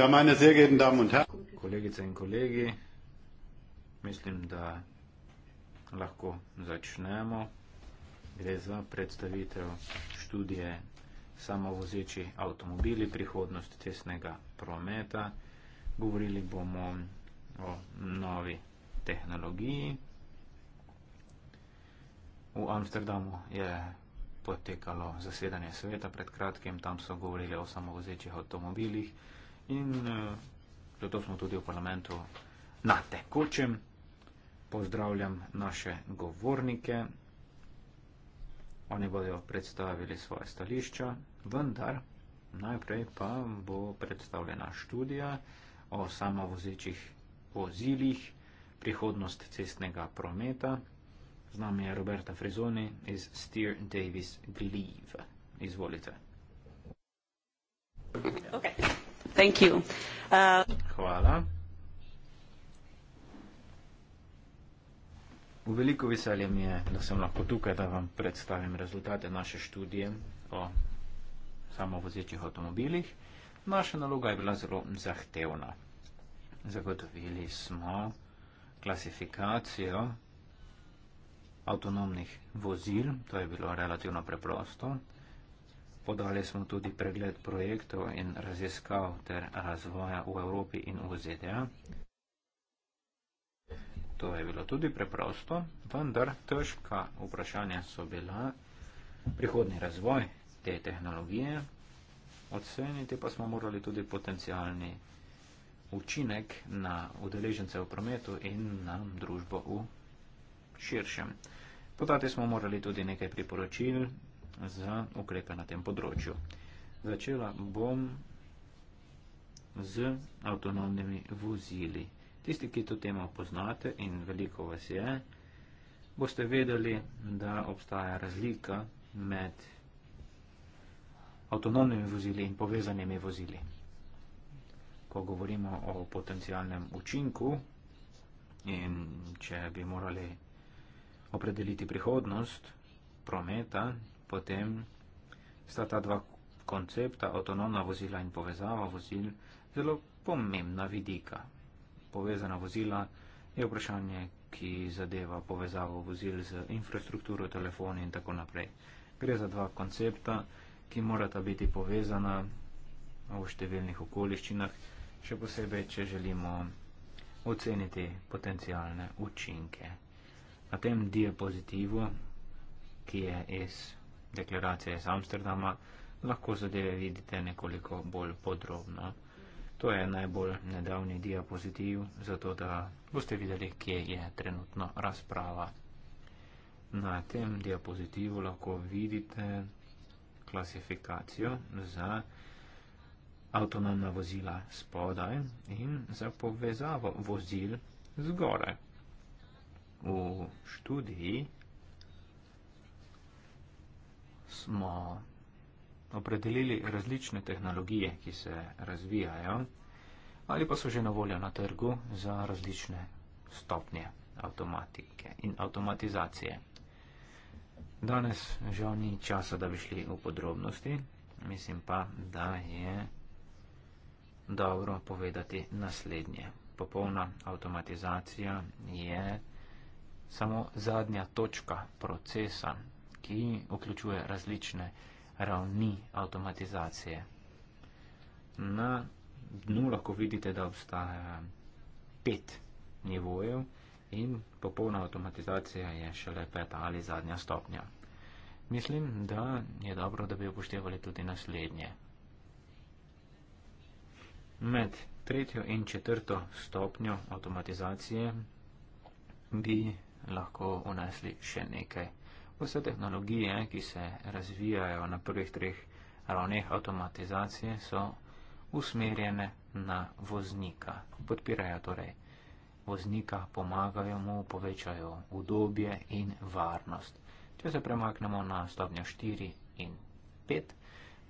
Ja, meine sehr geehrten Damen und Herren, Kolleginnen und Kollegen, mislim, da lahko začnemo. Gre za predstavitev študije samovozeči avtomobili prihodnost tesnega prometa. Govorili bomo o novi tehnologiji. V Amsterdamu je potekalo zasedanje sveta pred kratkim, tam so govorili o samovozečih avtomobilih in eh, zato smo tudi v parlamentu na tekočem. Pozdravljam naše govornike. Oni bodo predstavili svoje stališča, vendar najprej pa bo predstavljena študija o samovozečih vozilih, prihodnost cestnega prometa. Z nami je Roberta Frizoni iz Steer Davis Glive. Izvolite. Okay. Thank you. Uh, Hvala. V veliko veselje mi je, da sem lahko tukaj, da vam predstavim rezultate naše študije o samovozečih avtomobilih. Naša naloga je bila zelo zahtevna. Zagotovili smo klasifikacijo avtonomnih vozil, to je bilo relativno preprosto. Podali smo tudi pregled projektov in raziskav ter razvoja v Evropi in v ZDA. To je bilo tudi preprosto, vendar težka vprašanja so bila prihodni razvoj te tehnologije, oceniti pa smo morali tudi potencijalni učinek na udeležence v prometu in na družbo v širšem. Podati smo morali tudi nekaj priporočil, za ukrepe na tem področju. Začela bom z avtonomnimi vozili. Tisti, ki to temo poznate in veliko vas je, boste vedeli, da obstaja razlika med avtonomnimi vozili in povezanimi vozili. Ko govorimo o potencialnem učinku in če bi morali opredeliti prihodnost prometa, potem sta ta dva koncepta, avtonomna vozila in povezava vozil, zelo pomembna vidika. Povezana vozila je vprašanje, ki zadeva povezavo vozil z infrastrukturo, telefoni in tako naprej. Gre za dva koncepta, ki morata biti povezana v številnih okoliščinah, še posebej, če želimo oceniti potencijalne učinke. Na tem diapozitivu, ki je iz deklaracije iz Amsterdama, lahko zadeve vidite nekoliko bolj podrobno. To je najbolj nedavni diapozitiv, zato da boste videli, kje je trenutno razprava. Na tem diapozitivu lahko vidite klasifikacijo za avtonomna vozila spodaj in za povezavo vozil zgoraj. V študiji smo opredelili različne tehnologije, ki se razvijajo ali pa so že na voljo na trgu za različne stopnje avtomatike in avtomatizacije. Danes žal ni časa, da bi šli v podrobnosti, mislim pa, da je dobro povedati naslednje. Popolna avtomatizacija je samo zadnja točka procesa, ki vključuje različne ravni avtomatizacije. Na dnu lahko vidite, da obstaja pet nivojev in popolna avtomatizacija je šele peta ali zadnja stopnja. Mislim, da je dobro, da bi upoštevali tudi naslednje. Med tretjo in četrto stopnjo avtomatizacije bi lahko unesli še nekaj vse tehnologije, ki se razvijajo na prvih treh ravneh avtomatizacije, so usmerjene na voznika. Podpirajo torej voznika, pomagajo mu, povečajo udobje in varnost. Če se premaknemo na stopnjo 4 in 5,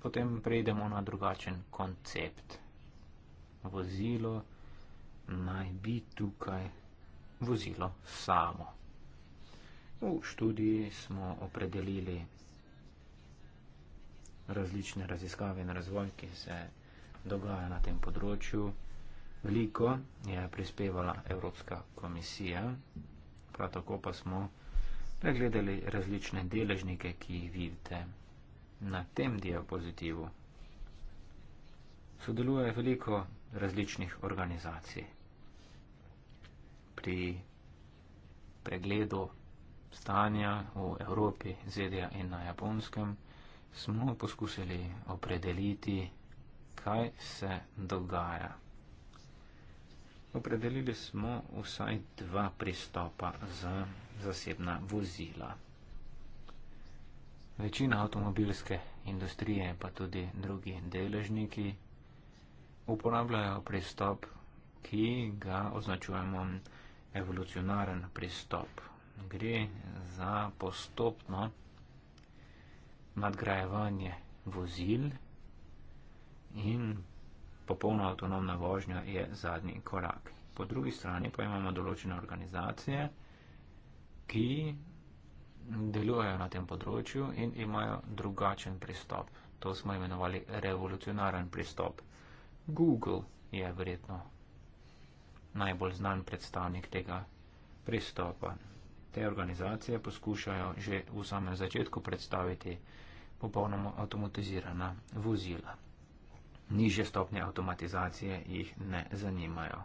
potem prejdemo na drugačen koncept. Vozilo naj bi tukaj vozilo samo. V študiji smo opredelili različne raziskave in razvoj, ki se dogaja na tem področju. Veliko je prispevala Evropska komisija, prav tako pa smo pregledali različne deležnike, ki jih vidite na tem diapozitivu. Sodeluje veliko različnih organizacij. Pri pregledu stanja v Evropi, ZDA in na japonskem, smo poskusili opredeliti, kaj se dogaja. Opredelili smo vsaj dva pristopa za zasebna vozila. Večina avtomobilske industrije, pa tudi drugi deležniki, uporabljajo pristop, ki ga označujemo evolucionaren pristop gre za postopno nadgrajevanje vozil in popolna avtonomna vožnja je zadnji korak. Po drugi strani pa imamo določene organizacije, ki delujejo na tem področju in imajo drugačen pristop. To smo imenovali revolucionaren pristop. Google je verjetno najbolj znan predstavnik tega pristopa te organizacije poskušajo že v samem začetku predstaviti popolnoma avtomatizirana vozila. Nižje stopnje avtomatizacije jih ne zanimajo.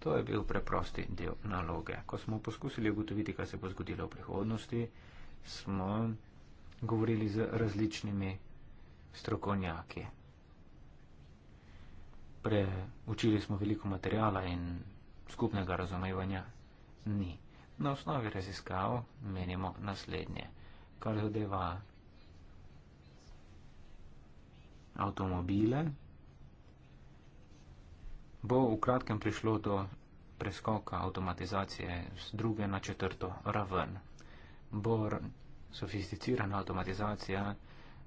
To je bil preprosti del naloge. Ko smo poskusili ugotoviti, kaj se bo zgodilo v prihodnosti, smo govorili z različnimi strokovnjaki. Preučili smo veliko materijala in skupnega razumevanja ni. Na osnovi raziskav menimo naslednje, kar zadeva avtomobile, bo v kratkem prišlo do preskoka avtomatizacije z druge na četrto raven. Bo sofisticirana avtomatizacija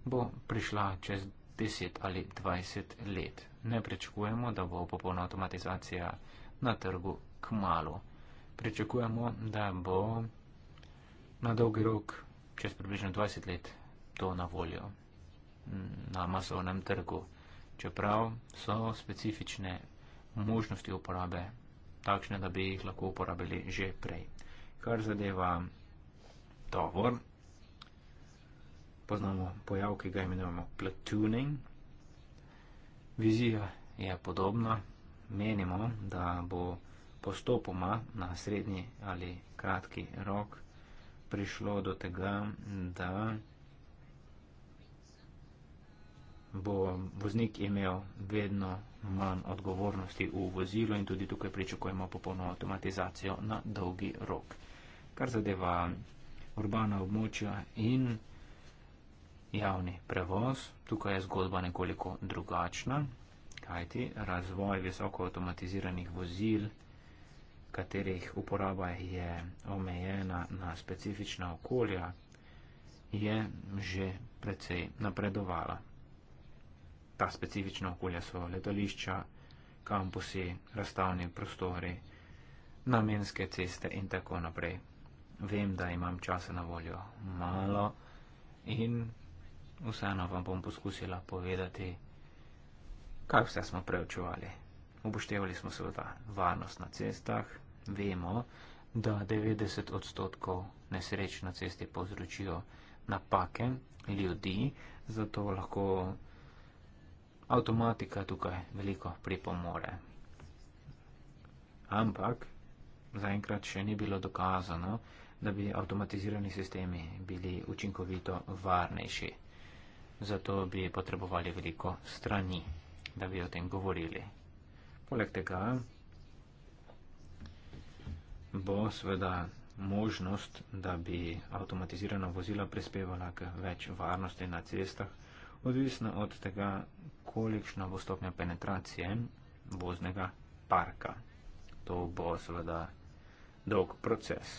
bo prišla čez 10 ali 20 let. Ne prečakujemo, da bo popolna avtomatizacija na trgu k malu pričakujemo, da bo na dolgi rok, čez približno 20 let, to na voljo na masovnem trgu. Čeprav so specifične možnosti uporabe takšne, da bi jih lahko uporabili že prej. Kar zadeva tovor, poznamo pojav, ki ga imenujemo platooning. Vizija je podobna. Menimo, da bo postopoma na srednji ali kratki rok prišlo do tega, da bo voznik imel vedno manj odgovornosti v vozilu in tudi tukaj pričakujemo popolno avtomatizacijo na dolgi rok. Kar zadeva urbana območja in javni prevoz, tukaj je zgodba nekoliko drugačna, kajti razvoj visoko avtomatiziranih vozil katerih uporaba je omejena na specifična okolja, je že precej napredovala. Ta specifična okolja so letališča, kampusi, razstavni prostori, namenske ceste in tako naprej. Vem, da imam časa na voljo malo in vseeno vam bom poskusila povedati, kaj vse smo preučevali. Upoštevali smo seveda varnost na cestah. Vemo, da 90 odstotkov nesreč na cesti povzročijo napake ljudi, zato lahko avtomatika tukaj veliko pripomore. Ampak zaenkrat še ni bilo dokazano, da bi avtomatizirani sistemi bili učinkovito varnejši. Zato bi potrebovali veliko strani, da bi o tem govorili. Poleg tega bo seveda možnost, da bi avtomatizirana vozila prispevala k več varnosti na cestah, odvisna od tega, kolikšna bo stopnja penetracije voznega parka. To bo seveda dolg proces.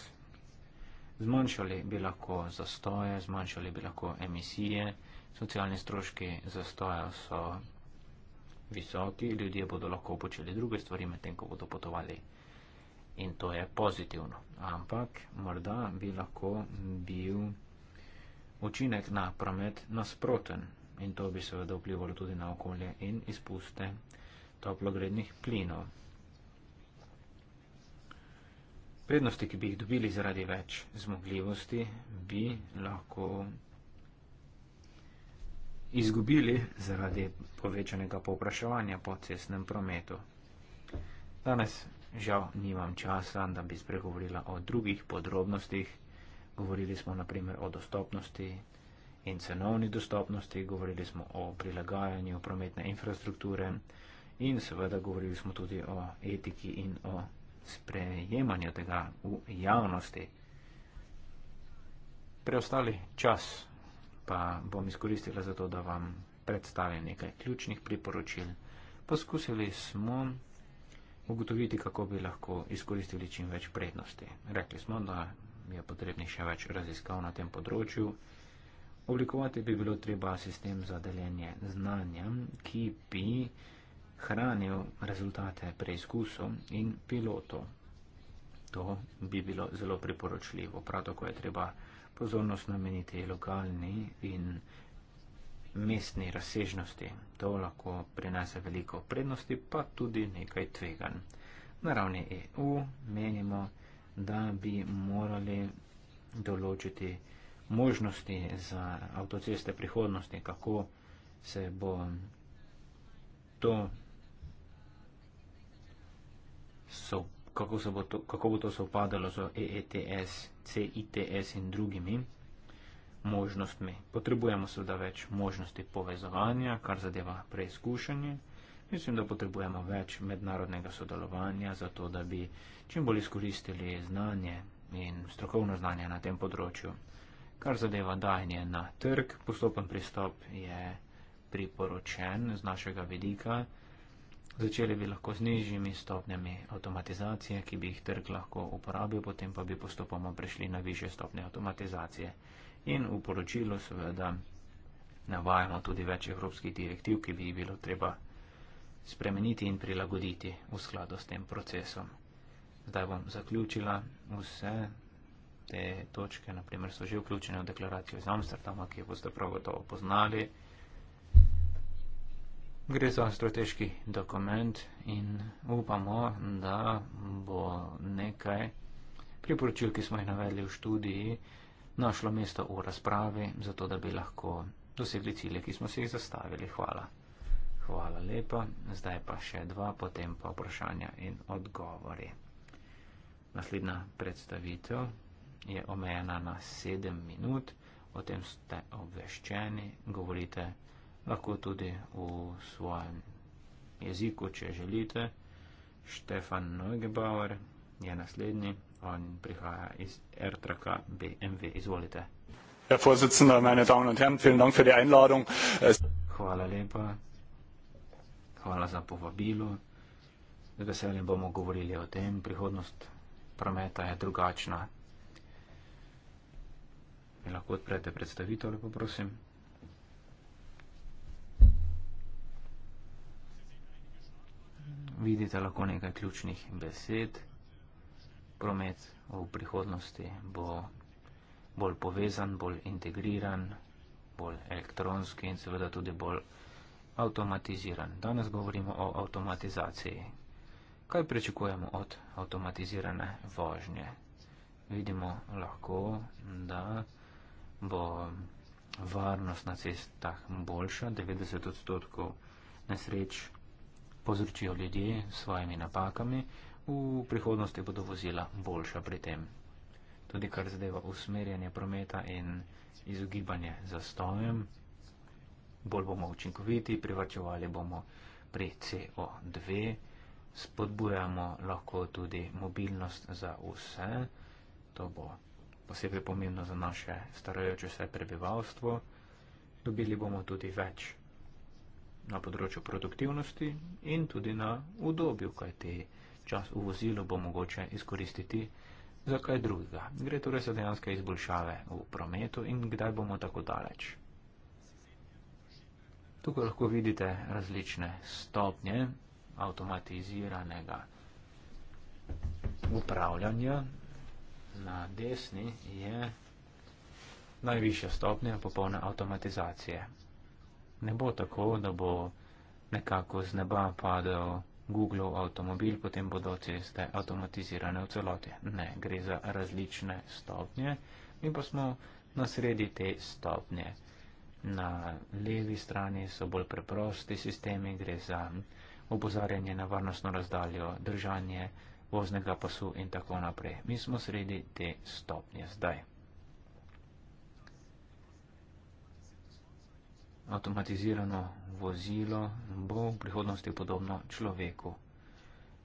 Zmanjšali bi lahko zastoje, zmanjšali bi lahko emisije, socialni stroški zastoja so visoki, ljudje bodo lahko počeli druge stvari, medtem ko bodo potovali. In to je pozitivno. Ampak morda bi lahko bil učinek na promet nasproten. In to bi seveda vplivalo tudi na okolje in izpuste toplogrednih plinov. Prednosti, ki bi jih dobili zaradi več zmogljivosti, bi lahko izgubili zaradi povečanega povpraševanja po cestnem prometu. Danes žal nimam časa, da bi spregovorila o drugih podrobnostih. Govorili smo naprimer o dostopnosti in cenovni dostopnosti, govorili smo o prilagajanju prometne infrastrukture in seveda govorili smo tudi o etiki in o sprejemanju tega v javnosti. Preostali čas pa bom izkoristila za to, da vam predstavim nekaj ključnih priporočil. Poskusili smo ugotoviti, kako bi lahko izkoristili čim več prednosti. Rekli smo, da je potrebni še več raziskav na tem področju. Oblikovati bi bilo treba sistem za deljenje znanja, ki bi hranil rezultate preizkusov in pilotov. To bi bilo zelo priporočljivo. Prav tako je treba pozornost nameniti lokalni in mestni razsežnosti. To lahko prinese veliko prednosti, pa tudi nekaj tvegan. Na ravni EU menimo, da bi morali določiti možnosti za avtoceste prihodnosti, kako se bo to kako, se bo, to, kako bo to sovpadalo z EETS, CITS in drugimi možnostmi. Potrebujemo seveda več možnosti povezovanja, kar zadeva preizkušanje. Mislim, da potrebujemo več mednarodnega sodelovanja, zato da bi čim bolj izkoristili znanje in strokovno znanje na tem področju. Kar zadeva dajanje na trg, postopen pristop je priporočen z našega vedika. Začeli bi lahko z nižjimi stopnjami avtomatizacije, ki bi jih trg lahko uporabil, potem pa bi postopoma prešli na više stopnje avtomatizacije. In v poročilu seveda navajamo tudi več evropskih direktiv, ki bi jih bilo treba spremeniti in prilagoditi v skladu s tem procesom. Zdaj bom zaključila vse te točke, naprimer so že vključene v deklaracijo iz Amsterdama, ki jo boste prav gotovo poznali. Gre za strateški dokument in upamo, da bo nekaj priporočil, ki smo jih navedli v študiji, našlo mesto v razpravi, zato da bi lahko dosegli cilje, ki smo si jih zastavili. Hvala. Hvala lepa. Zdaj pa še dva, potem pa vprašanja in odgovori. Naslednja predstavitev je omejena na sedem minut, o tem ste obveščeni, govorite lahko tudi v svojem jeziku, če želite. Štefan Neugebauer je naslednji, on prihaja iz Ertraka BMW. Izvolite. Hvala lepa. Hvala za povabilo. Z veseljem bomo govorili o tem. Prihodnost prometa je drugačna. Mi lahko odprete predstavitev, lepo prosim. vidite lahko nekaj ključnih besed. Promet v prihodnosti bo bolj povezan, bolj integriran, bolj elektronski in seveda tudi bolj avtomatiziran. Danes govorimo o avtomatizaciji. Kaj pričakujemo od avtomatizirane vožnje? Vidimo lahko, da bo varnost na cestah boljša, 90 odstotkov nesreč povzročijo ljudje s svojimi napakami, v prihodnosti bodo vozila boljša pri tem. Tudi kar zadeva usmerjanje prometa in izogibanje zastojem, bolj bomo učinkoviti, privrčevali bomo pri CO2, spodbujamo lahko tudi mobilnost za vse, to bo posebej pomembno za naše starajoče se prebivalstvo, dobili bomo tudi več na področju produktivnosti in tudi na udobju, kaj te čas v vozilu bo mogoče izkoristiti za kaj drugega. Gre torej za dejanske izboljšave v prometu in kdaj bomo tako daleč. Tukaj lahko vidite različne stopnje avtomatiziranega upravljanja. Na desni je najvišja stopnja popolne avtomatizacije ne bo tako, da bo nekako z neba padel Google avtomobil, potem bodo ceste avtomatizirane v celoti. Ne, gre za različne stopnje. Mi pa smo na sredi te stopnje. Na levi strani so bolj preprosti sistemi, gre za opozarjanje na varnostno razdaljo, držanje voznega pasu in tako naprej. Mi smo sredi te stopnje zdaj. avtomatizirano vozilo bo v prihodnosti podobno človeku.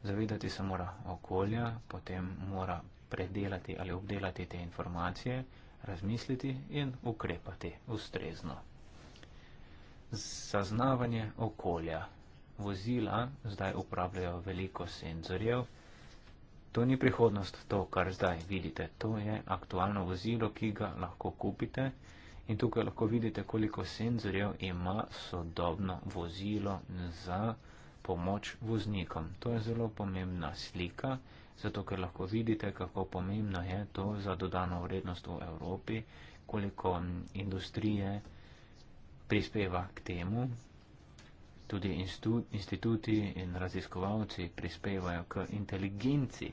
Zavedati se mora okolja, potem mora predelati ali obdelati te informacije, razmisliti in ukrepati ustrezno. Zaznavanje okolja. Vozila zdaj uporabljajo veliko senzorjev. To ni prihodnost, to, kar zdaj vidite. To je aktualno vozilo, ki ga lahko kupite. In tukaj lahko vidite, koliko senzorjev ima sodobno vozilo za pomoč voznikom. To je zelo pomembna slika, zato ker lahko vidite, kako pomembno je to za dodano vrednost v Evropi, koliko industrije prispeva k temu. Tudi instituti in raziskovalci prispevajo k inteligenci.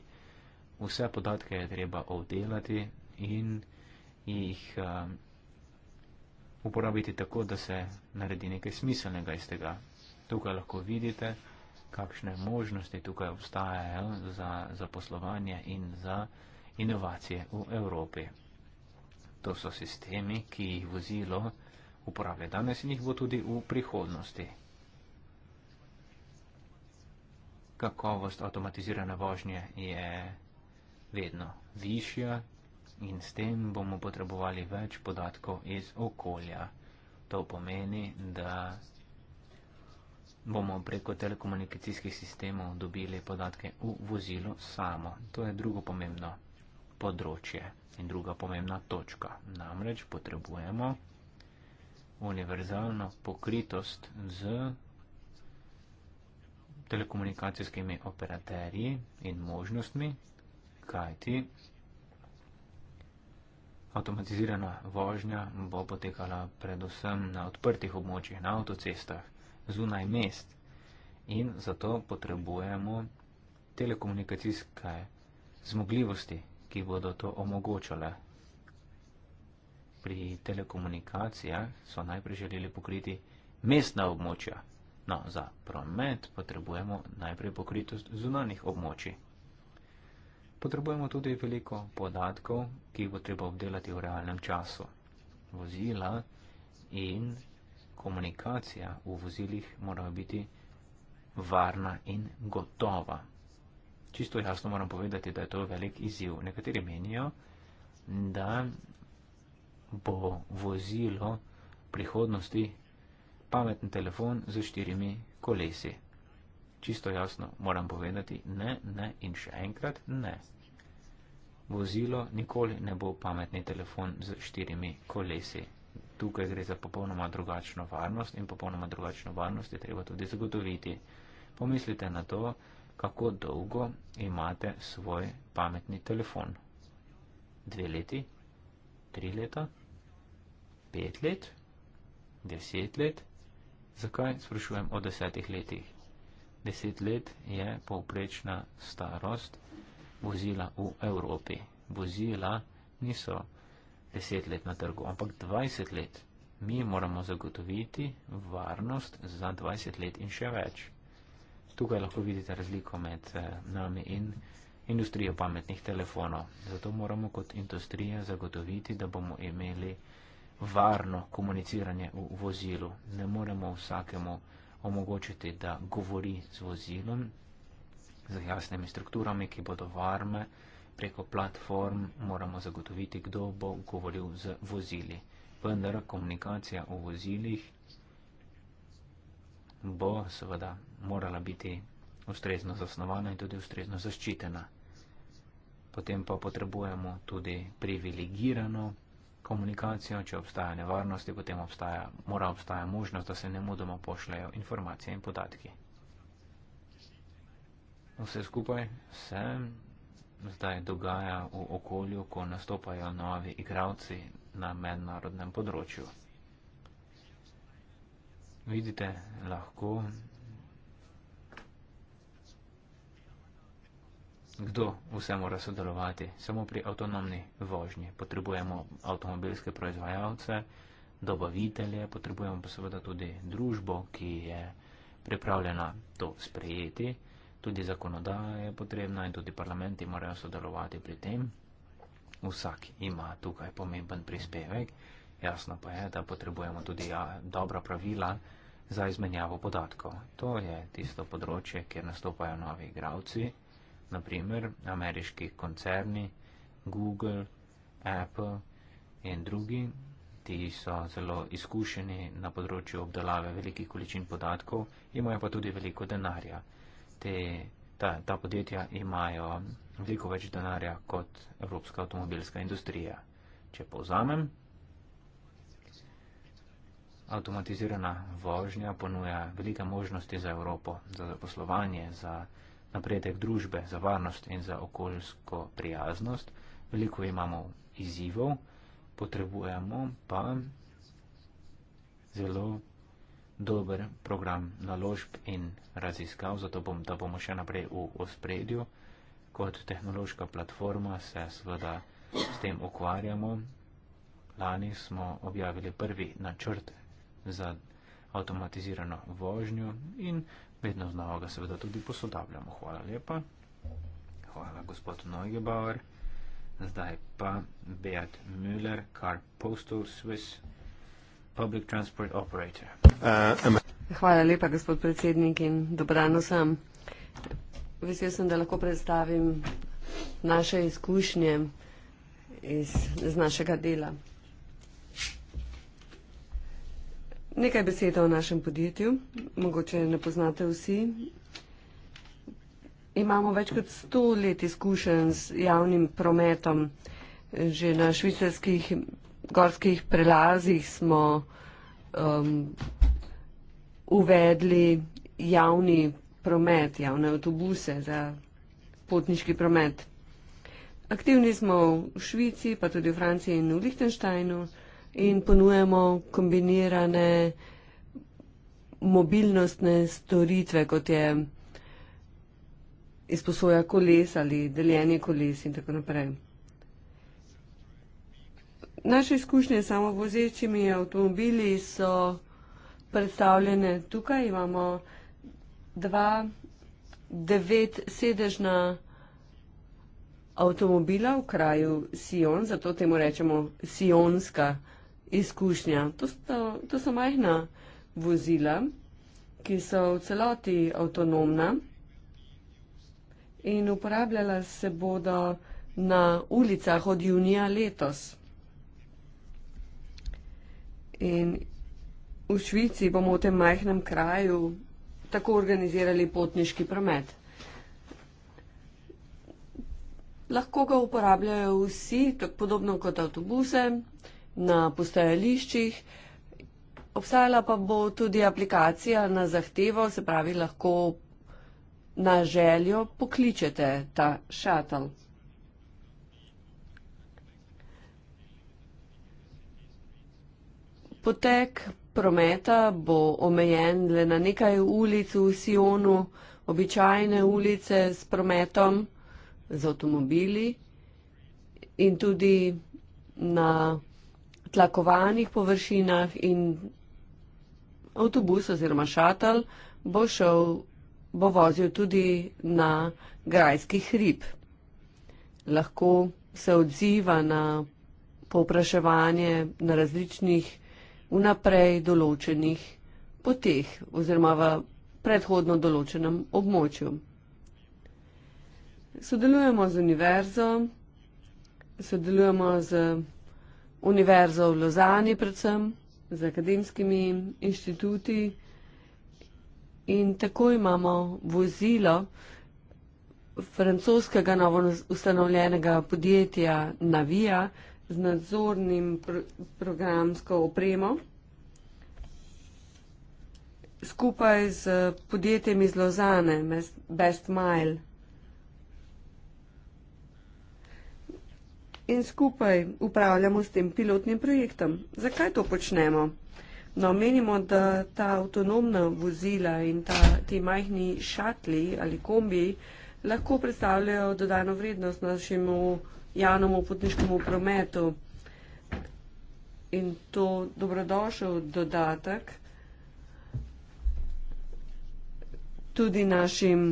Vse podatke je treba obdelati in jih. Uh, uporabiti tako, da se naredi nekaj smiselnega iz tega. Tukaj lahko vidite, kakšne možnosti tukaj obstajajo za, za poslovanje in za inovacije v Evropi. To so sistemi, ki jih vozilo uporablja danes in jih bo tudi v prihodnosti. Kakovost avtomatizirane vožnje je vedno višja, in s tem bomo potrebovali več podatkov iz okolja. To pomeni, da bomo preko telekomunikacijskih sistemov dobili podatke v vozilu samo. To je drugo pomembno področje in druga pomembna točka. Namreč potrebujemo univerzalno pokritost z telekomunikacijskimi operaterji in možnostmi, kajti Avtomatizirana vožnja bo potekala predvsem na odprtih območjih, na avtocestah, zunaj mest in zato potrebujemo telekomunikacijske zmogljivosti, ki bodo to omogočale. Pri telekomunikacijah so najprej želeli pokriti mestna območja. No, za promet potrebujemo najprej pokritost zunanih območij. Potrebujemo tudi veliko podatkov, ki bo treba obdelati v realnem času. Vozila in komunikacija v vozilih morajo biti varna in gotova. Čisto jasno moram povedati, da je to velik izziv. Nekateri menijo, da bo vozilo prihodnosti pameten telefon z štirimi kolesi čisto jasno moram povedati ne, ne in še enkrat ne. Vozilo nikoli ne bo pametni telefon z štirimi kolesi. Tukaj gre za popolnoma drugačno varnost in popolnoma drugačno varnost je treba tudi zagotoviti. Pomislite na to, kako dolgo imate svoj pametni telefon. Dve leti? Tri leta? Pet let? Deset let? Zakaj sprašujem o desetih letih? 10 let je povprečna starost vozila v Evropi. Vozila niso 10 let na trgu, ampak 20 let. Mi moramo zagotoviti varnost za 20 let in še več. Tukaj lahko vidite razliko med eh, nami in industrijo pametnih telefonov. Zato moramo kot industrija zagotoviti, da bomo imeli varno komuniciranje v vozilu. Ne moremo vsakemu omogočiti, da govori z vozilom, z jasnimi strukturami, ki bodo varme. Preko platform moramo zagotoviti, kdo bo govoril z vozili. Vendar komunikacija v vozilih bo seveda morala biti ustrezno zasnovana in tudi ustrezno zaščitena. Potem pa potrebujemo tudi privilegirano komunikacijo, če obstaja nevarnost, potem obstaja, mora obstaja možnost, da se ne mudoma pošljajo informacije in podatki. Vse skupaj se zdaj dogaja v okolju, ko nastopajo novi igravci na mednarodnem področju. Vidite, lahko kdo vse mora sodelovati. Samo pri avtonomni vožnji potrebujemo avtomobilske proizvajalce, dobavitelje, potrebujemo pa seveda tudi družbo, ki je pripravljena to sprejeti. Tudi zakonodaja je potrebna in tudi parlamenti morajo sodelovati pri tem. Vsak ima tukaj pomemben prispevek. Jasno pa je, da potrebujemo tudi ja, dobra pravila za izmenjavo podatkov. To je tisto področje, kjer nastopajo novi igravci naprimer ameriški koncerni, Google, Apple in drugi, ti so zelo izkušeni na področju obdelave velikih količin podatkov, imajo pa tudi veliko denarja. Te, ta, ta podjetja imajo veliko več denarja kot evropska avtomobilska industrija. Če povzamem, Avtomatizirana vožnja ponuja velike možnosti za Evropo, za zaposlovanje, za napredek družbe, za varnost in za okoljsko prijaznost. Veliko imamo izzivov, potrebujemo pa zelo dober program naložb in raziskav, zato bom, da bomo še naprej v ospredju. Kot tehnološka platforma se seveda s tem ukvarjamo. Lani smo objavili prvi načrt za automatizirano vožnjo in vedno znova ga seveda tudi posodabljamo. Hvala lepa. Hvala gospod Neugebauer. Zdaj pa Beat Müller, Car Postal Swiss, Public Transport Operator. Uh, Hvala lepa, gospod predsednik in dobrano sem. Vesel sem, da lahko predstavim naše izkušnje iz, iz našega dela. Nekaj besed o našem podjetju, mogoče ne poznate vsi. Imamo več kot sto let izkušenj z javnim prometom. Že na švicarskih gorskih prelazih smo um, uvedli javni promet, javne avtobuse za potniški promet. Aktivni smo v Švici, pa tudi v Franciji in v Lihtenštajnu in ponujamo kombinirane mobilnostne storitve, kot je izposoja koles ali deljenje koles in tako naprej. Naše izkušnje s samovozečimi avtomobili so predstavljene tukaj. Imamo dva devetsedežna avtomobila v kraju Sion, zato temu rečemo Sionska avtomobila izkušnja. To so, to so majhna vozila, ki so v celoti avtonomna in uporabljala se bodo na ulicah od junija letos. In v Švici bomo v tem majhnem kraju tako organizirali potniški promet. Lahko ga uporabljajo vsi, tako podobno kot avtobuse na postajališčih. Obstajala pa bo tudi aplikacija na zahtevo, se pravi, lahko na željo pokličete ta šatel. Potek prometa bo omejen le na nekaj ulic v Sionu, običajne ulice s prometom, z avtomobili in tudi na tlakovanih površinah in avtobus oziroma šatal bo šel, bo vozil tudi na grajski hrib. Lahko se odziva na povpraševanje na različnih vnaprej določenih poteh oziroma v predhodno določenem območju. Sodelujemo z univerzo, sodelujemo z Univerzo v Lozani predvsem, z akademskimi inštituti. In tako imamo vozilo francoskega novo ustanovljenega podjetja Navija z nadzornim pro programsko opremo. Skupaj z podjetjem iz Lozane, Best Mile. in skupaj upravljamo s tem pilotnim projektom. Zakaj to počnemo? No, menimo, da ta avtonomna vozila in ta, ti majhni šatli ali kombiji lahko predstavljajo dodano vrednost našemu javnemu potniškemu prometu. In to dobrodošel dodatek tudi našim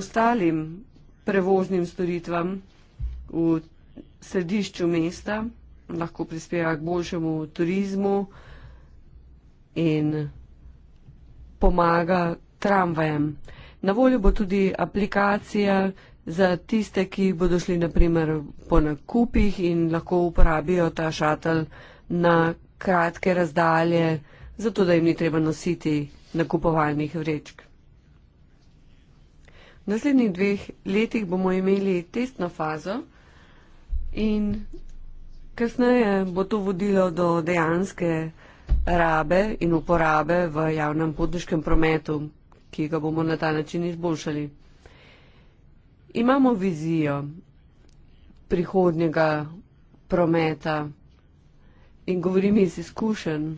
ostalim prevoznim storitvam v središču mesta, lahko prispeva k boljšemu turizmu in pomaga tramvajem. Na voljo bo tudi aplikacija za tiste, ki bodo šli naprimer po nakupih in lahko uporabijo ta šatel na kratke razdalje, zato da jim ni treba nositi nakupovalnih vrečk. V naslednjih dveh letih bomo imeli testno fazo. In kasneje bo to vodilo do dejanske rabe in uporabe v javnem potniškem prometu, ki ga bomo na ta način izboljšali. Imamo vizijo prihodnjega prometa in govorim iz izkušenj.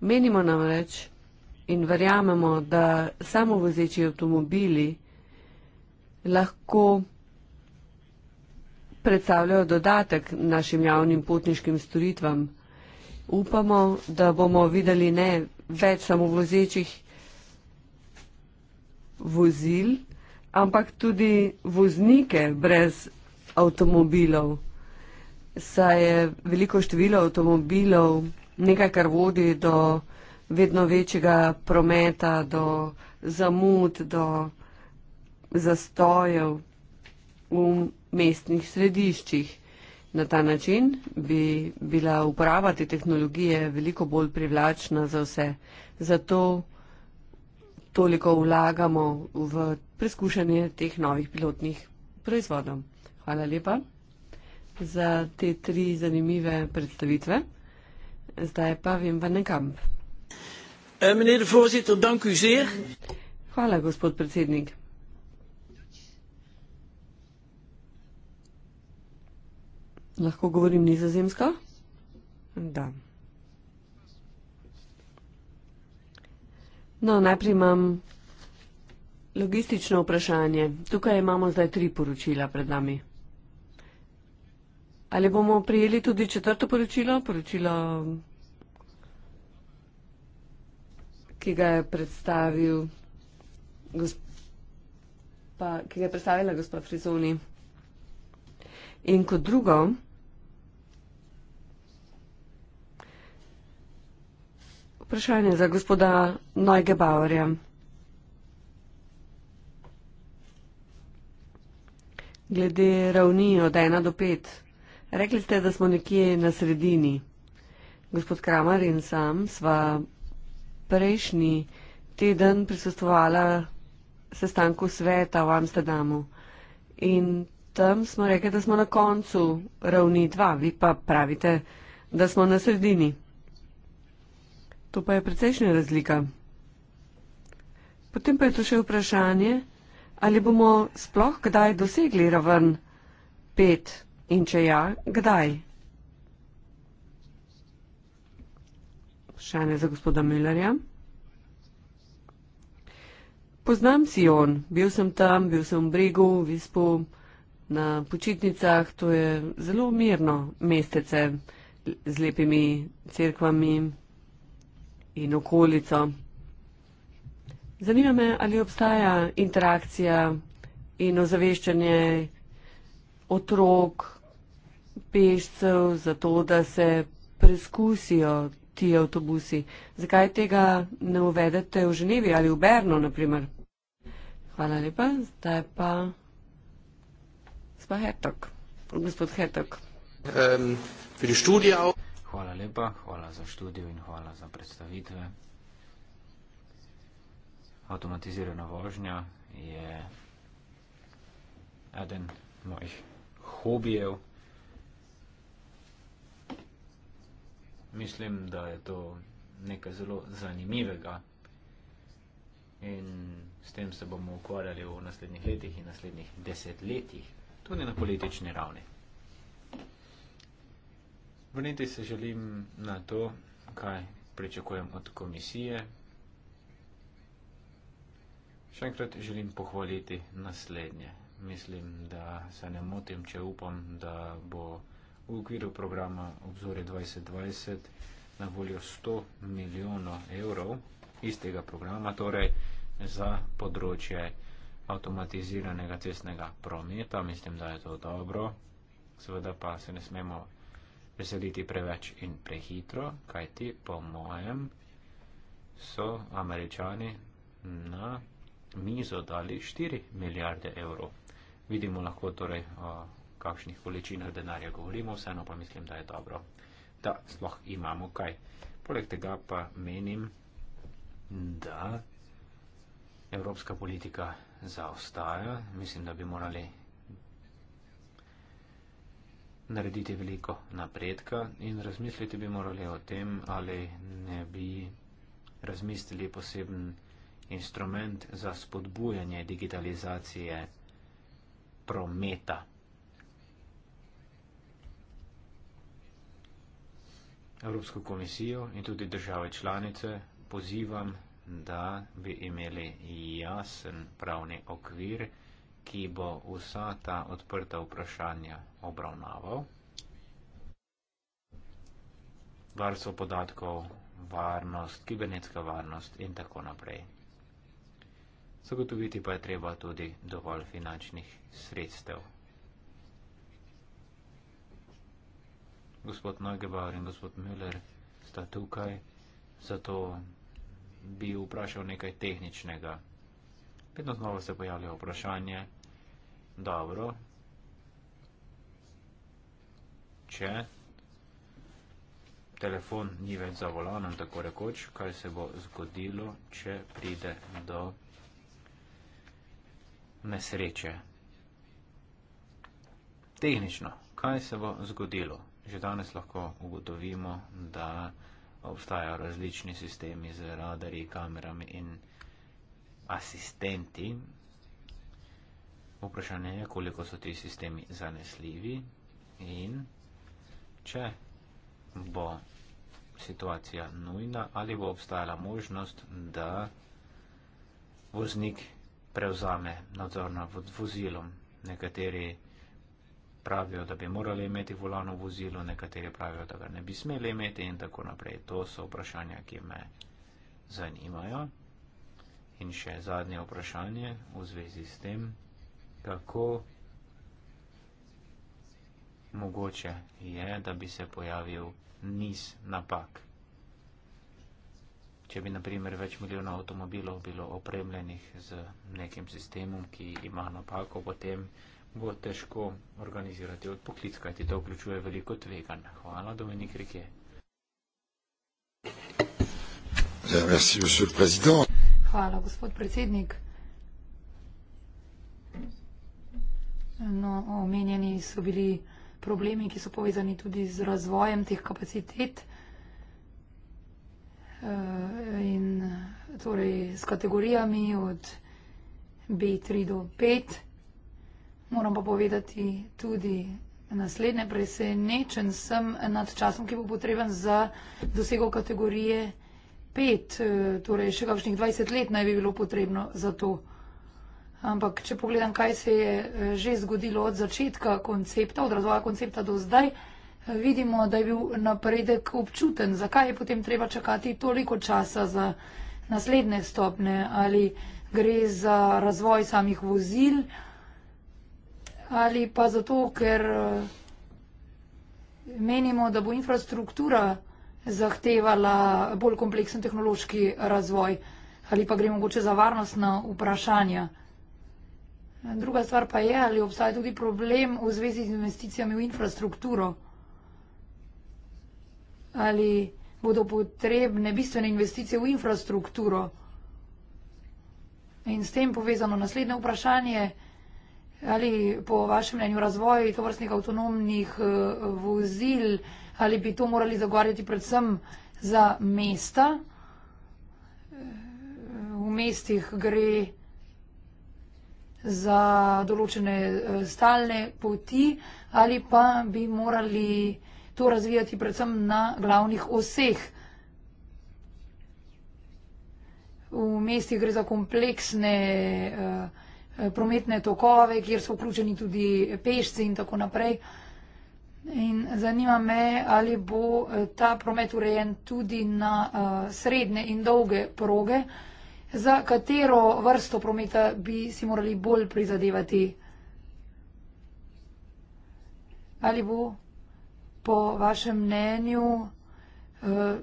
Menimo namreč in verjamemo, da samo vozeči avtomobili lahko predstavljajo dodatek našim javnim potniškim storitvam. Upamo, da bomo videli ne več samovozečih vozil, ampak tudi voznike brez avtomobilov. Saj je veliko število avtomobilov nekaj, kar vodi do vedno večjega prometa, do zamud, do zastojev v mestnih središčih. Na ta način bi bila uporaba te tehnologije veliko bolj privlačna za vse. Zato toliko vlagamo v preskušanje teh novih pilotnih proizvodov. Hvala lepa za te tri zanimive predstavitve. Zdaj pa vem, van nekam. Eh, Hvala, gospod predsednik. Lahko govorim nizozemsko? Da. No, najprej imam logistično vprašanje. Tukaj imamo zdaj tri poročila pred nami. Ali bomo prijeli tudi četrto poročilo, poročilo, ki ga je predstavil gospa, ki ga je predstavila gospod Frizoni. In kot drugo, Vprašanje za gospoda Nojge Bavarja. Glede ravni od 1 do 5. Rekli ste, da smo nekje na sredini. Gospod Kramar in sam sva prejšnji teden prisustovala sestanku sveta v Amsterdamu. In tam smo rekli, da smo na koncu ravni 2. Vi pa pravite, da smo na sredini. To pa je precejšnja razlika. Potem pa je tu še vprašanje, ali bomo sploh kdaj dosegli raven 5 in če ja, kdaj? Vprašanje za gospoda Millerja. Poznam Sion, bil sem tam, bil sem v bregu, v vispu, na počitnicah, to je zelo mirno mestece z lepimi cerkvami, in okolico. Zanima me, ali obstaja interakcija in ozaveščanje otrok, pešcev, zato da se preskusijo ti avtobusi. Zakaj tega ne uvedete v Ženevi ali v Bernu, naprimer? Hvala lepa, zdaj pa sva Hertog, gospod Hertog. Um, hvala lepa, hvala za študijo in hvala za predstavitve. Automatizirana vožnja je eden mojih hobijev. Mislim, da je to nekaj zelo zanimivega in s tem se bomo ukvarjali v naslednjih letih in naslednjih desetletjih, tudi na politični ravni. Vrniti se želim na to, kaj pričakujem od komisije. Še enkrat želim pohvaliti naslednje. Mislim, da se ne motim, če upam, da bo v okviru programa Obzore 2020 na voljo 100 milijonov evrov iz tega programa, torej za področje avtomatiziranega cestnega prometa. Mislim, da je to dobro. Seveda pa se ne smemo veseliti preveč in prehitro, kajti po mojem so američani na mizo dali 4 milijarde evrov. Vidimo lahko torej, o kakšnih količinah denarja govorimo, vseeno pa mislim, da je dobro, da sploh imamo kaj. Poleg tega pa menim, da evropska politika zaostaja. Mislim, da bi morali narediti veliko napredka in razmisliti bi morali o tem, ali ne bi razmislili poseben instrument za spodbujanje digitalizacije prometa. Evropsko komisijo in tudi države članice pozivam, da bi imeli jasen pravni okvir, ki bo vsa ta odprta vprašanja obravnaval. Varstvo podatkov, varnost, kibernetska varnost in tako naprej. Zagotoviti pa je treba tudi dovolj finančnih sredstev. Gospod Neugebauer in gospod Müller sta tukaj, zato bi vprašal nekaj tehničnega. Vedno znova se pojavlja vprašanje, Dobro. Če telefon ni več za volanom, tako rekoč, kaj se bo zgodilo, če pride do nesreče. Tehnično, kaj se bo zgodilo? Že danes lahko ugotovimo, da obstajajo različni sistemi z radarji, kamerami in asistenti, Vprašanje je, koliko so ti sistemi zanesljivi in če bo situacija nujna ali bo obstajala možnost, da voznik prevzame nadzor nad vozilom. Nekateri pravijo, da bi morali imeti volano v vozilu, nekateri pravijo, da ga ne bi smeli imeti in tako naprej. To so vprašanja, ki me zanimajo. In še zadnje vprašanje v zvezi s tem kako mogoče je, da bi se pojavil niz napak. Če bi, naprimer, več milijonov avtomobilov bilo opremljenih z nekim sistemom, ki ima napako, potem bo težko organizirati odpoklic, kajti to vključuje veliko tveganj. Hvala, Dominik Rike. Ja, Hvala, gospod predsednik. No, omenjeni so bili problemi, ki so povezani tudi z razvojem teh kapacitet eh, in torej s kategorijami od B3 do 5. Moram pa povedati tudi naslednje presenečen sem nad časom, ki bo potreben za dosego kategorije 5, eh, torej še kakšnih 20 let naj bi bilo potrebno za to ampak če pogledam, kaj se je eh, že zgodilo od začetka koncepta, od razvoja koncepta do zdaj, eh, vidimo, da je bil napredek občuten. Zakaj je potem treba čakati toliko časa za naslednje stopne ali gre za razvoj samih vozil ali pa zato, ker eh, menimo, da bo infrastruktura zahtevala bolj kompleksen tehnološki razvoj ali pa gre mogoče za varnostna vprašanja. Druga stvar pa je, ali obstaja tudi problem v zvezi z investicijami v infrastrukturo. Ali bodo potrebne bistvene investicije v infrastrukturo. In s tem povezano naslednje vprašanje, ali po vašem mnenju razvoj tovrstnih avtonomnih eh, vozil, ali bi to morali zagovarjati predvsem za mesta. V mestih gre za določene eh, stalne poti ali pa bi morali to razvijati predvsem na glavnih oseh. V mestih gre za kompleksne eh, prometne tokove, kjer so vključeni tudi pešci in tako naprej. In zanima me, ali bo eh, ta promet urejen tudi na uh, srednje in dolge proge, uh, za katero vrsto prometa bi si morali bolj prizadevati? Ali bo po vašem mnenju eh,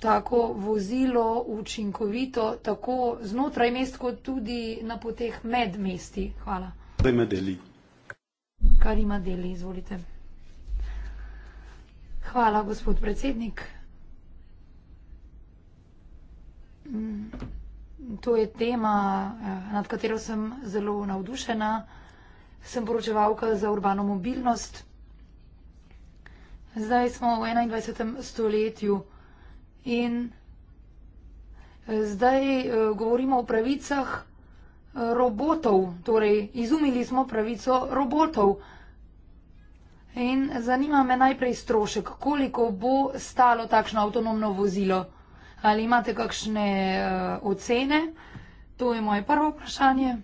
tako vozilo učinkovito tako znotraj mest, kot tudi na poteh med mesti? Hvala. Kar ima deli. Kar ima deli, izvolite. Hvala, gospod predsednik. Mm. To je tema, eh, nad katero sem zelo navdušena. Sem poročevalka za urbano mobilnost. Zdaj smo v 21. stoletju in eh, zdaj eh, govorimo o pravicah robotov. Torej, izumili smo pravico robotov. In zanima me najprej strošek, koliko bo stalo takšno avtonomno vozilo. Ali imate kakšne uh, ocene? To je moje prvo vprašanje.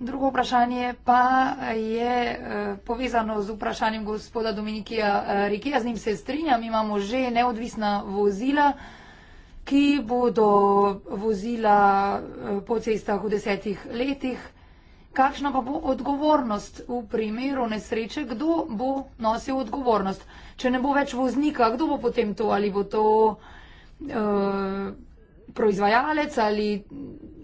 Drugo vprašanje pa je uh, povezano z vprašanjem gospoda Dominikija eh, Rikija. Z njim se strinjam, imamo že neodvisna vozila, ki bodo vozila po cestah v desetih letih. Kakšna pa bo odgovornost v primeru nesreče? Kdo bo nosil odgovornost? Če ne bo več voznika, kdo bo potem to? Ali bo to uh, Eh, proizvajalec ali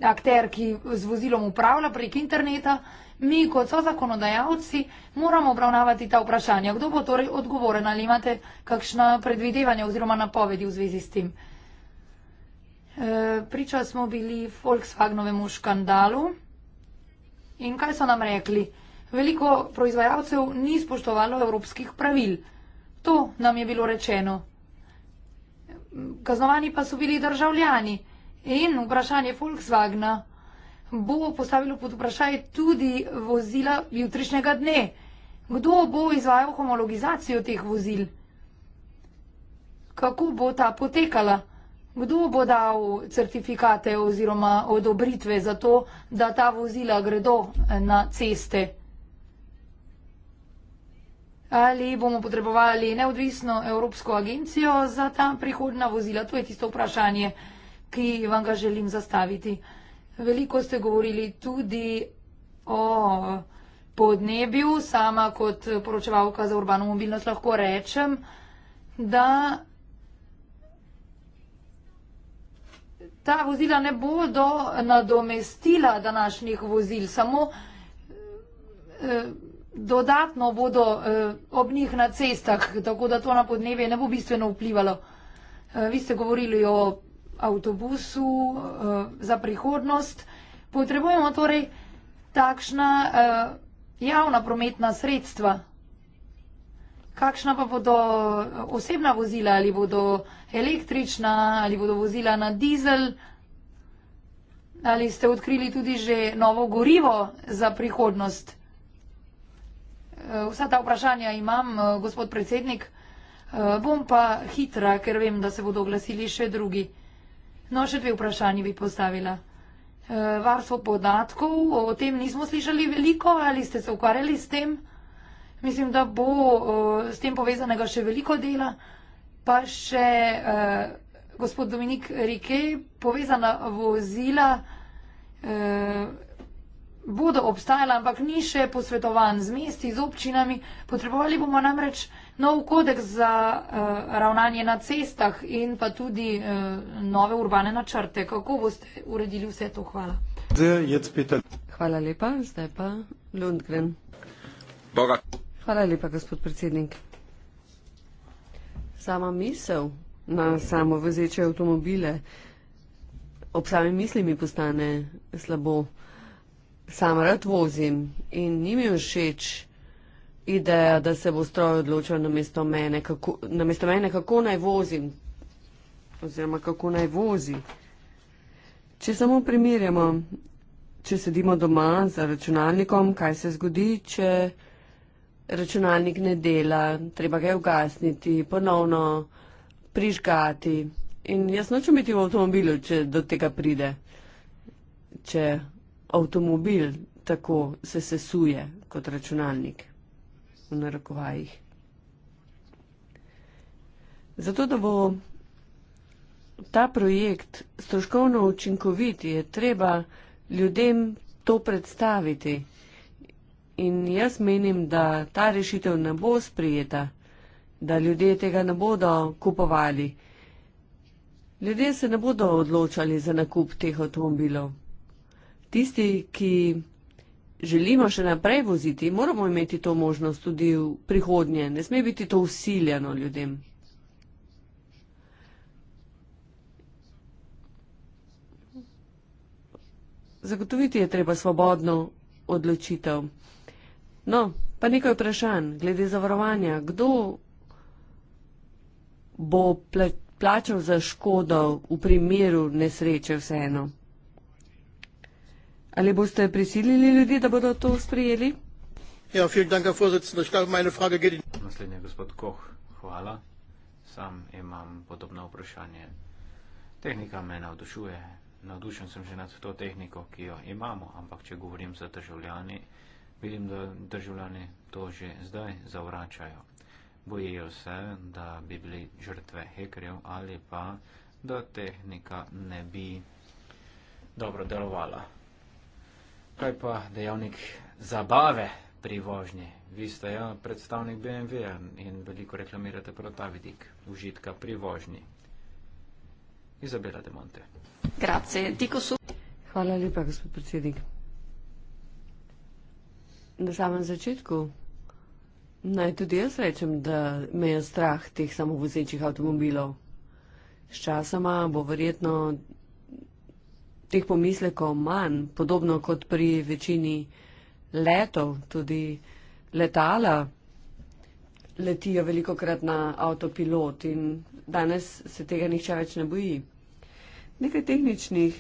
akter, ki z vozilom upravlja prek interneta, mi kot so zakonodajalci moramo obravnavati ta vprašanja. Kdo bo torej odgovoren ali imate kakšna predvidevanja oziroma napovedi v zvezi s tem? Eh, priča smo bili Volkswagenovemu škandalu in kaj so nam rekli? Veliko proizvajalcev ni spoštovalo evropskih pravil. To nam je bilo rečeno kaznovani pa so bili državljani in vprašanje Volkswagna bo postavilo pod vprašaj tudi vozila jutrišnjega dne. Kdo bo izvajal homologizacijo teh vozil? Kako bo ta potekala? Kdo bo dal certifikate oziroma odobritve za to, da ta vozila gredo na ceste? ali bomo potrebovali neodvisno Evropsko agencijo za ta prihodna vozila. To je tisto vprašanje, ki vam ga želim zastaviti. Veliko ste govorili tudi o podnebju. Sama kot poročevalka za urbano mobilnost lahko rečem, da ta vozila ne bodo nadomestila današnjih vozil, samo eh, dodatno bodo eh, ob njih na cestah, tako da to na podnebje ne bo bistveno vplivalo. Eh, vi ste govorili o avtobusu eh, za prihodnost. Potrebujemo torej takšna eh, javna prometna sredstva. Kakšna pa bodo eh, osebna vozila, ali bodo električna, ali bodo vozila na dizel, ali ste odkrili tudi že novo gorivo za prihodnost? Eh, vsa ta vprašanja imam, eh, gospod predsednik. Eh, bom pa hitra, ker vem, da se bodo oglasili še drugi. No, še dve vprašanje bi postavila. Varstvo podatkov, o tem nismo slišali veliko, ali ste se ukvarjali s tem? Mislim, da bo s tem povezanega še veliko dela. Pa še gospod Dominik Rike, povezana vozila bodo obstajala, ampak ni še posvetovan z mesti, z občinami. Potrebovali bomo namreč nov kodeks za uh, ravnanje na cestah in pa tudi uh, nove urbane načrte. Kako boste uredili vse to? Hvala. Hvala lepa, zdaj pa Lundgren. Boga. Hvala lepa, gospod predsednik. Sama misel na samo vzeče avtomobile ob sami misli mi postane slabo sam rad vozim in ni mi všeč ideja, da se bo stroj odločil namesto mene, kako, namesto mene, kako naj vozim. Oziroma, kako naj vozi. Če samo primerjamo, če sedimo doma za računalnikom, kaj se zgodi, če računalnik ne dela, treba ga je ugasniti, ponovno prižgati. In jaz nočem biti v avtomobilu, če do tega pride. Če avtomobil tako se sesuje kot računalnik v narekovajih. Zato, da bo ta projekt stroškovno učinkovit, je treba ljudem to predstaviti. In jaz menim, da ta rešitev ne bo sprijeta, da ljudje tega ne bodo kupovali. Ljudje se ne bodo odločali za nakup teh avtomobilov tisti, ki želimo še naprej voziti, moramo imeti to možnost tudi v prihodnje. Ne sme biti to usiljeno ljudem. Zagotoviti je treba svobodno odločitev. No, pa nekaj vprašanj glede zavarovanja. Kdo bo plačal za škodo v primeru nesreče vseeno? Ali boste prisilili ljudi, da bodo to sprijeli? Ja, vielen Dank, Herr Vorsitzender. Ich glaube, meine Frage geht in. Naslednje, gospod Koch, hvala. Sam imam podobno vprašanje. Tehnika me navdušuje. Navdušen sem že nad to tehniko, ki jo imamo, ampak če govorim za državljani, vidim, da državljani to že zdaj zavračajo. Bojijo se, da bi bili žrtve hekerjev ali pa, da tehnika ne bi dobro delovala. Kaj pa dejavnik zabave pri vožnji? Vi ste ja, predstavnik BMW-ja in veliko reklamirate prav ta vidik užitka pri vožnji. Izabela de Monte. Grazie, tiko su. Hvala lepa, gospod predsednik. Na samem začetku naj tudi jaz rečem, da me je strah teh samovozečih avtomobilov. Sčasoma bo verjetno teh pomislekov manj, podobno kot pri večini letov, tudi letala letijo veliko krat na avtopilot in danes se tega nihče več ne boji. Nekaj tehničnih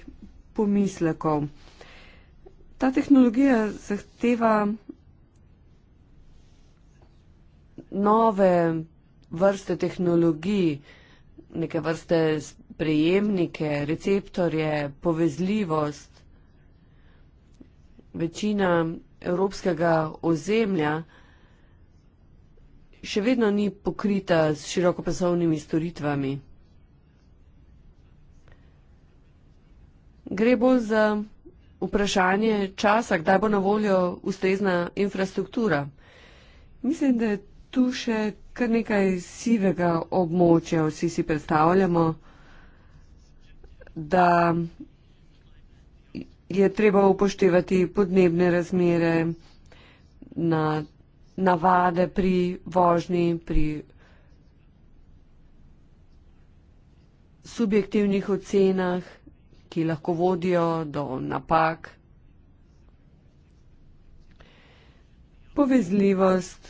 pomislekov. Ta tehnologija zahteva nove vrste tehnologij, neke vrste prejemnike, receptorje, povezljivost. Večina evropskega ozemlja še vedno ni pokrita s širokopasovnimi storitvami. Gre bolj za vprašanje časa, kdaj bo na voljo ustrezna infrastruktura. Mislim, da je tu še kar nekaj sivega območja, vsi si predstavljamo da je treba upoštevati podnebne razmere, na, navade pri vožnji, pri subjektivnih ocenah, ki lahko vodijo do napak. Povezljivost,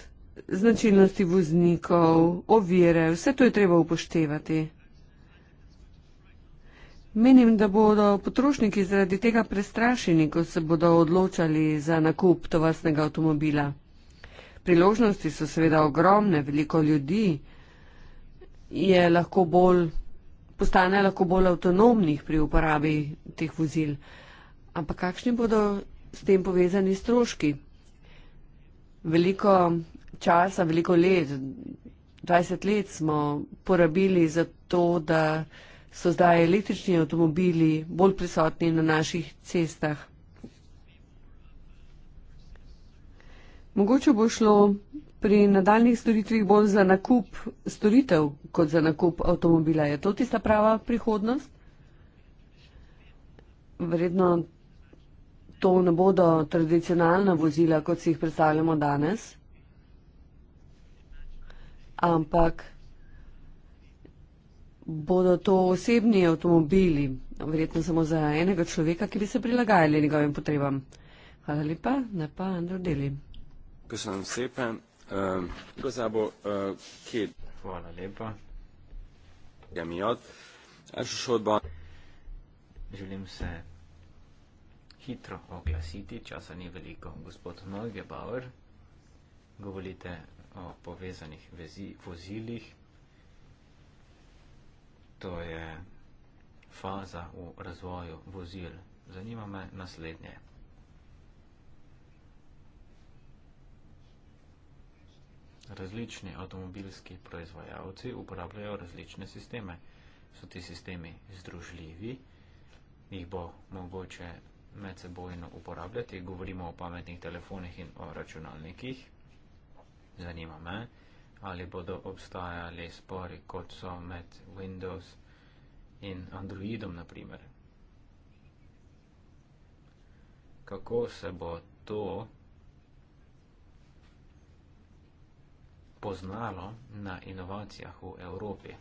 značilnosti voznikov, ovire, vse to je treba upoštevati. Menim, da bodo potrošniki zaradi tega prestrašeni, ko se bodo odločali za nakup tovrstnega avtomobila. Priložnosti so seveda ogromne, veliko ljudi je lahko bolj, postane lahko bolj avtonomnih pri uporabi teh vozil. Ampak kakšni bodo s tem povezani stroški? Veliko časa, veliko let, 20 let smo porabili za to, da so zdaj električni avtomobili bolj prisotni na naših cestah. Mogoče bo šlo pri nadaljnih storitvih bolj za nakup storitev, kot za nakup avtomobila. Je to tista prava prihodnost? Vredno to ne bodo tradicionalna vozila, kot si jih predstavljamo danes, ampak bodo to osebni avtomobili, verjetno samo za enega človeka, ki bi se prilagajali njegovim potrebam. Hvala lepa, ne pa Andro Deli. Gospod Sepe, uh, gozabo uh, Kid. Hvala lepa. Gamiot, až šel od banke. Želim se hitro oglasiti, časa ni veliko. Gospod Nogebauer, govorite o povezanih vezi, vozilih to je faza v razvoju vozil. Zanima me naslednje. Različni avtomobilski proizvajalci uporabljajo različne sisteme. So ti sistemi združljivi, jih bo mogoče medsebojno uporabljati, govorimo o pametnih telefonih in o računalnikih. Zanima me, da ali bodo obstajali spori, kot so med Windows in Androidom, na primer. Kako se bo to poznalo na inovacijah v Evropi?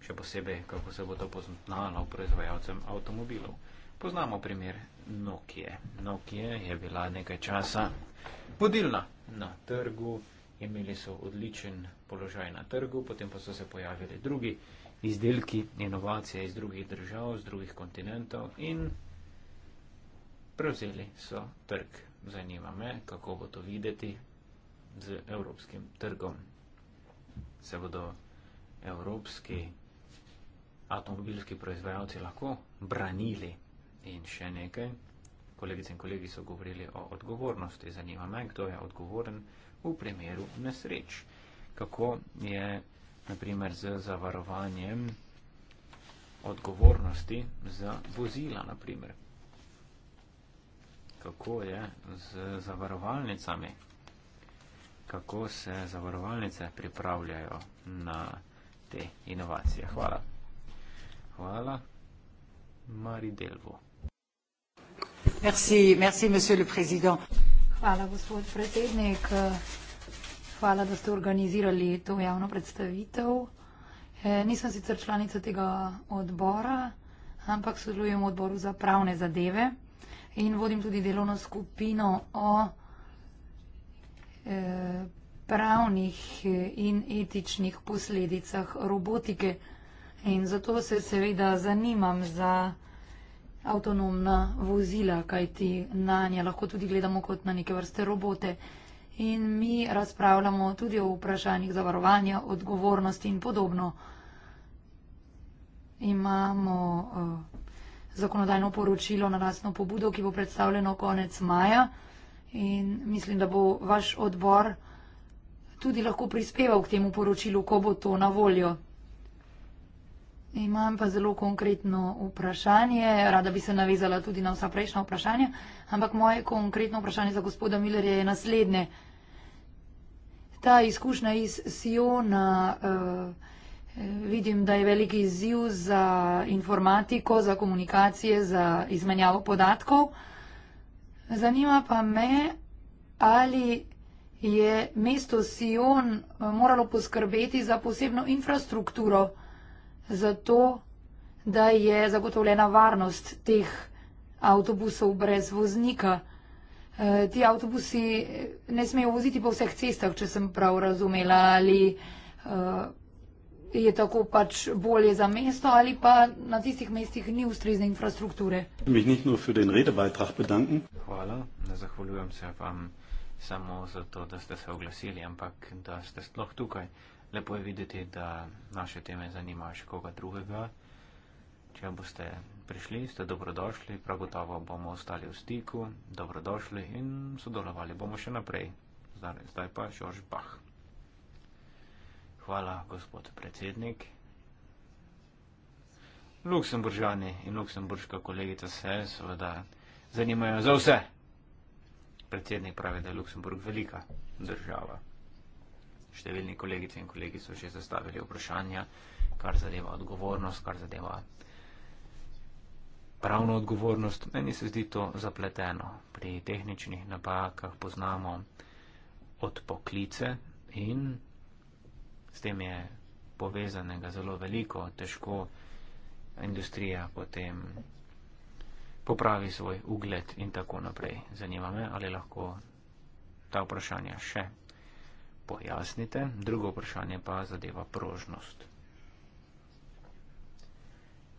Še posebej, kako se bo to poznalo proizvajalcem avtomobilov. Poznamo primer Nokia. Nokia je bila nekaj časa vodilna na trgu imeli so odličen položaj na trgu, potem pa so se pojavili drugi izdelki, inovacije iz drugih držav, z drugih kontinentov in prevzeli so trg. Zanima me, kako bo to videti z evropskim trgom. Se bodo evropski avtomobilski proizvajalci lahko branili in še nekaj. Kolegice in kolegi so govorili o odgovornosti. Zanima me, kdo je odgovoren v primeru nesreč. Kako je naprimer z zavarovanjem odgovornosti za vozila, naprimer. Kako je z zavarovalnicami, kako se zavarovalnice pripravljajo na te inovacije. Hvala. Hvala. Mari Delvo. Merci, merci, monsieur le président. Hvala, gospod predsednik. Hvala, da ste organizirali to javno predstavitev. E, nisem sicer članica tega odbora, ampak sodelujem v odboru za pravne zadeve in vodim tudi delovno skupino o e, pravnih in etičnih posledicah robotike. In zato se seveda zanimam za avtonomna vozila, kajti na nje lahko tudi gledamo kot na neke vrste robote. In mi razpravljamo tudi o vprašanjih zavarovanja, odgovornosti in podobno. Imamo uh, zakonodajno poročilo na lastno pobudo, ki bo predstavljeno konec maja. In mislim, da bo vaš odbor tudi lahko prispeval k temu poročilu, ko bo to na voljo. Imam pa zelo konkretno vprašanje. Rada bi se navezala tudi na vsa prejšnja vprašanja, ampak moje konkretno vprašanje za gospoda Millerja je naslednje. Ta izkušnja iz Siona, eh, vidim, da je veliki izziv za informatiko, za komunikacije, za izmenjavo podatkov. Zanima pa me, ali je mesto Sion eh, moralo poskrbeti za posebno infrastrukturo zato, da je zagotovljena varnost teh avtobusov brez voznika. E, ti avtobusi ne smejo voziti po vseh cestah, če sem prav razumela, ali e, je tako pač bolje za mesto ali pa na tistih mestih ni ustrezne infrastrukture. Hvala, ne zahvaljujem se vam samo za to, da ste se oglasili, ampak da ste sploh tukaj. Lepo je videti, da naše teme zanimajo še koga drugega. Če boste prišli, ste dobrodošli, prav gotovo bomo ostali v stiku, dobrodošli in sodelovali bomo še naprej. Zdaj, zdaj pa Žorž Bach. Hvala, gospod predsednik. Luksemburžani in luksemburška kolegica se seveda zanimajo za vse. Predsednik pravi, da je Luksemburg velika država številni kolegice in kolegi so že zastavili vprašanja, kar zadeva odgovornost, kar zadeva pravno odgovornost. Meni se zdi to zapleteno. Pri tehničnih napakah poznamo odpoklice in s tem je povezanega zelo veliko, težko industrija potem popravi svoj ugled in tako naprej. Zanima me, ali lahko ta vprašanja še pojasnite, drugo vprašanje pa zadeva prožnost.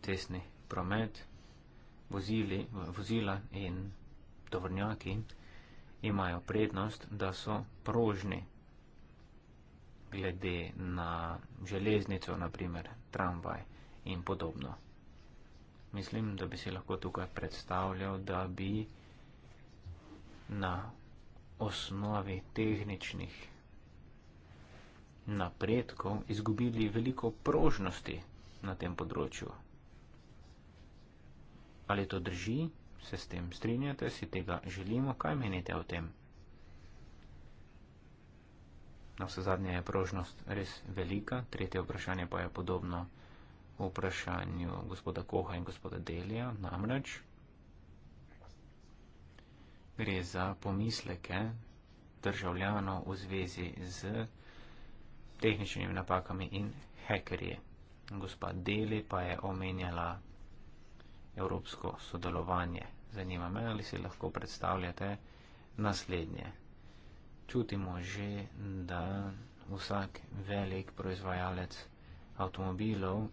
Tesni promet, vozili, vozila in tovrnjaki imajo prednost, da so prožni glede na železnico, naprimer tramvaj in podobno. Mislim, da bi si lahko tukaj predstavljal, da bi na osnovi tehničnih napredkov, izgubili veliko prožnosti na tem področju. Ali to drži? Se s tem strinjate? Si tega želimo? Kaj menite o tem? Na vse zadnje je prožnost res velika. Tretje vprašanje pa je podobno vprašanju gospoda Koha in gospoda Delija. Namreč gre za pomisleke državljanov v zvezi z tehničnimi napakami in hekerji. Gospa Deli pa je omenjala evropsko sodelovanje. Zanima me, ali si lahko predstavljate naslednje. Čutimo že, da vsak velik proizvajalec avtomobilov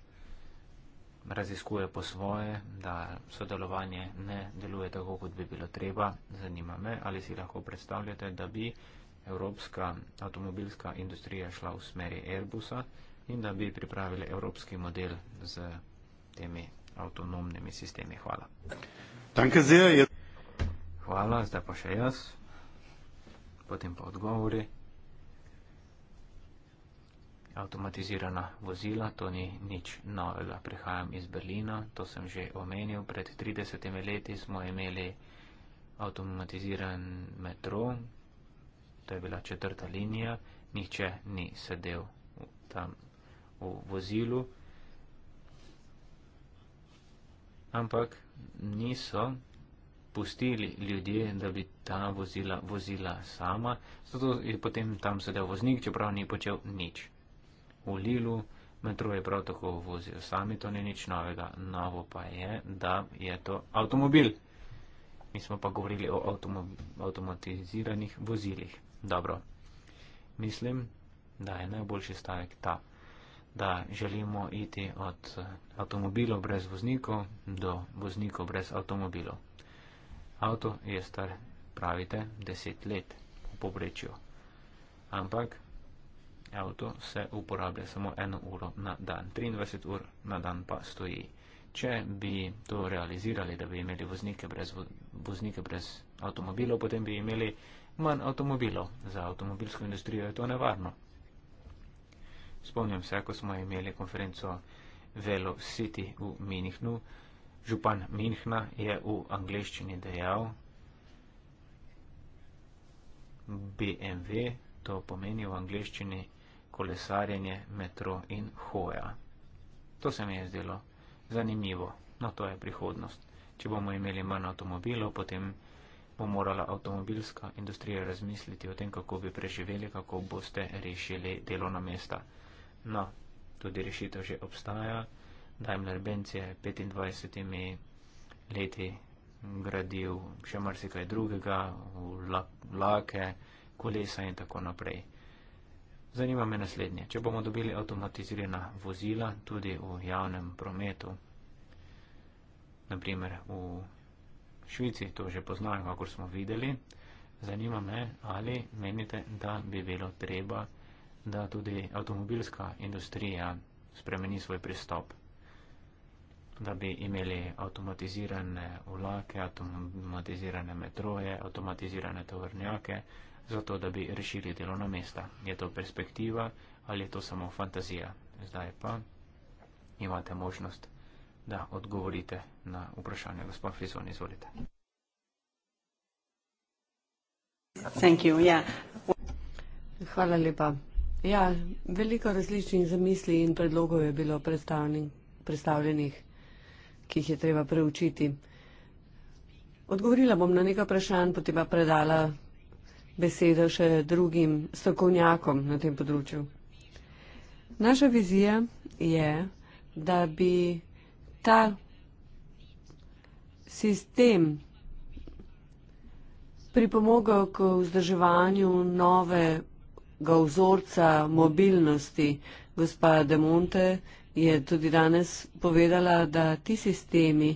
raziskuje po svoje, da sodelovanje ne deluje tako, kot bi bilo treba. Zanima me, ali si lahko predstavljate, da bi evropska avtomobilska industrija šla v smeri Airbusa in da bi pripravili evropski model z temi avtonomnimi sistemi. Hvala. Hvala, zdaj pa še jaz. Potem pa odgovori. Avtomatizirana vozila, to ni nič novega. Prihajam iz Berlina, to sem že omenil. Pred 30 leti smo imeli avtomatiziran metro, to je bila četrta linija, nihče ni sedel tam v vozilu. Ampak niso pustili ljudje, da bi ta vozila vozila sama, zato je potem tam sedel voznik, čeprav ni počel nič. V Lilu metro je prav tako vozil sami, to ni nič novega. Novo pa je, da je to avtomobil. Mi smo pa govorili o avtomatiziranih vozilih dobro. Mislim, da je najboljši stavek ta, da želimo iti od avtomobilov brez voznikov do voznikov brez avtomobilov. Avto je star, pravite, 10 let v povprečju. Ampak avto se uporablja samo eno uro na dan, 23 ur na dan pa stoji. Če bi to realizirali, da bi imeli voznike brez, voznike brez avtomobilov, potem bi imeli manj avtomobilov. Za avtomobilsko industrijo je to nevarno. Spomnim se, ko smo imeli konferenco Velo City v Minihnu, župan Minhna je v angleščini dejal BMW, to pomeni v angleščini kolesarjenje, metro in hoja. To se mi je zdelo zanimivo, no to je prihodnost. Če bomo imeli manj avtomobilov, potem bo morala avtomobilska industrija razmisliti o tem, kako bi preživeli, kako boste rešili delovna mesta. No, tudi rešitev že obstaja. Daimler Benz je 25 leti gradil še marsikaj drugega, vlake, kolesa in tako naprej. Zanima me naslednje. Če bomo dobili avtomatizirana vozila tudi v javnem prometu, naprimer v Švici to že poznajo, kako smo videli. Zanima me, ali menite, da bi bilo treba, da tudi avtomobilska industrija spremeni svoj pristop, da bi imeli avtomatizirane vlake, avtomatizirane metroje, avtomatizirane tovrnjake, zato da bi rešili delovna mesta. Je to perspektiva ali je to samo fantazija? Zdaj pa imate možnost da odgovorite na vprašanje. Gospod Frison, izvolite. Thank you. Yeah. Hvala lepa. Ja, veliko različnih zamisli in predlogov je bilo predstavljenih, ki jih je treba preučiti. Odgovorila bom na nekaj vprašanj, potem pa predala besedo še drugim strokovnjakom na tem področju. Naša vizija je, da bi ta sistem pripomogel k vzdrževanju novega vzorca mobilnosti. Gospa Demonte je tudi danes povedala, da ti sistemi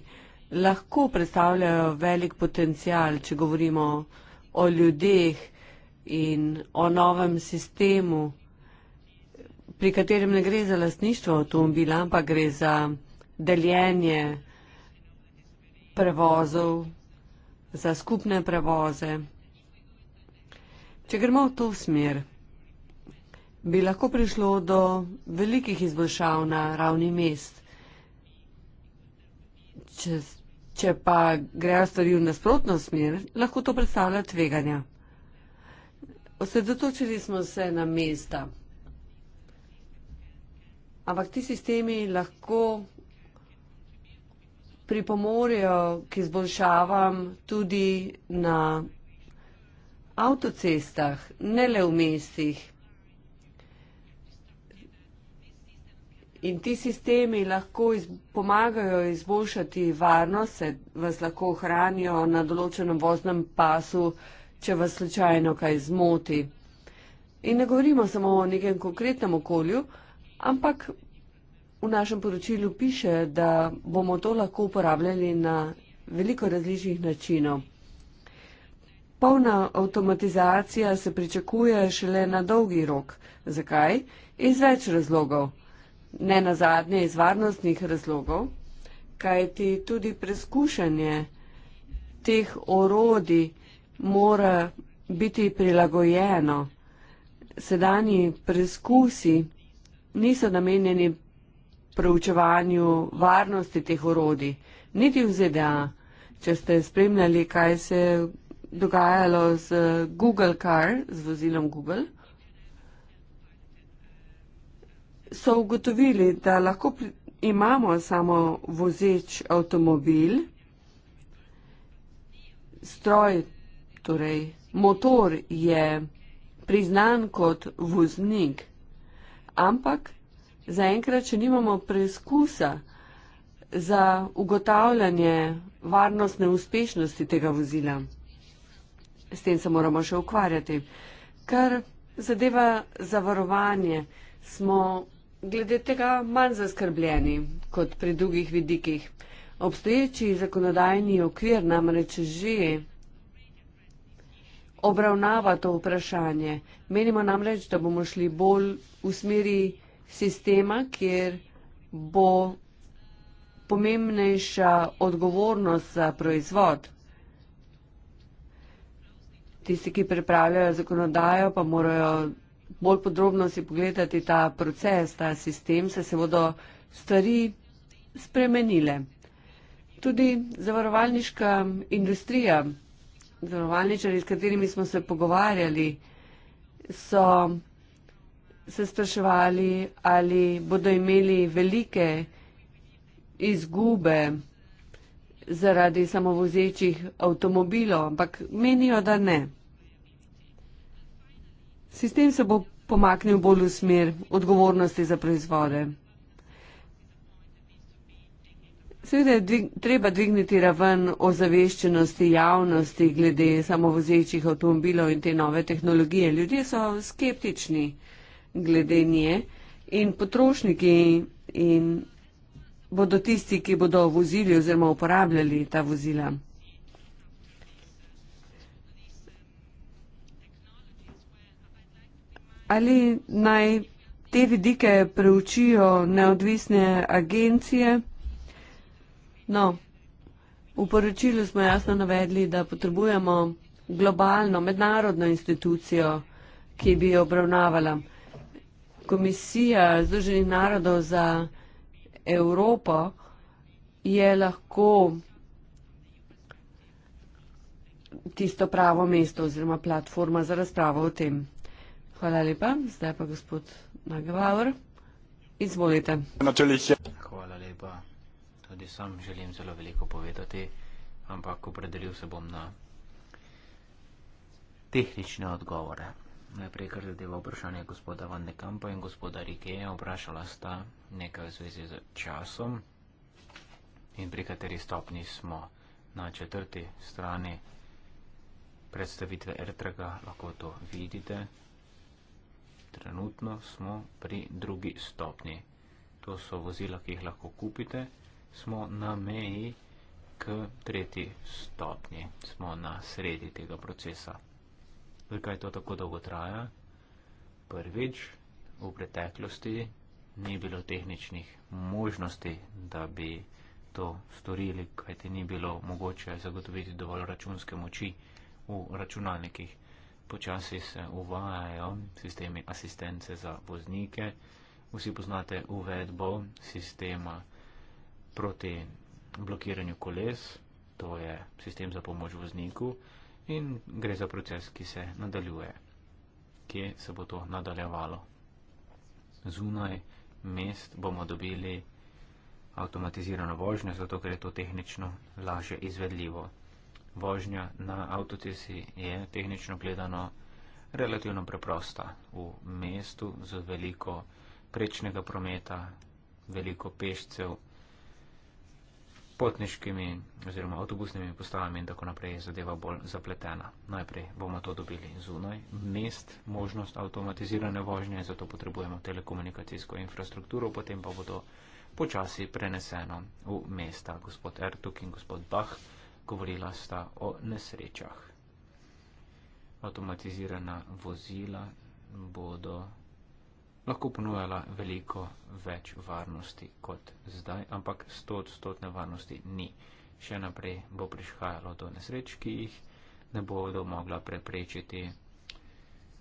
lahko predstavljajo velik potencial, če govorimo o ljudeh in o novem sistemu, pri katerem ne gre za lastništvo avtomobila, ampak gre za deljenje prevozov za skupne prevoze. Če gremo v to smer, bi lahko prišlo do velikih izboljšav na ravni mest. Če, če pa grejo stvari v nasprotno smer, lahko to predstavlja tveganja. Osredotočili smo se na mesta. Ampak ti sistemi lahko pripomorejo k izboljšavam tudi na avtocestah, ne le v mestih. In ti sistemi lahko iz, pomagajo izboljšati varnost, se vas lahko ohranijo na določenem voznem pasu, če vas slučajno kaj zmoti. In ne govorimo samo o nekem konkretnem okolju, ampak v našem poročilu piše, da bomo to lahko uporabljali na veliko različnih načinov. Polna avtomatizacija se pričakuje šele na dolgi rok. Zakaj? Iz več razlogov. Ne na zadnje, iz varnostnih razlogov, kajti tudi preskušanje teh orodi mora biti prilagojeno. Sedanji preskusi niso namenjeni preučevanju varnosti teh orodi, niti v ZDA. Če ste spremljali, kaj se je dogajalo z Google Car, z vozilom Google, so ugotovili, da lahko imamo samo vozeč avtomobil, stroj, torej motor je priznan kot voznik, ampak zaenkrat, če nimamo preizkusa za ugotavljanje varnostne uspešnosti tega vozila. S tem se moramo še ukvarjati. Kar zadeva zavarovanje, smo glede tega manj zaskrbljeni kot pri drugih vidikih. Obstoječi zakonodajni okvir namreč že obravnava to vprašanje. Menimo namreč, da bomo šli bolj v smeri sistema, kjer bo pomembnejša odgovornost za proizvod. Tisti, ki pripravljajo zakonodajo, pa morajo bolj podrobno si pogledati ta proces, ta sistem, saj se bodo stvari spremenile. Tudi zavarovalniška industrija, zavarovalničari, s katerimi smo se pogovarjali, so se spraševali, ali bodo imeli velike izgube zaradi samovozečih avtomobilov, ampak menijo, da ne. Sistem se bo pomaknil bolj v smer odgovornosti za proizvode. Seveda je dvig, treba dvigniti raven ozaveščenosti javnosti glede samovozečih avtomobilov in te nove tehnologije. Ljudje so skeptični glede nje in potrošniki in bodo tisti, ki bodo vozili oziroma uporabljali ta vozila. Ali naj te vidike preučijo neodvisne agencije? No, v poročilu smo jasno navedli, da potrebujemo globalno mednarodno institucijo, ki bi jo obravnavala. Komisija Združenih narodov za Evropo je lahko tisto pravo mesto oziroma platforma za razpravo o tem. Hvala lepa. Zdaj pa gospod Nagavaur. Izvolite. Hvala lepa. Tudi sam želim zelo veliko povedati, ampak opredelil se bom na tehnične odgovore. Najprej kar zadeva vprašanje gospoda Van de Kampa in gospoda Rikeja, vprašala sta nekaj v zvezi z časom in pri kateri stopni smo na četrti strani predstavitve Ertrega, lahko to vidite. Trenutno smo pri drugi stopni. To so vozila, ki jih lahko kupite. Smo na meji k tretji stopni. Smo na sredi tega procesa zakaj to tako dolgo traja. Prvič, v preteklosti ni bilo tehničnih možnosti, da bi to storili, kajti ni bilo mogoče zagotoviti dovolj računske moči v računalnikih. Počasi se uvajajo sistemi asistence za voznike. Vsi poznate uvedbo sistema proti blokiranju koles, to je sistem za pomoč vozniku in gre za proces, ki se nadaljuje. Kje se bo to nadaljevalo? Zunaj mest bomo dobili avtomatizirano vožnjo, zato ker je to tehnično lažje izvedljivo. Vožnja na avtocesi je tehnično gledano relativno preprosta. V mestu z veliko prečnega prometa, veliko pešcev potniškimi oziroma avtobusnimi postavami in tako naprej je zadeva bolj zapletena. Najprej bomo to dobili zunaj mest, možnost avtomatizirane vožnje, zato potrebujemo telekomunikacijsko infrastrukturo, potem pa bo to počasi preneseno v mesta. Gospod Ertuk in gospod Bach govorila sta o nesrečah. Avtomatizirana vozila bodo lahko ponujala veliko več varnosti kot zdaj, ampak stotstotne varnosti ni. Še naprej bo prišhajalo do nesreč, ki jih ne bodo mogla preprečiti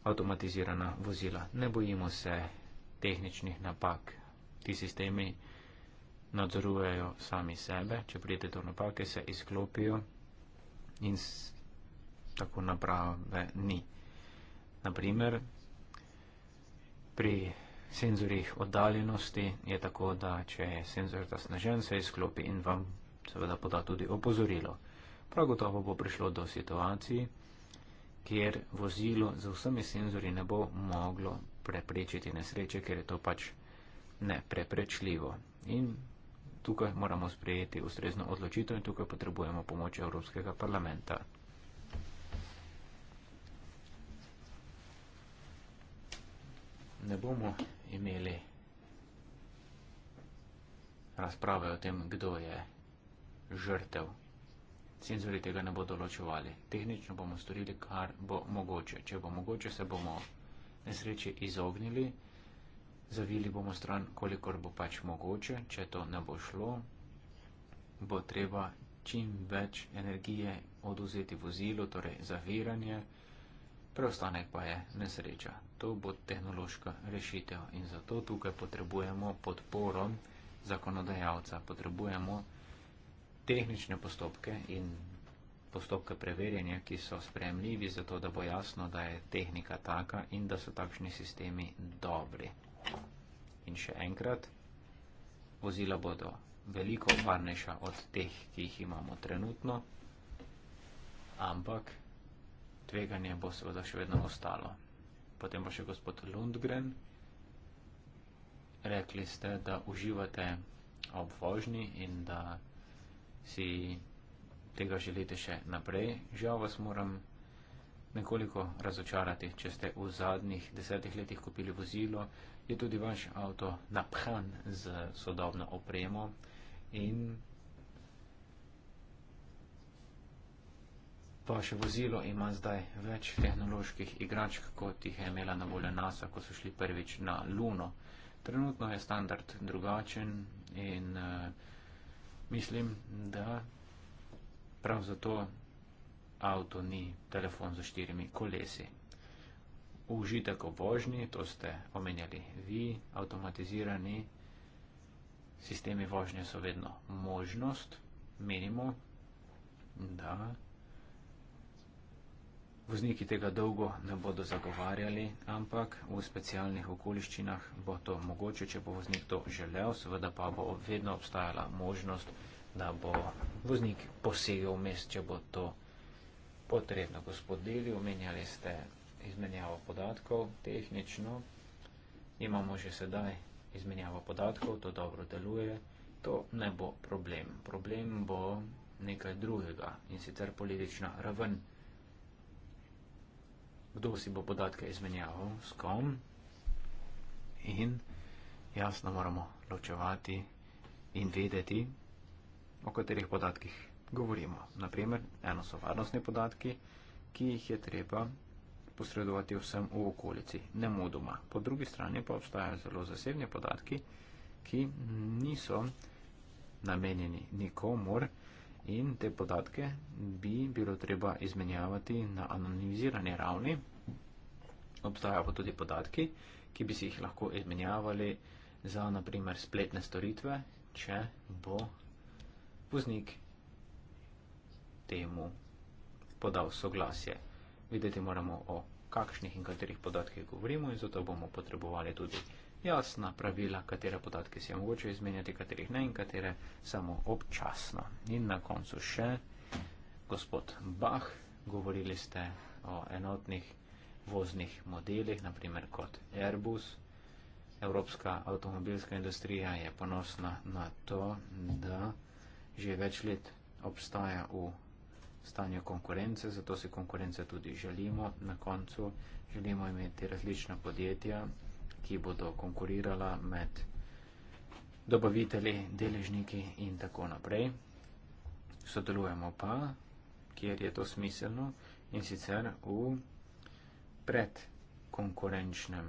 avtomatizirana vozila. Ne bojimo se tehničnih napak. Ti sistemi nadzorujejo sami sebe, če pride do napake, se izklopijo in tako naprave ni. Naprimer, Pri senzorjih oddaljenosti je tako, da če je senzor zasnežen, se izklopi in vam seveda poda tudi opozorilo. Prav gotovo bo prišlo do situacij, kjer vozilo z vsemi senzori ne bo moglo preprečiti nesreče, ker je to pač neprepečljivo. In tukaj moramo sprejeti ustrezno odločitev in tukaj potrebujemo pomoč Evropskega parlamenta. ne bomo imeli razprave o tem, kdo je žrtev. Senzori tega ne bodo ločevali. Tehnično bomo storili, kar bo mogoče. Če bo mogoče, se bomo nesreče izognili, zavili bomo stran, kolikor bo pač mogoče. Če to ne bo šlo, bo treba čim več energije oduzeti vozilu, torej zaviranje preostanek pa je nesreča. To bo tehnološka rešitev in zato tukaj potrebujemo podporo zakonodajalca, potrebujemo tehnične postopke in postopke preverjanja, ki so spremljivi, zato da bo jasno, da je tehnika taka in da so takšni sistemi dobri. In še enkrat, vozila bodo veliko varnejša od teh, ki jih imamo trenutno, ampak tveganje bo seveda še vedno ostalo. Potem pa še gospod Lundgren. Rekli ste, da uživate ob vožnji in da si tega želite še naprej. Žal vas moram nekoliko razočarati, če ste v zadnjih desetih letih kupili vozilo, je tudi vaš avto naphan z sodobno opremo in vaše vozilo ima zdaj več tehnoloških igračk, kot jih je imela na voljo NASA, ko so šli prvič na Luno. Trenutno je standard drugačen in uh, mislim, da prav zato avto ni telefon za štirimi kolesi. Užitek ob vožnji, to ste omenjali vi, avtomatizirani sistemi vožnje so vedno možnost, menimo, da. Vzniki tega dolgo ne bodo zagovarjali, ampak v specialnih okoliščinah bo to mogoče, če bo voznik to želel, seveda pa bo vedno obstajala možnost, da bo voznik posegel mest, če bo to potrebno. Gospod Deli, omenjali ste izmenjavo podatkov tehnično, imamo že sedaj izmenjavo podatkov, to dobro deluje, to ne bo problem. Problem bo nekaj drugega in sicer politična raven kdo si bo podatke izmenjal, s kom. In jasno moramo ločevati in vedeti, o katerih podatkih govorimo. Naprimer, eno so varnostni podatki, ki jih je treba posredovati vsem v okolici, ne mudoma. Po drugi strani pa obstajajo zelo zasebni podatki, ki niso namenjeni nikomor in te podatke bi bilo treba izmenjavati na anonimizirani ravni. Obstajajo pa tudi podatki, ki bi si jih lahko izmenjavali za naprimer spletne storitve, če bo voznik temu podal soglasje. Videti moramo, o kakšnih in katerih podatkih govorimo in zato bomo potrebovali tudi jasna pravila, katere podatke si je mogoče izmenjati, katerih ne in katere samo občasno. In na koncu še gospod Bach, govorili ste o enotnih voznih modelih, naprimer kot Airbus. Evropska avtomobilska industrija je ponosna na to, da že več let obstaja v stanju konkurence, zato si konkurence tudi želimo. Na koncu želimo imeti različna podjetja, ki bodo konkurirala med dobavitelji, deležniki in tako naprej. Sodelujemo pa, kjer je to smiselno in sicer v predkonkurenčnem,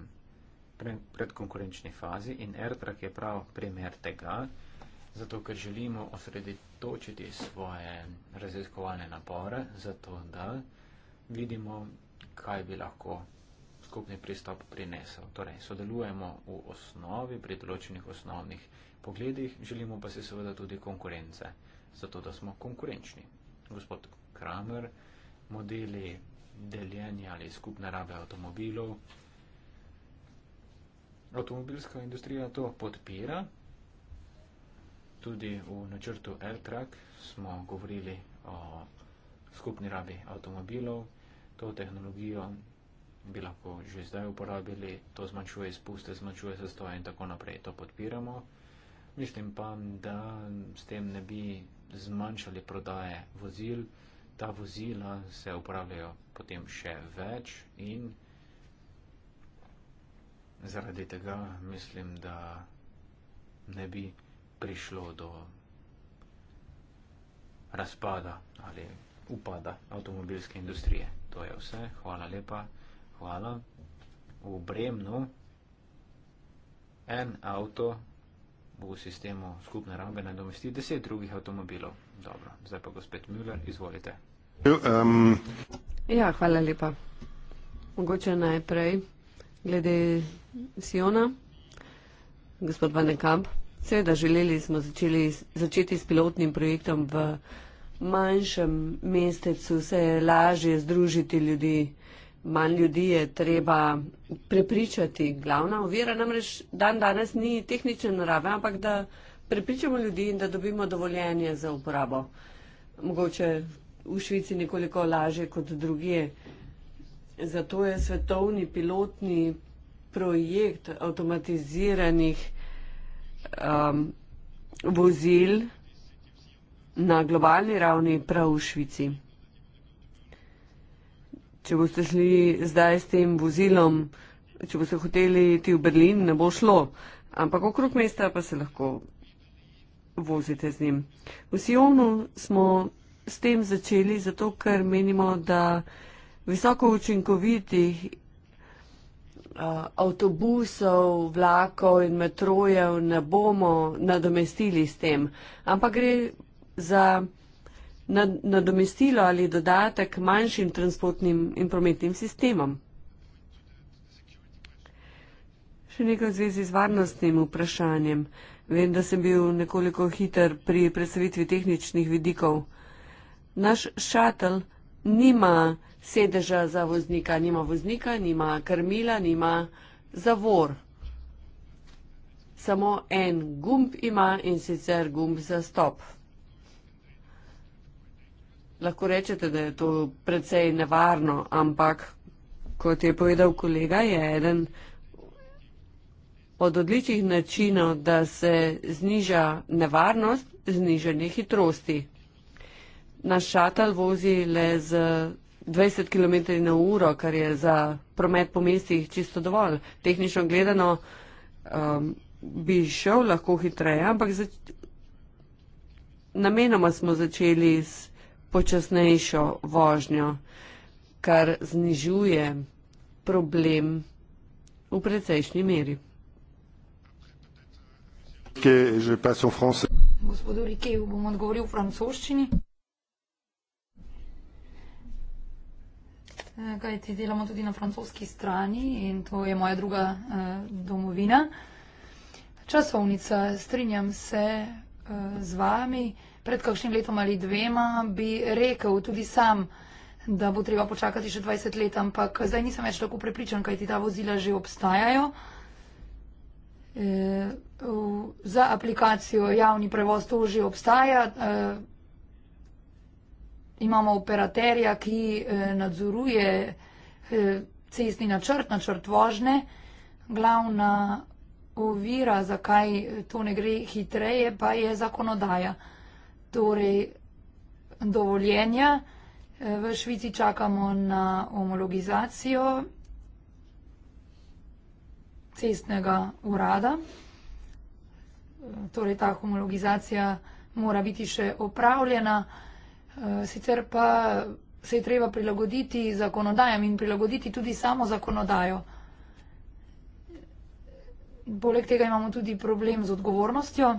pred, predkonkurenčni fazi in AirTrack je prav primer tega, zato ker želimo osredotočiti svoje raziskovalne napore, zato da vidimo, kaj bi lahko skupni pristop prinesel. Torej, sodelujemo v osnovi, pri določenih osnovnih pogledih, želimo pa se seveda tudi konkurence, zato da smo konkurenčni. Gospod Kramer, modeli deljenja ali skupne rabe avtomobilov. Avtomobilska industrija to podpira. Tudi v načrtu L-Track smo govorili o skupni rabi avtomobilov. To tehnologijo bi lahko že zdaj uporabili, to zmanjšuje izpuste, zmanjšuje sestoje in tako naprej. To podpiramo. Mislim pa, da s tem ne bi zmanjšali prodaje vozil. Ta vozila se uporabljajo potem še več in zaradi tega mislim, da ne bi prišlo do razpada ali upada avtomobilske industrije. To je vse. Hvala lepa hvala, v Bremnu en avto bo v sistemu skupne rabe nadomesti deset drugih avtomobilov. Dobro, zdaj pa gospod Müller, izvolite. Um. Ja, hvala lepa. Mogoče najprej glede Siona, gospod Vanekamp. Seveda želeli smo začeli, začeti s pilotnim projektom v manjšem mestecu, se je lažje združiti ljudi manj ljudi je treba prepričati. Glavna ovira namreč dan danes ni tehnične narave, ampak da prepričamo ljudi in da dobimo dovoljenje za uporabo. Mogoče v Švici nekoliko lažje kot drugje. Zato je svetovni pilotni projekt avtomatiziranih um, vozil na globalni ravni prav v Švici če boste šli zdaj s tem vozilom, če boste hoteli ti v Berlin, ne bo šlo. Ampak okrog mesta pa se lahko vozite z njim. V Sionu smo s tem začeli, zato ker menimo, da visoko učinkovitih avtobusov, vlakov in metrojev ne bomo nadomestili s tem. Ampak gre za nadomestilo ali dodatek manjšim transportnim in prometnim sistemom. Še nekaj v zvezi z varnostnim vprašanjem. Vem, da sem bil nekoliko hiter pri predstavitvi tehničnih vidikov. Naš šatel nima sedeža za voznika, nima voznika, nima krmila, nima zavor. Samo en gumb ima in sicer gumb za stop lahko rečete, da je to precej nevarno, ampak kot je povedal kolega, je eden od odličnih načinov, da se zniža nevarnost, znižanje hitrosti. Naš šatal vozi le z 20 km na uro, kar je za promet po mestih čisto dovolj. Tehnično gledano um, bi šel lahko hitreje, ampak zač... namenoma smo začeli s počasnejšo vožnjo, kar znižuje problem v precejšnji meri. Gospodu Rikeju bom odgovoril v francoščini. Eh, Kaj ti delamo tudi na francoski strani in to je moja druga uh, domovina. Časovnica, strinjam se uh, z vami. Uh, pred kakšnim letom ali dvema, bi rekel tudi sam, da bo treba počakati še 20 let, ampak zdaj nisem več tako prepričan, kaj ti ta vozila že obstajajo. E, v, za aplikacijo javni prevoz to že obstaja. E, imamo operaterja, ki e, nadzoruje e, cestni načrt, načrt vožne. Glavna ovira, zakaj to ne gre hitreje, pa je zakonodaja torej dovoljenja. Eh, v Švici čakamo na homologizacijo cestnega urada. Eh, torej ta homologizacija mora biti še opravljena. Eh, sicer pa se je treba prilagoditi zakonodajam in prilagoditi tudi samo zakonodajo. Poleg tega imamo tudi problem z odgovornostjo.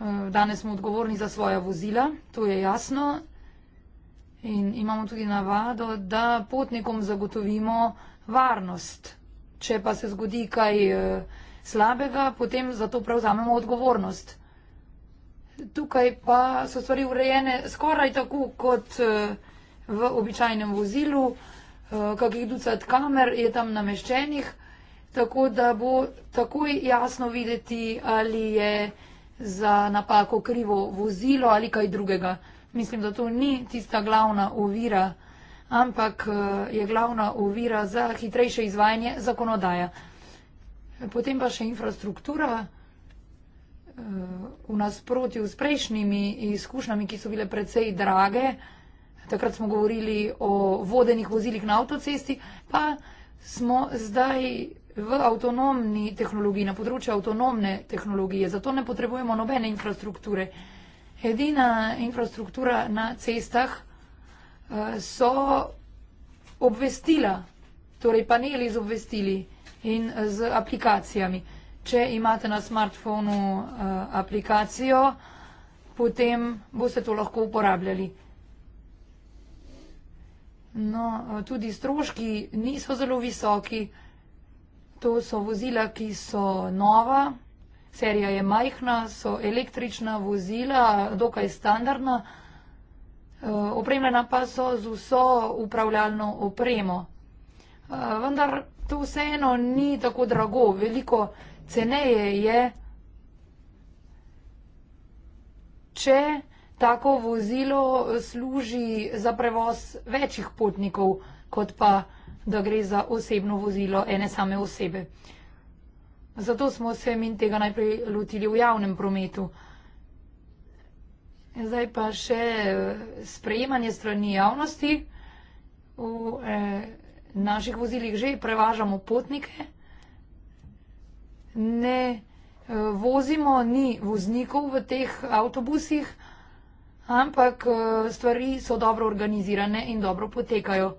Eh, danes smo odgovorni za svoja vozila, to je jasno. In imamo tudi navado, da potnikom zagotovimo varnost. Če pa se zgodi kaj eh, slabega, potem za to prevzamemo odgovornost. Tukaj pa so stvari urejene skoraj tako kot eh, v običajnem vozilu, kakih ducat kamer je tam nameščenih, tako da bo takoj jasno videti, ali je za napako krivo vozilo ali kaj drugega. Mislim, da to ni tista glavna ovira, ampak eh, je glavna ovira za hitrejše izvajanje zakonodaja. Potem pa še infrastruktura. Eh, v nasprotju s prejšnjimi izkušnjami, ki so bile precej drage, takrat smo govorili o vodenih vozilih na avtocesti, pa smo zdaj v avtonomni tehnologiji, na področju avtonomne tehnologije. Zato ne potrebujemo nobene infrastrukture. Edina infrastruktura na cestah eh, so obvestila, torej paneli z obvestili in eh, z aplikacijami. Če imate na smartfonu eh, aplikacijo, potem boste to lahko uporabljali. No, tudi stroški niso zelo visoki, To so vozila, ki so nova, serija je majhna, so električna vozila, dokaj standardna, eh, opremljena pa so z vso upravljalno opremo. Eh, vendar to vseeno ni tako drago, veliko ceneje je, če tako vozilo služi za prevoz večjih potnikov, kot pa da gre za osebno vozilo ene same osebe. Zato smo se mi tega najprej lotili v javnem prometu. Zdaj pa še eh, sprejemanje strani javnosti. V eh, naših vozilih že prevažamo potnike. Ne eh, vozimo ni voznikov v teh avtobusih, ampak eh, stvari so dobro organizirane in dobro potekajo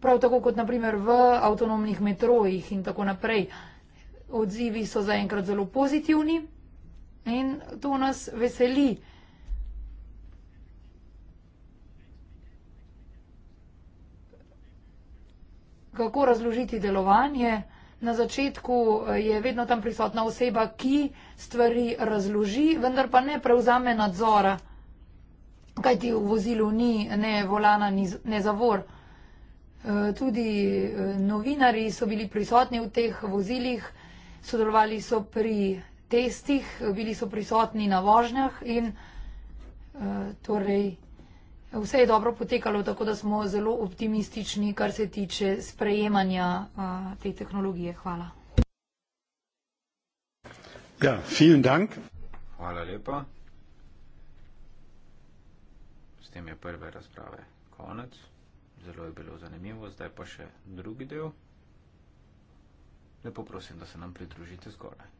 prav tako kot naprimer v avtonomnih metrojih in tako naprej. Odzivi so zaenkrat zelo pozitivni in to nas veseli. Kako razložiti delovanje? Na začetku eh, je vedno tam prisotna oseba, ki stvari razloži, vendar pa ne prevzame nadzora, kaj ti v vozilu ni ne volana, ni, ne zavor. Eh, tudi eh, novinari so bili prisotni v teh vozilih, sodelovali so pri testih, bili so prisotni na vožnjah in eh, torej vse je dobro potekalo, tako da smo zelo optimistični, kar se tiče sprejemanja te tehnologije. Hvala. Ja, vielen Dank. Hvala lepa. S tem je prve razprave konec zelo je bilo zanimivo, zdaj pa še drugi del. Lepo prosim, da se nam pridružite zgoraj.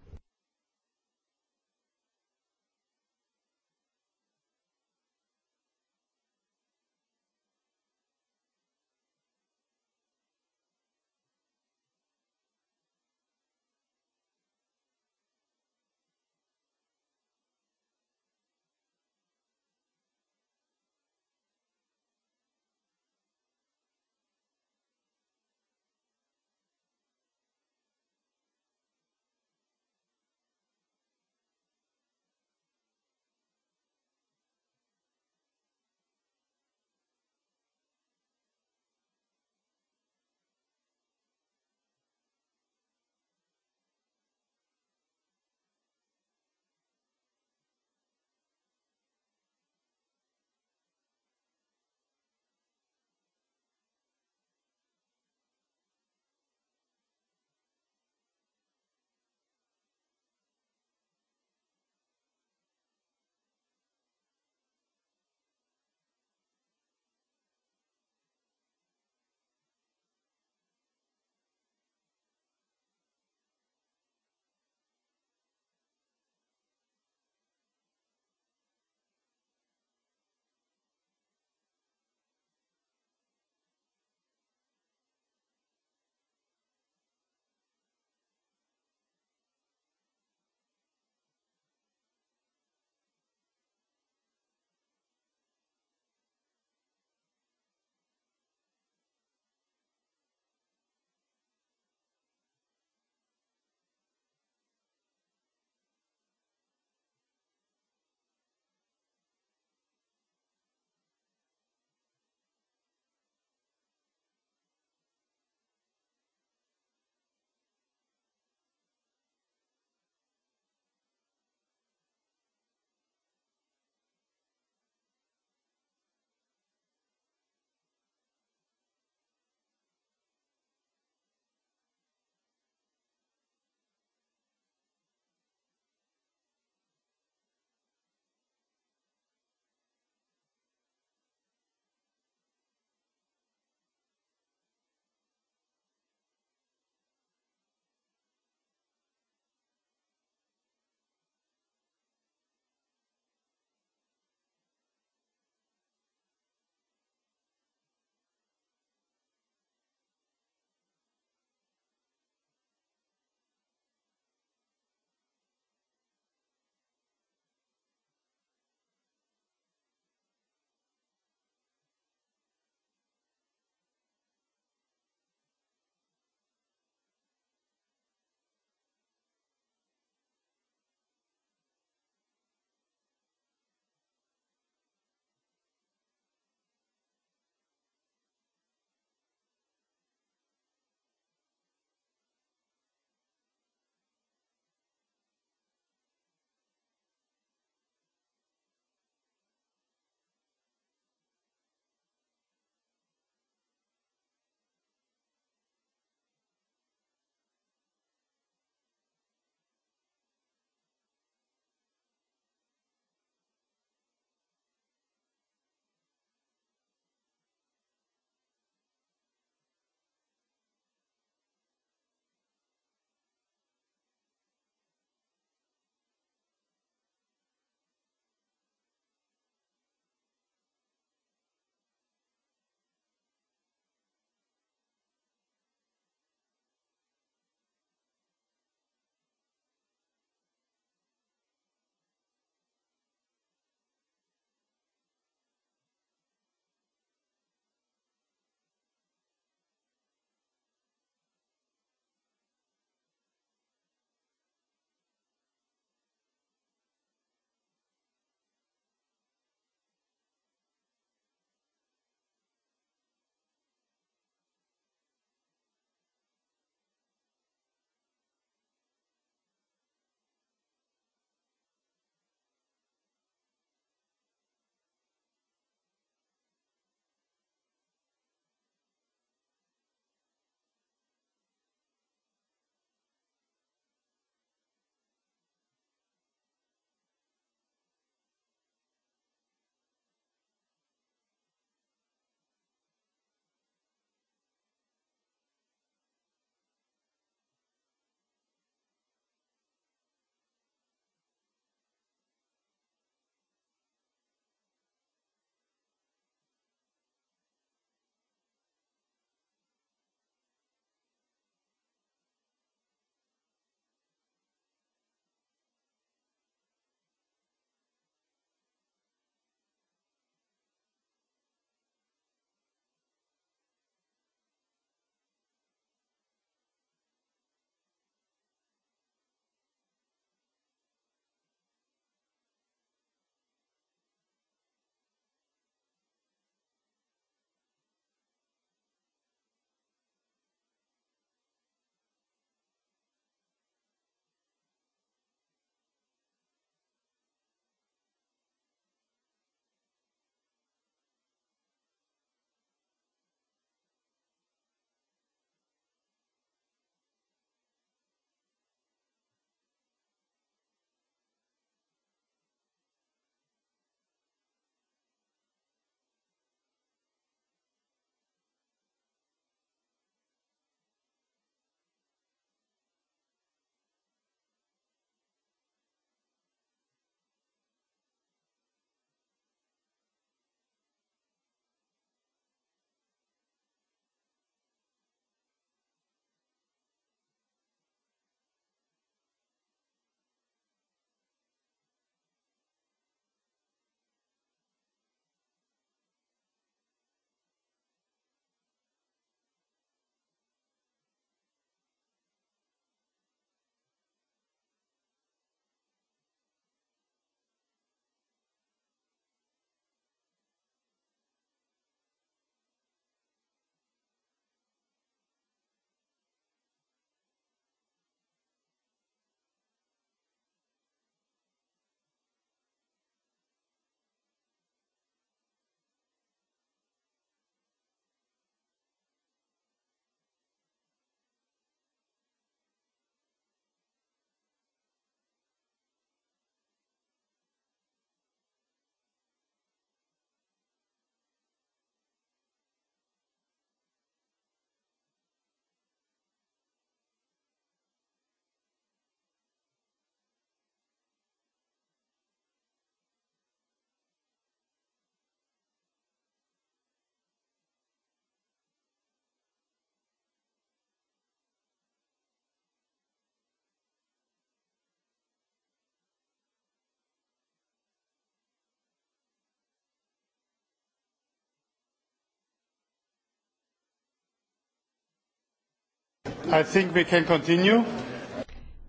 I think we can continue.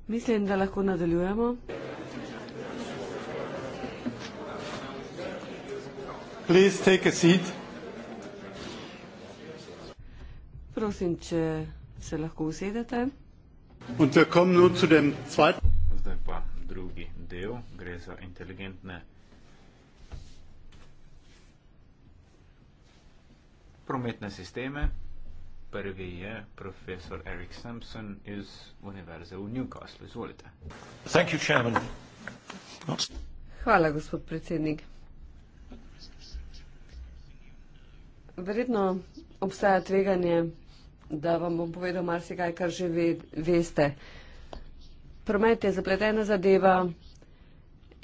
Mislim, da lahko nadaljujemo. Please take a seat. Prosim, če se lahko usedete. Zdaj pa drugi del, gre za inteligentne prometne sisteme. Prvi je profesor Erik Sampson iz Univerze v Newcastle. Izvolite. Thank you, chairman. Hvala, gospod predsednik. Verjetno obstaja tveganje, da vam bom povedal marsikaj, kar že ve, veste. Promet je zapletena zadeva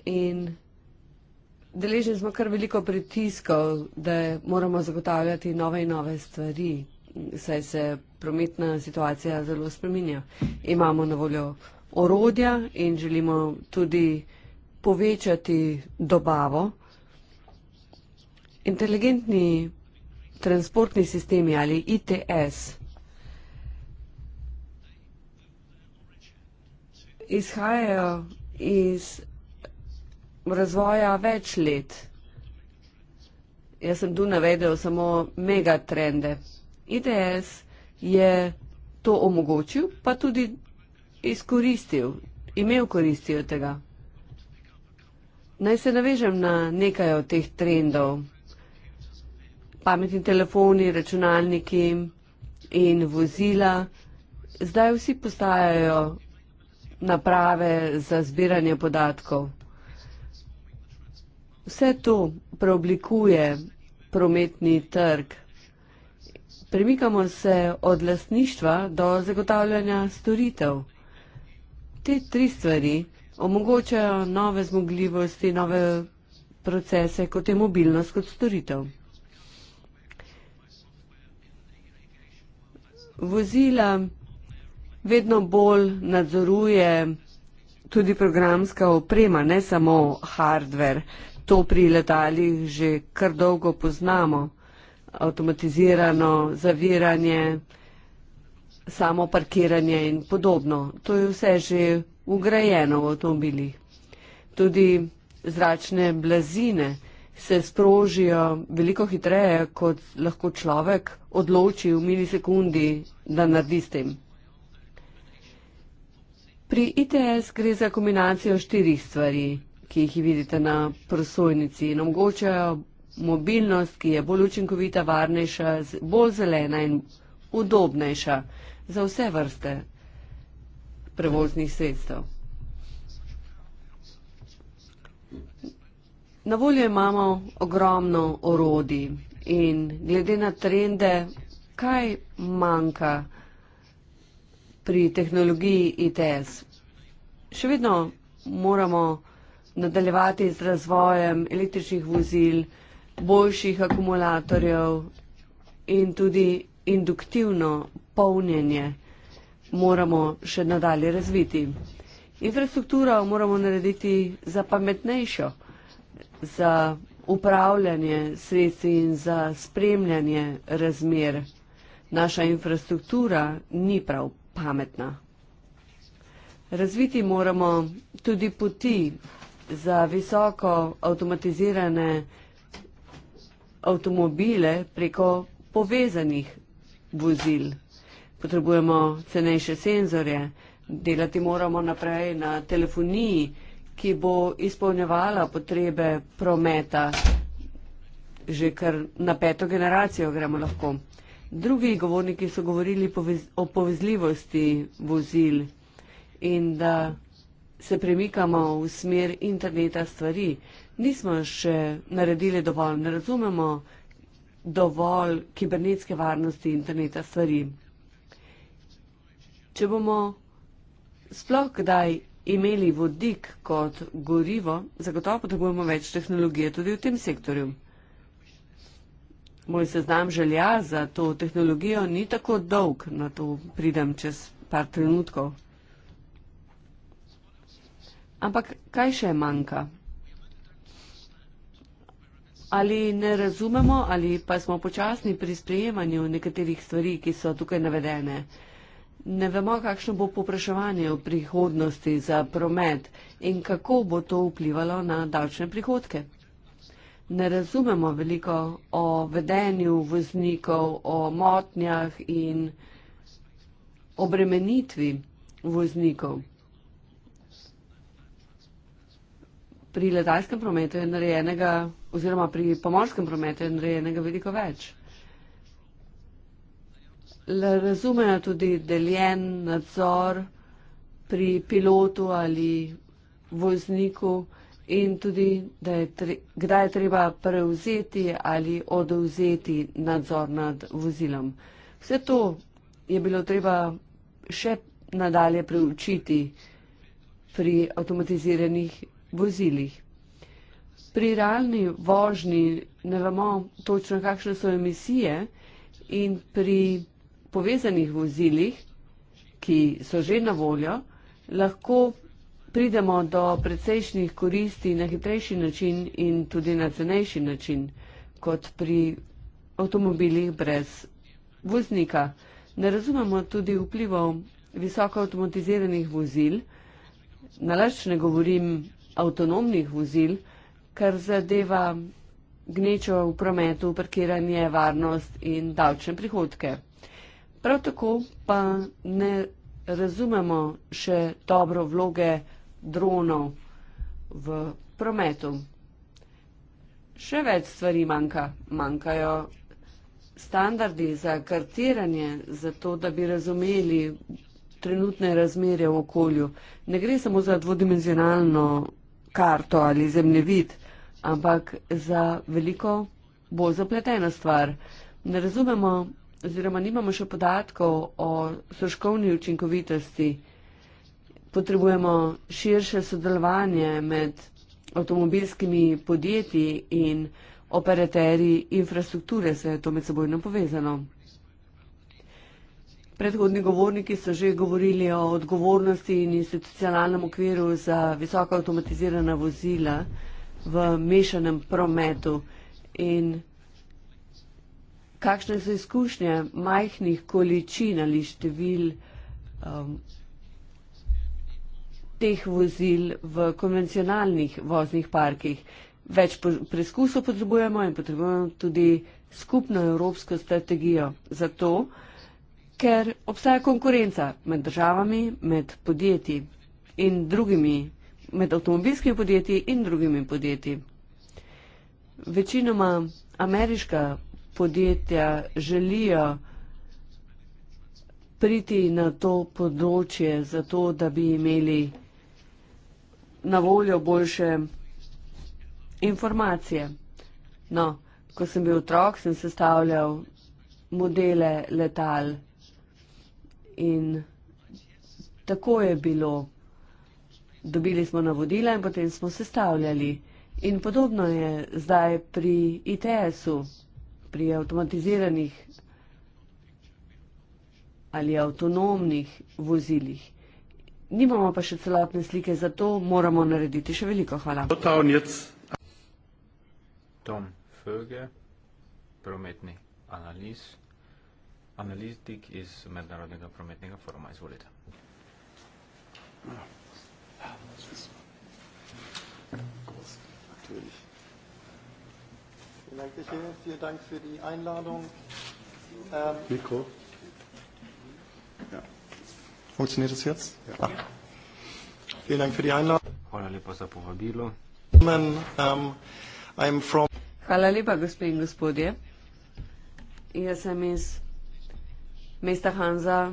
in deležni smo kar veliko pritiskov, da moramo zagotavljati nove in nove stvari, saj se prometna situacija zelo spreminja. Imamo na voljo orodja in želimo tudi povečati dobavo. Inteligentni transportni sistemi ali ITS izhajajo iz razvoja več let. Jaz sem tu navedel samo megatrende. IDS je to omogočil, pa tudi izkoristil, imel koristi od tega. Naj se navežem na nekaj od teh trendov. Pametni telefoni, računalniki in vozila. Zdaj vsi postajajo naprave za zbiranje podatkov. Vse to preoblikuje prometni trg. Premikamo se od lastništva do zagotavljanja storitev. Te tri stvari omogočajo nove zmogljivosti, nove procese, kot je mobilnost, kot storitev. Vozila vedno bolj nadzoruje tudi programska oprema, ne samo hardver. To pri letalih že kar dolgo poznamo avtomatizirano zaviranje, samo parkiranje in podobno. To je vse že ugrajeno v avtomobilih. Tudi zračne blazine se sprožijo veliko hitreje, kot lahko človek odloči v milisekundi, da naredi s tem. Pri ITS gre za kombinacijo štirih stvari, ki jih vidite na prosojnici in omogočajo mobilnost, ki je bolj učinkovita, varnejša, bolj zelena in udobnejša za vse vrste prevoznih sredstev. Na voljo imamo ogromno orodij in glede na trende, kaj manjka pri tehnologiji ITS. Še vedno moramo nadaljevati z razvojem električnih vozil, boljših akumulatorjev in tudi induktivno polnjenje moramo še nadalje razviti. Infrastrukturo moramo narediti za pametnejšo, za upravljanje sredstvi in za spremljanje razmer. Naša infrastruktura ni prav pametna. Razviti moramo tudi poti za visoko avtomatizirane avtomobile preko povezanih vozil. Potrebujemo cenejše senzorje, delati moramo naprej na telefoniji, ki bo izpolnjevala potrebe prometa. Že kar na peto generacijo gremo lahko. Drugi govorniki so govorili povez o povezljivosti vozil in da se premikamo v smer interneta stvari, nismo še naredili dovolj, ne razumemo dovolj kibernetske varnosti interneta stvari. Če bomo sploh kdaj imeli vodik kot gorivo, zagotovo potrebujemo več tehnologije tudi v tem sektorju. Moj seznam želja za to tehnologijo ni tako dolg, na to pridem čez par trenutkov. Ampak kaj še manjka? ali ne razumemo, ali pa smo počasni pri sprejemanju nekaterih stvari, ki so tukaj navedene. Ne vemo, kakšno bo popraševanje v prihodnosti za promet in kako bo to vplivalo na davčne prihodke. Ne razumemo veliko o vedenju voznikov, o motnjah in obremenitvi voznikov. Pri letalskem prometu je narejenega oziroma pri pomorskem prometu je narejenega veliko več. Le razumejo tudi deljen nadzor pri pilotu ali vozniku in tudi, da je tre, kdaj je treba prevzeti ali odovzeti nadzor nad vozilom. Vse to je bilo treba še nadalje preučiti pri avtomatiziranih vozilih pri realni vožnji ne vemo točno, kakšne so emisije in pri povezanih vozilih, ki so že na voljo, lahko pridemo do precejšnjih koristi na hitrejši način in tudi na cenejši način, kot pri avtomobilih brez voznika. Ne razumemo tudi vplivov visoko avtomatiziranih vozil, nalač ne govorim avtonomnih vozil, kar zadeva gnečo v prometu, parkiranje, varnost in davčne prihodke. Prav tako pa ne razumemo še dobro vloge dronov v prometu. Še več stvari manjka. Manjkajo standardi za kartiranje, zato da bi razumeli trenutne razmere v okolju. Ne gre samo za dvodimenzionalno karto ali zemljevid ampak za veliko bolj zapletena stvar. Ne razumemo oziroma nimamo še podatkov o soškovni učinkovitosti. Potrebujemo širše sodelovanje med avtomobilskimi podjetji in operaterji infrastrukture, saj je to med sebojno povezano. Predhodni govorniki so že govorili o odgovornosti in institucionalnem okviru za visoka avtomatizirana vozila v mešanem prometu in kakšne so izkušnje majhnih količin ali števil um, teh vozil v konvencionalnih voznih parkih. Več preskusov potrebujemo in potrebujemo tudi skupno evropsko strategijo za to, ker obstaja konkurenca med državami, med podjetji in drugimi med avtomobilskimi podjetji in drugimi podjetji. Večinoma ameriška podjetja želijo priti na to področje, zato da bi imeli na voljo boljše informacije. No, ko sem bil otrok, sem sestavljal modele letal in tako je bilo dobili smo navodila in potem smo sestavljali. In podobno je zdaj pri ITS-u, pri avtomatiziranih ali avtonomnih vozilih. Nimamo pa še celotne slike, zato moramo narediti še veliko. Hvala. Tom Föge, prometni analiz, analitik iz Mednarodnega prometnega foruma. Izvolite. Yeah. Ja, das ist groß, natürlich. Vielen Dank, Michael. Vielen Dank für die Einladung. Ähm, Mikro. Ja. Funktioniert es jetzt? Ja. ja. Vielen Dank für die Einladung. Hvala lepa za povabilo. Man, um, I'm from... Hvala lepa, gospe in gospodje. Jaz sem iz mesta Hanza,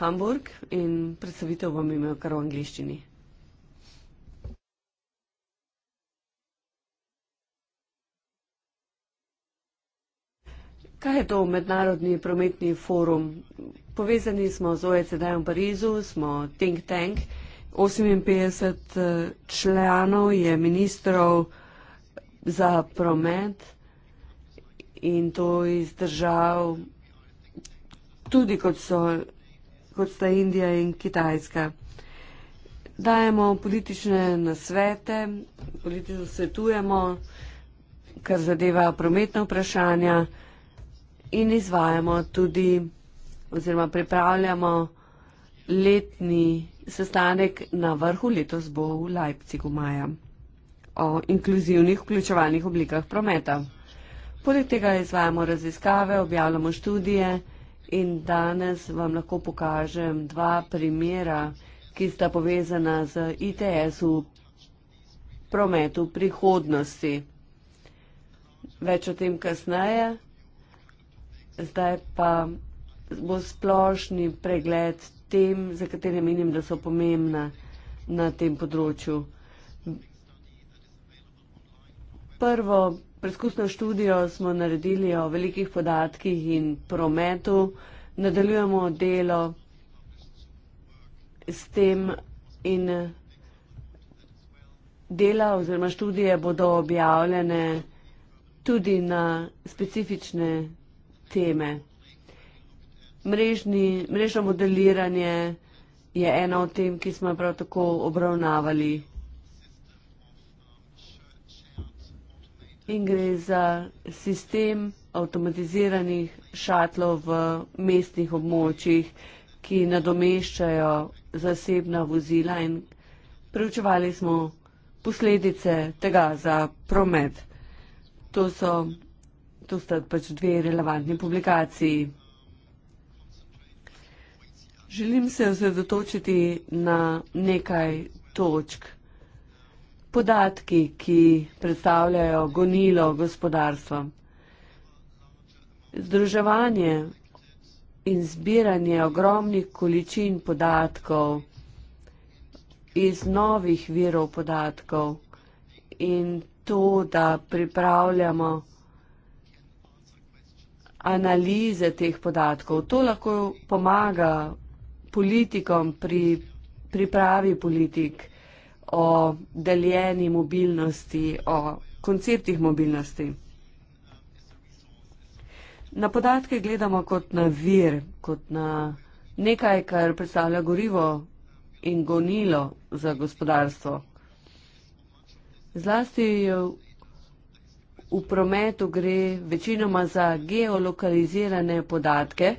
Hamburg in predstavitev bom imel kar v angliščini. Kaj je to mednarodni prometni forum? Povezani smo z OECD v Parizu, smo think tank. 58 eh, članov je ministrov za promet in to iz držav, tudi kot, so, kot sta Indija in Kitajska. Dajemo politične nasvete, politično svetujemo, kar zadeva prometna vprašanja in izvajamo tudi oziroma pripravljamo letni sestanek na vrhu letos bo v Leipzigu maja o inkluzivnih vključevalnih oblikah prometa. Poleg tega izvajamo raziskave, objavljamo študije in danes vam lahko pokažem dva primera, ki sta povezana z ITS v prometu prihodnosti. Več o tem kasneje zdaj pa bo splošni pregled tem, za katere menim, da so pomembna na tem področju. Prvo preskusno študijo smo naredili o velikih podatkih in prometu. Nadaljujemo delo s tem in dela oziroma študije bodo objavljene tudi na specifične teme. Mrežni, mrežno modeliranje je ena od tem, ki smo jo prav tako obravnavali. In gre za sistem avtomatiziranih šatlov v mestnih območjih, ki nadomeščajo zasebna vozila in preučevali smo posledice tega za promet. To so To sta pač dve relevantni publikaciji. Želim se osredotočiti na nekaj točk. Podatki, ki predstavljajo gonilo gospodarstva. Združevanje in zbiranje ogromnih količin podatkov iz novih virov podatkov in to, da pripravljamo analize teh podatkov. To lahko pomaga politikom pri pripravi politik o deljeni mobilnosti, o konceptih mobilnosti. Na podatke gledamo kot na vir, kot na nekaj, kar predstavlja gorivo in gonilo za gospodarstvo. Zlasti V prometu gre večinoma za geolokalizirane podatke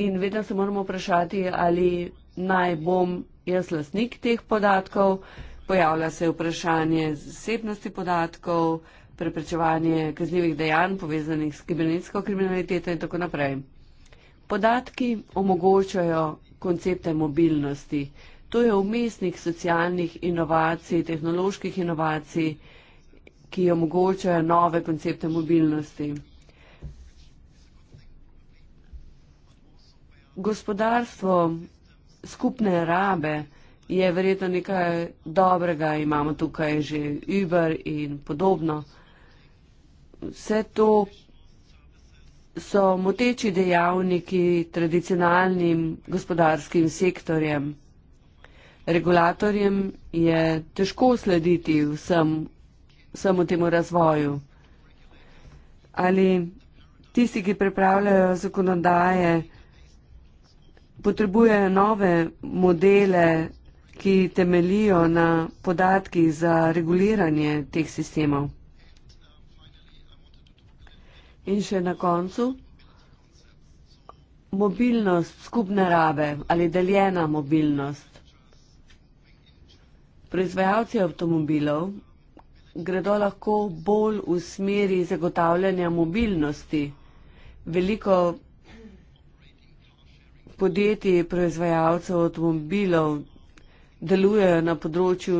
in vedno se moramo vprašati, ali naj bom jaz lasnik teh podatkov. Pojavlja se vprašanje zasebnosti podatkov, preprečevanje kaznjivih dejanj povezanih s kibernetsko kriminaliteto in tako naprej. Podatki omogočajo koncepte mobilnosti. To je umestnih socialnih inovacij, tehnoloških inovacij, ki omogočajo nove koncepte mobilnosti. Gospodarstvo skupne rabe je verjetno nekaj dobrega, imamo tukaj že Uber in podobno. Vse to so moteči dejavniki tradicionalnim gospodarskim sektorjem regulatorjem je težko slediti vsem, vsemu temu razvoju. Ali tisti, ki pripravljajo zakonodaje, potrebujejo nove modele, ki temelijo na podatkih za reguliranje teh sistemov. In še na koncu, mobilnost skupne rabe ali deljena mobilnost proizvajalci avtomobilov gredo lahko bolj v smeri zagotavljanja mobilnosti. Veliko podjetij proizvajalcev avtomobilov delujejo na področju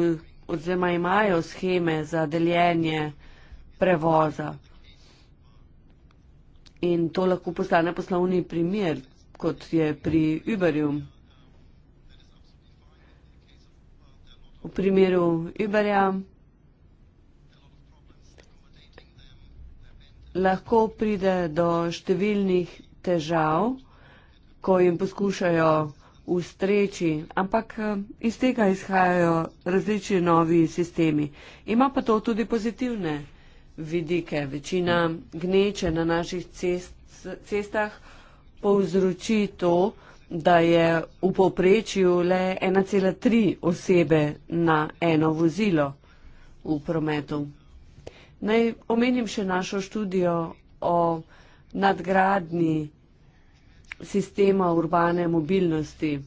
oziroma imajo scheme za deljenje prevoza. In to lahko postane poslovni primer, kot je pri Uberju. v primeru Uberja lahko pride do številnih težav, ko jim poskušajo ustreči, ampak eh, iz tega izhajajo različni novi sistemi. Ima pa to tudi pozitivne vidike. Večina gneče na naših cest, cestah povzroči to, da je v povprečju le 1,3 osebe na eno vozilo v prometu. Naj omenim še našo študijo o nadgradni sistema urbane mobilnosti.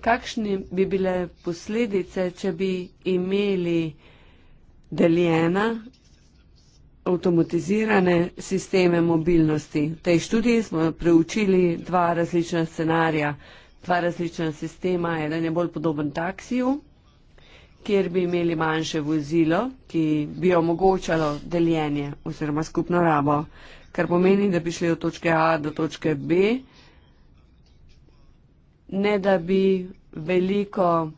Kakšne bi bile posledice, če bi imeli deljena avtomatizirane sisteme mobilnosti. V tej študiji smo preučili dva različna scenarija, dva različna sistema. Eden je bolj podoben taksiju, kjer bi imeli manjše vozilo, ki bi omogočalo deljenje oziroma skupno rabo, kar pomeni, da bi šli od točke A do točke B, ne da bi veliko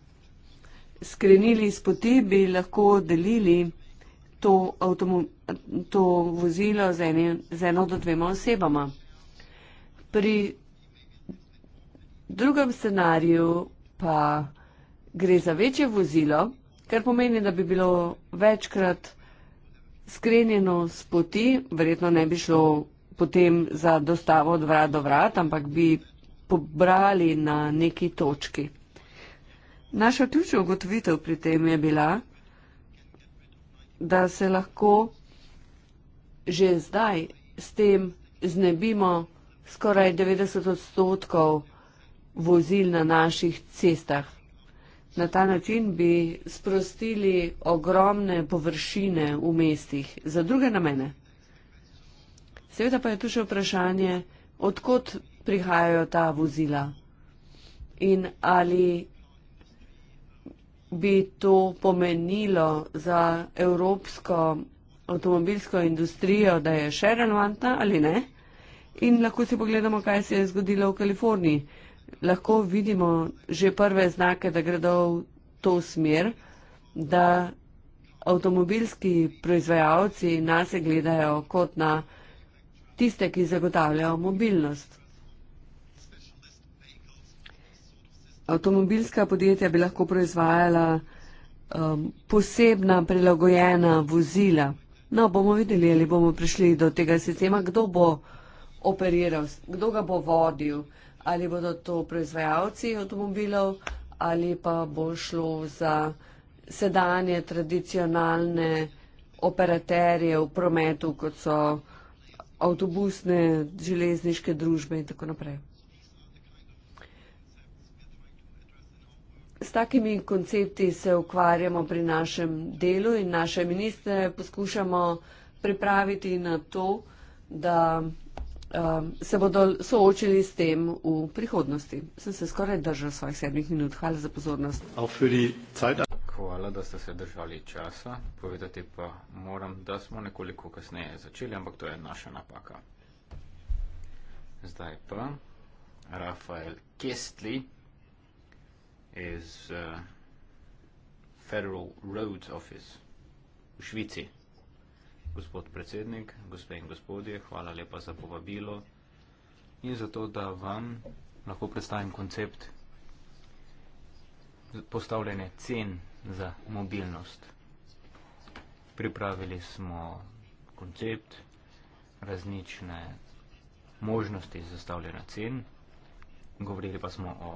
skrenili iz poti, bi lahko delili to avtomobilno to vozilo z, eni, z eno do dvema osebama. Pri drugem scenariju pa gre za večje vozilo, kar pomeni, da bi bilo večkrat skrenjeno z poti, verjetno ne bi šlo potem za dostavo od vrat do vrat, ampak bi pobrali na neki točki. Naša ključna ugotovitev pri tem je bila, da se lahko že zdaj s tem znebimo skoraj 90 odstotkov vozil na naših cestah. Na ta način bi sprostili ogromne površine v mestih za druge namene. Seveda pa je tu še vprašanje, odkot prihajajo ta vozila in ali bi to pomenilo za evropsko avtomobilsko industrijo, da je še relevantna ali ne. In lahko si pogledamo, kaj se je zgodilo v Kaliforniji. Lahko vidimo že prve znake, da gredo v to smer, da avtomobilski proizvajalci nas gledajo kot na tiste, ki zagotavljajo mobilnost. Avtomobilska podjetja bi lahko proizvajala um, posebna prilagojena vozila, No, bomo videli, ali bomo prišli do tega sistema, kdo bo operiral, kdo ga bo vodil, ali bodo to proizvajalci avtomobilov, ali pa bo šlo za sedanje tradicionalne operaterje v prometu, kot so avtobusne, železniške družbe in tako naprej. S takimi koncepti se ukvarjamo pri našem delu in naše ministre poskušamo pripraviti na to, da um, se bodo soočili s tem v prihodnosti. Sem se skoraj držal svojih sedmih minut. Hvala za pozornost. Hvala, da ste se držali časa. Povedati pa moram, da smo nekoliko kasneje začeli, ampak to je naša napaka. Zdaj pa Rafael Kestli is uh, Federal Roads Office v Švici. Gospod predsednik, gospe in gospodje, hvala lepa za povabilo in za to, da vam lahko predstavim koncept postavljene cen za mobilnost. Pripravili smo koncept različne možnosti zastavljena cen, govorili pa smo o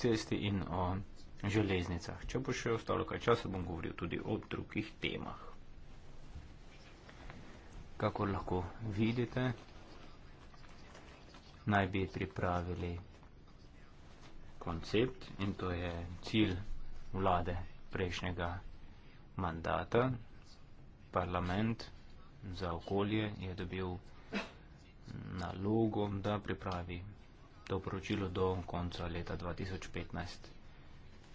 cesti in o železnicah. Če bo še ostalo kaj časa, bom govoril tudi o drugih temah. Kakor lahko vidite, naj bi pripravili koncept in to je cilj vlade prejšnjega mandata. Parlament za okolje je dobil nalogo, da pripravi to poročilo do konca leta 2015.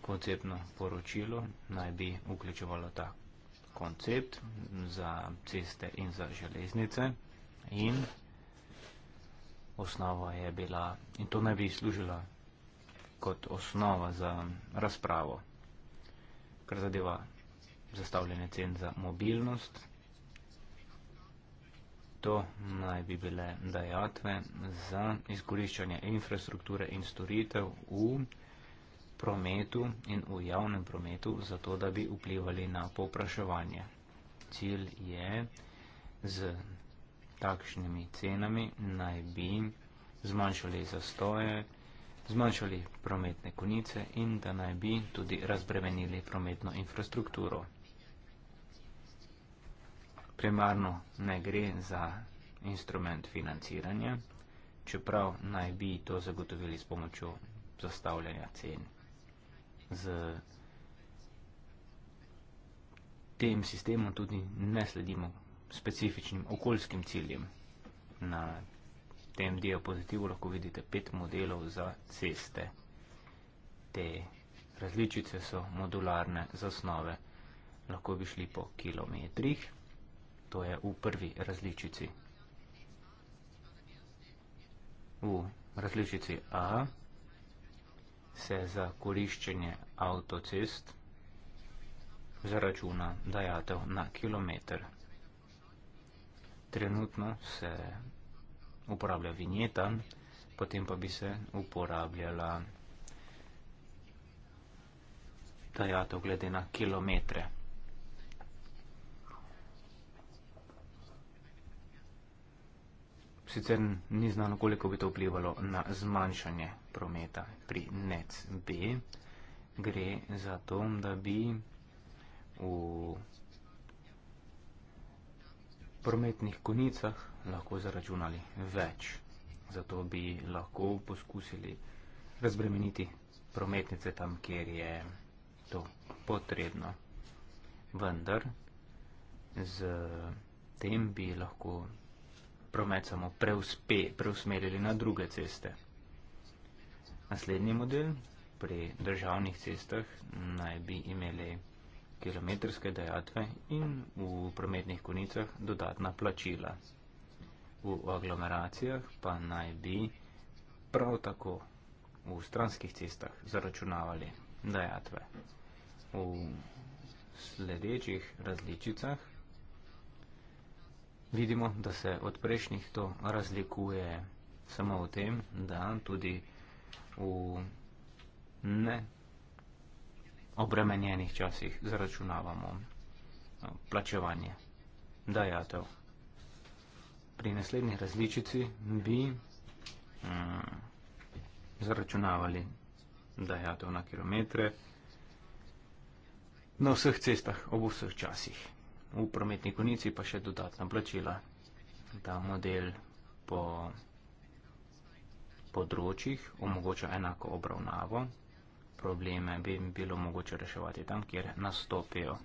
Konceptno poročilo naj bi vključevalo ta koncept za ceste in za železnice in osnova je bila, in to naj bi služila kot osnova za razpravo, kar zadeva zastavljene cen za mobilnost to naj bi bile dajatve za izkoriščanje infrastrukture in storitev v prometu in v javnem prometu, zato da bi vplivali na popraševanje. Cilj je z takšnimi cenami naj bi zmanjšali zastoje, zmanjšali prometne konice in da naj bi tudi razbremenili prometno infrastrukturo primarno ne gre za instrument financiranja, čeprav naj bi to zagotovili s pomočjo zastavljanja cen. Z tem sistemom tudi ne sledimo specifičnim okoljskim ciljem. Na tem diapozitivu lahko vidite pet modelov za ceste. Te različice so modularne zasnove. Lahko bi šli po kilometrih to je v prvi različici. V različici A se za koriščenje avtocest zaračuna dajatev na kilometr. Trenutno se uporablja vinjeta, potem pa bi se uporabljala dajatev glede na kilometre. sicer ni znano, koliko bi to vplivalo na zmanjšanje prometa pri NEC B. Gre za to, da bi v prometnih konicah lahko zaračunali več. Zato bi lahko poskusili razbremeniti prometnice tam, kjer je to potrebno. Vendar z tem bi lahko promet samo preuspe, preusmerili na druge ceste. Naslednji model pri državnih cestah naj bi imeli kilometrske dejatve in v prometnih konicah dodatna plačila. V aglomeracijah pa naj bi prav tako v stranskih cestah zaračunavali dejatve. V sledečih različicah vidimo, da se od prejšnjih to razlikuje samo v tem, da tudi v ne obremenjenih časih zaračunavamo no, plačevanje dajatev. Pri naslednji različici bi mm, zaračunavali dajatev na kilometre na vseh cestah ob vseh časih v prometni konici pa še dodatna plačila. Ta model po področjih omogoča enako obravnavo. Probleme bi bilo mogoče reševati tam, kjer nastopijo.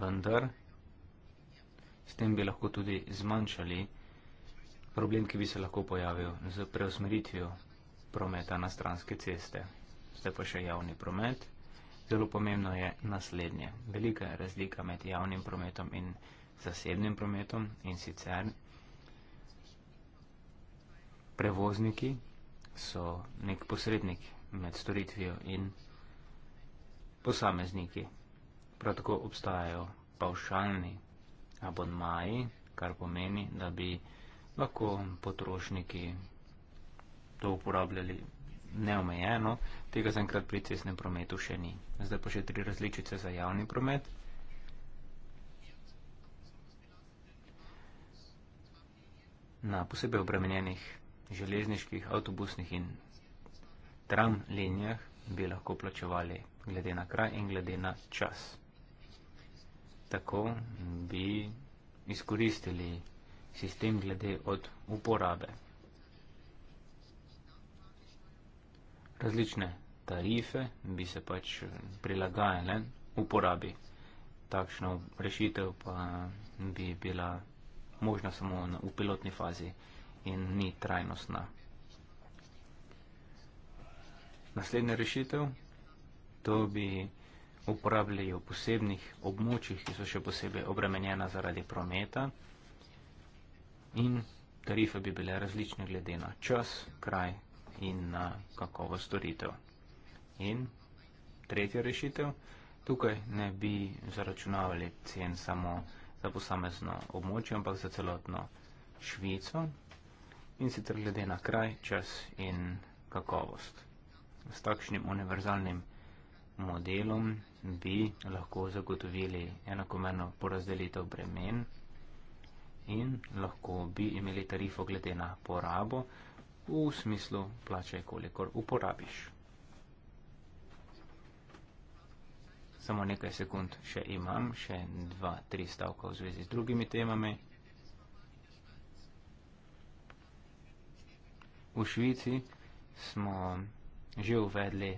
Vendar, s tem bi lahko tudi zmanjšali problem, ki bi se lahko pojavil z preusmeritvijo prometa na stranske ceste. Zdaj pa še javni promet zelo pomembno je naslednje. Velika je razlika med javnim prometom in zasebnim prometom in sicer prevozniki so nek posrednik med storitvijo in posamezniki. Prav tako obstajajo pavšalni abonmaji, kar pomeni, da bi lahko potrošniki to uporabljali neomejeno, tega zaenkrat pri cestnem prometu še ni. Zdaj pa še tri različice za javni promet. Na posebej obremenjenih železniških, avtobusnih in tram linijah bi lahko plačevali glede na kraj in glede na čas. Tako bi izkoristili sistem glede od uporabe. različne tarife bi se pač eh, prilagajale uporabi. Takšno rešitev pa eh, bi bila možna samo v pilotni fazi in ni trajnostna. Naslednja rešitev, to bi uporabljali v posebnih območjih, ki so še posebej obremenjena zaradi prometa in tarife bi bile različne glede na čas, kraj, in na kakovost storitev. In tretja rešitev, tukaj ne bi zaračunavali cen samo za posamezno območje, ampak za celotno Švico in sicer glede na kraj, čas in kakovost. S takšnim univerzalnim modelom bi lahko zagotovili enakomerno porazdelitev bremen in lahko bi imeli tarifo glede na porabo, v smislu plačaj, kolikor uporabiš. Samo nekaj sekund še imam, še dva, tri stavka v zvezi z drugimi temami. V Švici smo že uvedli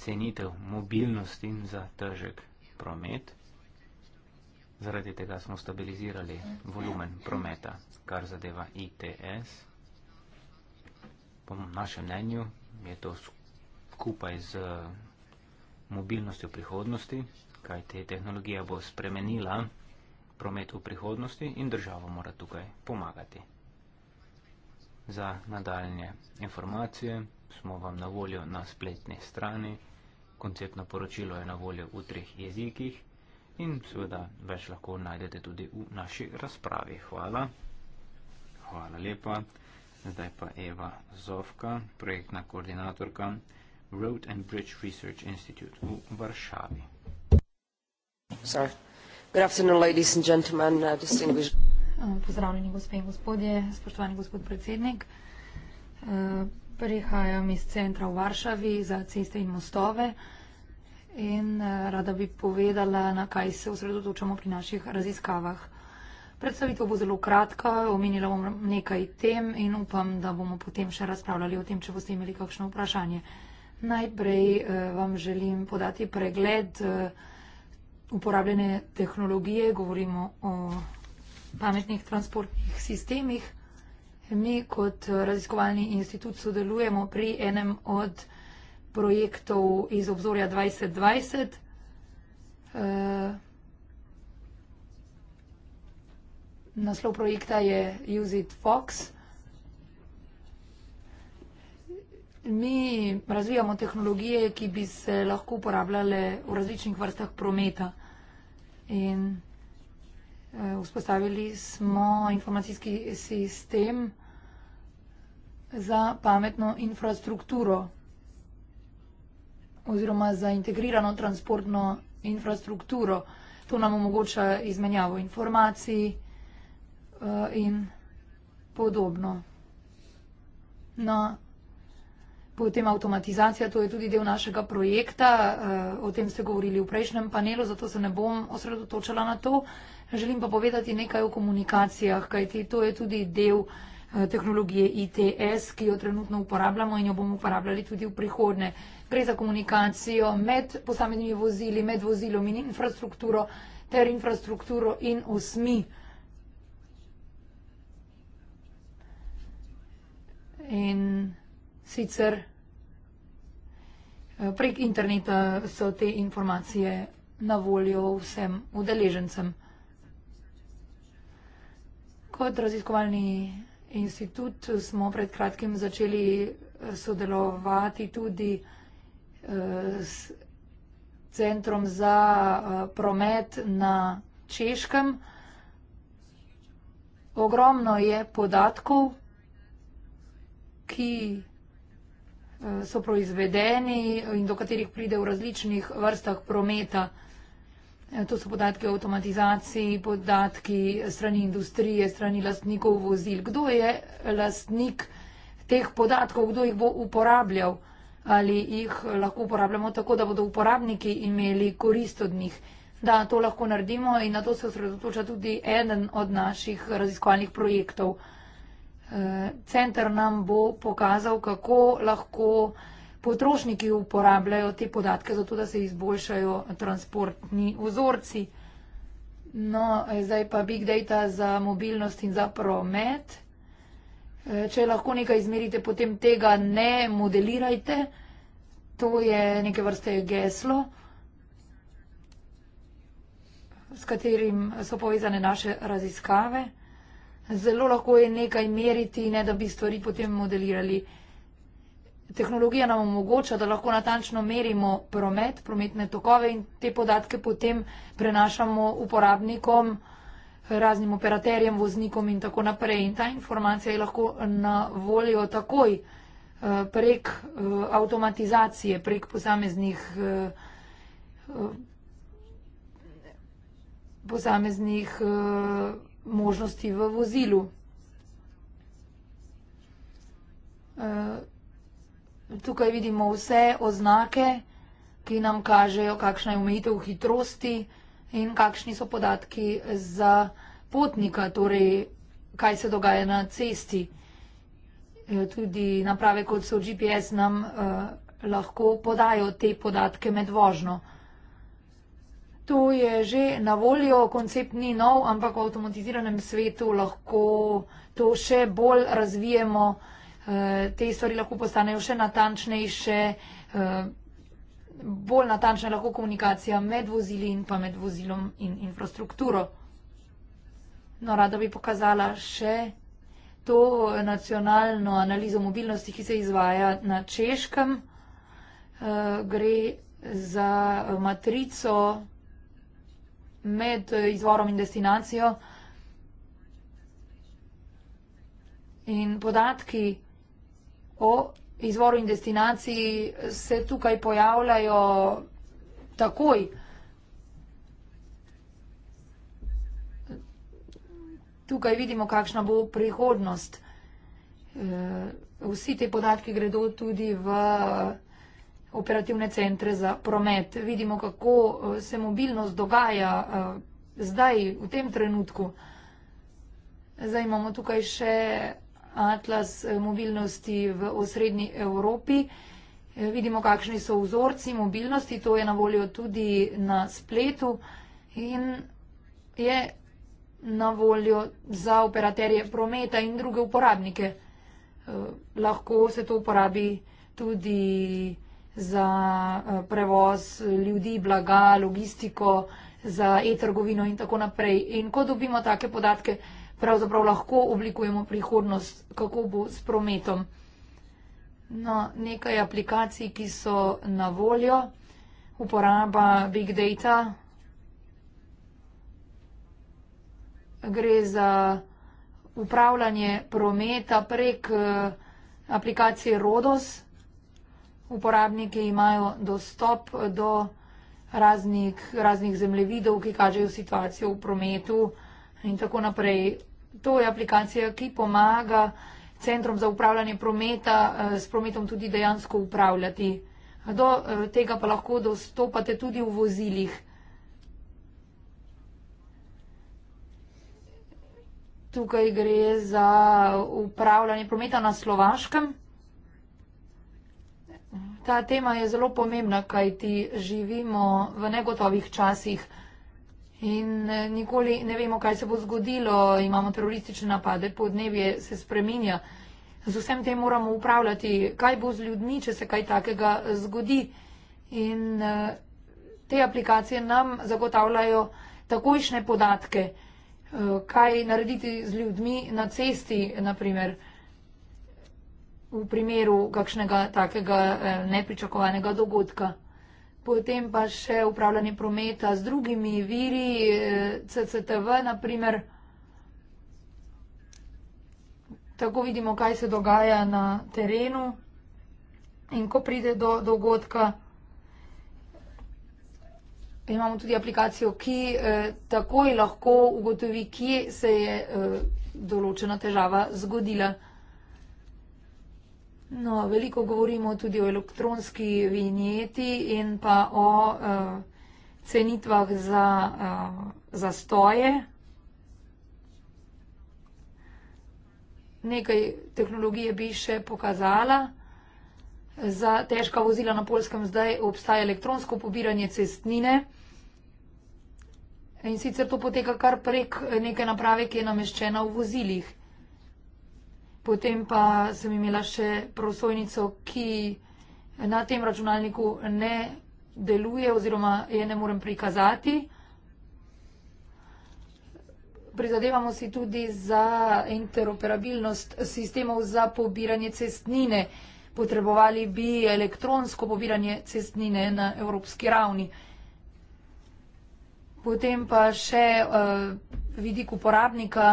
cenitev mobilnosti za težek promet. Zaradi tega smo stabilizirali volumen prometa, kar zadeva ITS po našem mnenju je to skupaj z eh, mobilnostjo prihodnosti, kaj te tehnologija bo spremenila promet v prihodnosti in država mora tukaj pomagati. Za nadaljne informacije smo vam na voljo na spletni strani, konceptno poročilo je na voljo v treh jezikih in seveda več lahko najdete tudi v naši razpravi. Hvala. Hvala lepa zdaj pa Eva Zovka, projektna koordinatorka Road and Bridge Research Institute v Varšavi. Uh, uh, pozdravljeni gospe in gospodje, spoštovani gospod predsednik. Uh, prihajam iz centra v Varšavi za ceste in mostove in rada bi povedala, na kaj se osredotočamo pri naših raziskavah. Predstavitev bo zelo kratka, omenila bom nekaj tem in upam, da bomo potem še razpravljali o tem, če boste imeli kakšno vprašanje. Najprej eh, vam želim podati pregled eh, uporabljene tehnologije, govorimo o pametnih transportnih sistemih. Mi kot raziskovalni institut sodelujemo pri enem od projektov iz obzorja 2020. Naslov projekta je Use it Fox. Mi razvijamo tehnologije, ki bi se lahko uporabljale v različnih vrstah prometa. In eh, vzpostavili smo informacijski sistem za pametno infrastrukturo oziroma za integrirano transportno infrastrukturo. To nam omogoča izmenjavo informacij, Eh, in podobno. No, potem avtomatizacija, to je tudi del našega projekta, eh, o tem ste govorili v prejšnjem panelu, zato se ne bom osredotočala na to. Želim pa povedati nekaj o komunikacijah, kajti to je tudi del eh, tehnologije ITS, ki jo trenutno uporabljamo in jo bomo uporabljali tudi v prihodnje. Gre za komunikacijo med posameznimi vozili, med vozilom in infrastrukturo ter infrastrukturo in osmi. in sicer eh, prek interneta so te informacije na voljo vsem udeležencem. Kot raziskovalni institut smo pred kratkim začeli eh, sodelovati tudi eh, s Centrom za promet na Češkem. Ogromno je podatkov, ki eh, so proizvedeni in do katerih pride v različnih vrstah prometa. Eh, to so podatki o avtomatizaciji, podatki strani industrije, strani lastnikov vozil. Kdo je lastnik teh podatkov, kdo jih bo uporabljal ali jih lahko uporabljamo tako, da bodo uporabniki imeli korist od njih. Da to lahko naredimo in na to se osredotoča tudi eden od naših raziskovalnih projektov. Center nam bo pokazal, kako lahko potrošniki uporabljajo te podatke, zato da se izboljšajo transportni vzorci. No, zdaj pa big data za mobilnost in za promet. Če lahko nekaj izmerite, potem tega ne modelirajte. To je neke vrste geslo, s katerim so povezane naše raziskave. Zelo lahko je nekaj meriti, ne da bi stvari potem modelirali. Tehnologija nam omogoča, da lahko natančno merimo promet, prometne tokove in te podatke potem prenašamo uporabnikom, raznim operaterjem, voznikom in tako naprej. In ta informacija je lahko na voljo takoj eh, prek eh, avtomatizacije, prek posameznih, eh, posameznih možnosti v vozilu. E, tukaj vidimo vse oznake, ki nam kažejo, kakšna je omejitev hitrosti in kakšni so podatki za potnika, torej kaj se dogaja na cesti. E, tudi naprave, kot so GPS, nam e, lahko podajo te podatke med vožnjo tu je že na voljo, koncept ni nov, ampak v avtomatiziranem svetu lahko to še bolj razvijemo, eh, te stvari lahko postanejo še natančnejše, eh, bolj natančna lahko komunikacija med vozili in pa med vozilom in infrastrukturo. No, rada bi pokazala še to nacionalno analizo mobilnosti, ki se izvaja na Češkem. Eh, gre za matrico med eh, izvorom in destinacijo. In podatki o izvoru in destinaciji se tukaj pojavljajo takoj. Tukaj vidimo, kakšna bo prihodnost. Eh, vsi te podatki gredo tudi v operativne centre za promet. Vidimo, kako eh, se mobilnost dogaja eh, zdaj, v tem trenutku. Zdaj imamo tukaj še atlas eh, mobilnosti v osrednji Evropi. Vidimo, kakšni so vzorci mobilnosti, to je na voljo tudi na spletu in je na voljo za operaterje prometa in druge uporabnike. Lahko se to uporabi tudi za eh, prevoz ljudi, blaga, logistiko, za e-trgovino in tako naprej. In ko dobimo take podatke, pravzaprav lahko oblikujemo prihodnost, kako bo s prometom. No, nekaj aplikacij, ki so na voljo, uporaba Big Data. Gre za upravljanje prometa prek eh, aplikacije Rodos uporabniki imajo dostop do raznih, raznih zemljevidov, ki kažejo situacijo v prometu in tako naprej. To je aplikacija, ki pomaga centrom za upravljanje prometa eh, s prometom tudi dejansko upravljati. Do eh, tega pa lahko dostopate tudi v vozilih. Tukaj gre za upravljanje prometa na Slovaškem. Ta tema je zelo pomembna, kaj ti živimo v negotovih časih in eh, nikoli ne vemo, kaj se bo zgodilo. Imamo teroristične napade, podnebje se spreminja. Z vsem tem moramo upravljati, kaj bo z ljudmi, če se kaj takega zgodi. In eh, te aplikacije nam zagotavljajo takojšne podatke, eh, kaj narediti z ljudmi na cesti, naprimer v primeru kakšnega takega eh, nepričakovanega dogodka. Potem pa še upravljanje prometa z drugimi viri, eh, CCTV naprimer. Tako vidimo, kaj se dogaja na terenu in ko pride do dogodka. Imamo tudi aplikacijo, ki eh, takoj lahko ugotovi, kje se je eh, določena težava zgodila. No, veliko govorimo tudi o elektronski vinjeti in pa o uh, cenitvah za uh, zastoje. Nekaj tehnologije bi še pokazala. Za težka vozila na polskem zdaj obstaja elektronsko pobiranje cestnine. In sicer to poteka kar prek neke naprave, ki je nameščena v vozilih. Potem pa sem imela še prosojnico, ki na tem računalniku ne deluje oziroma je ne morem prikazati. Prizadevamo si tudi za interoperabilnost sistemov za pobiranje cestnine. Potrebovali bi elektronsko pobiranje cestnine na evropski ravni. Potem pa še uh, vidik uporabnika.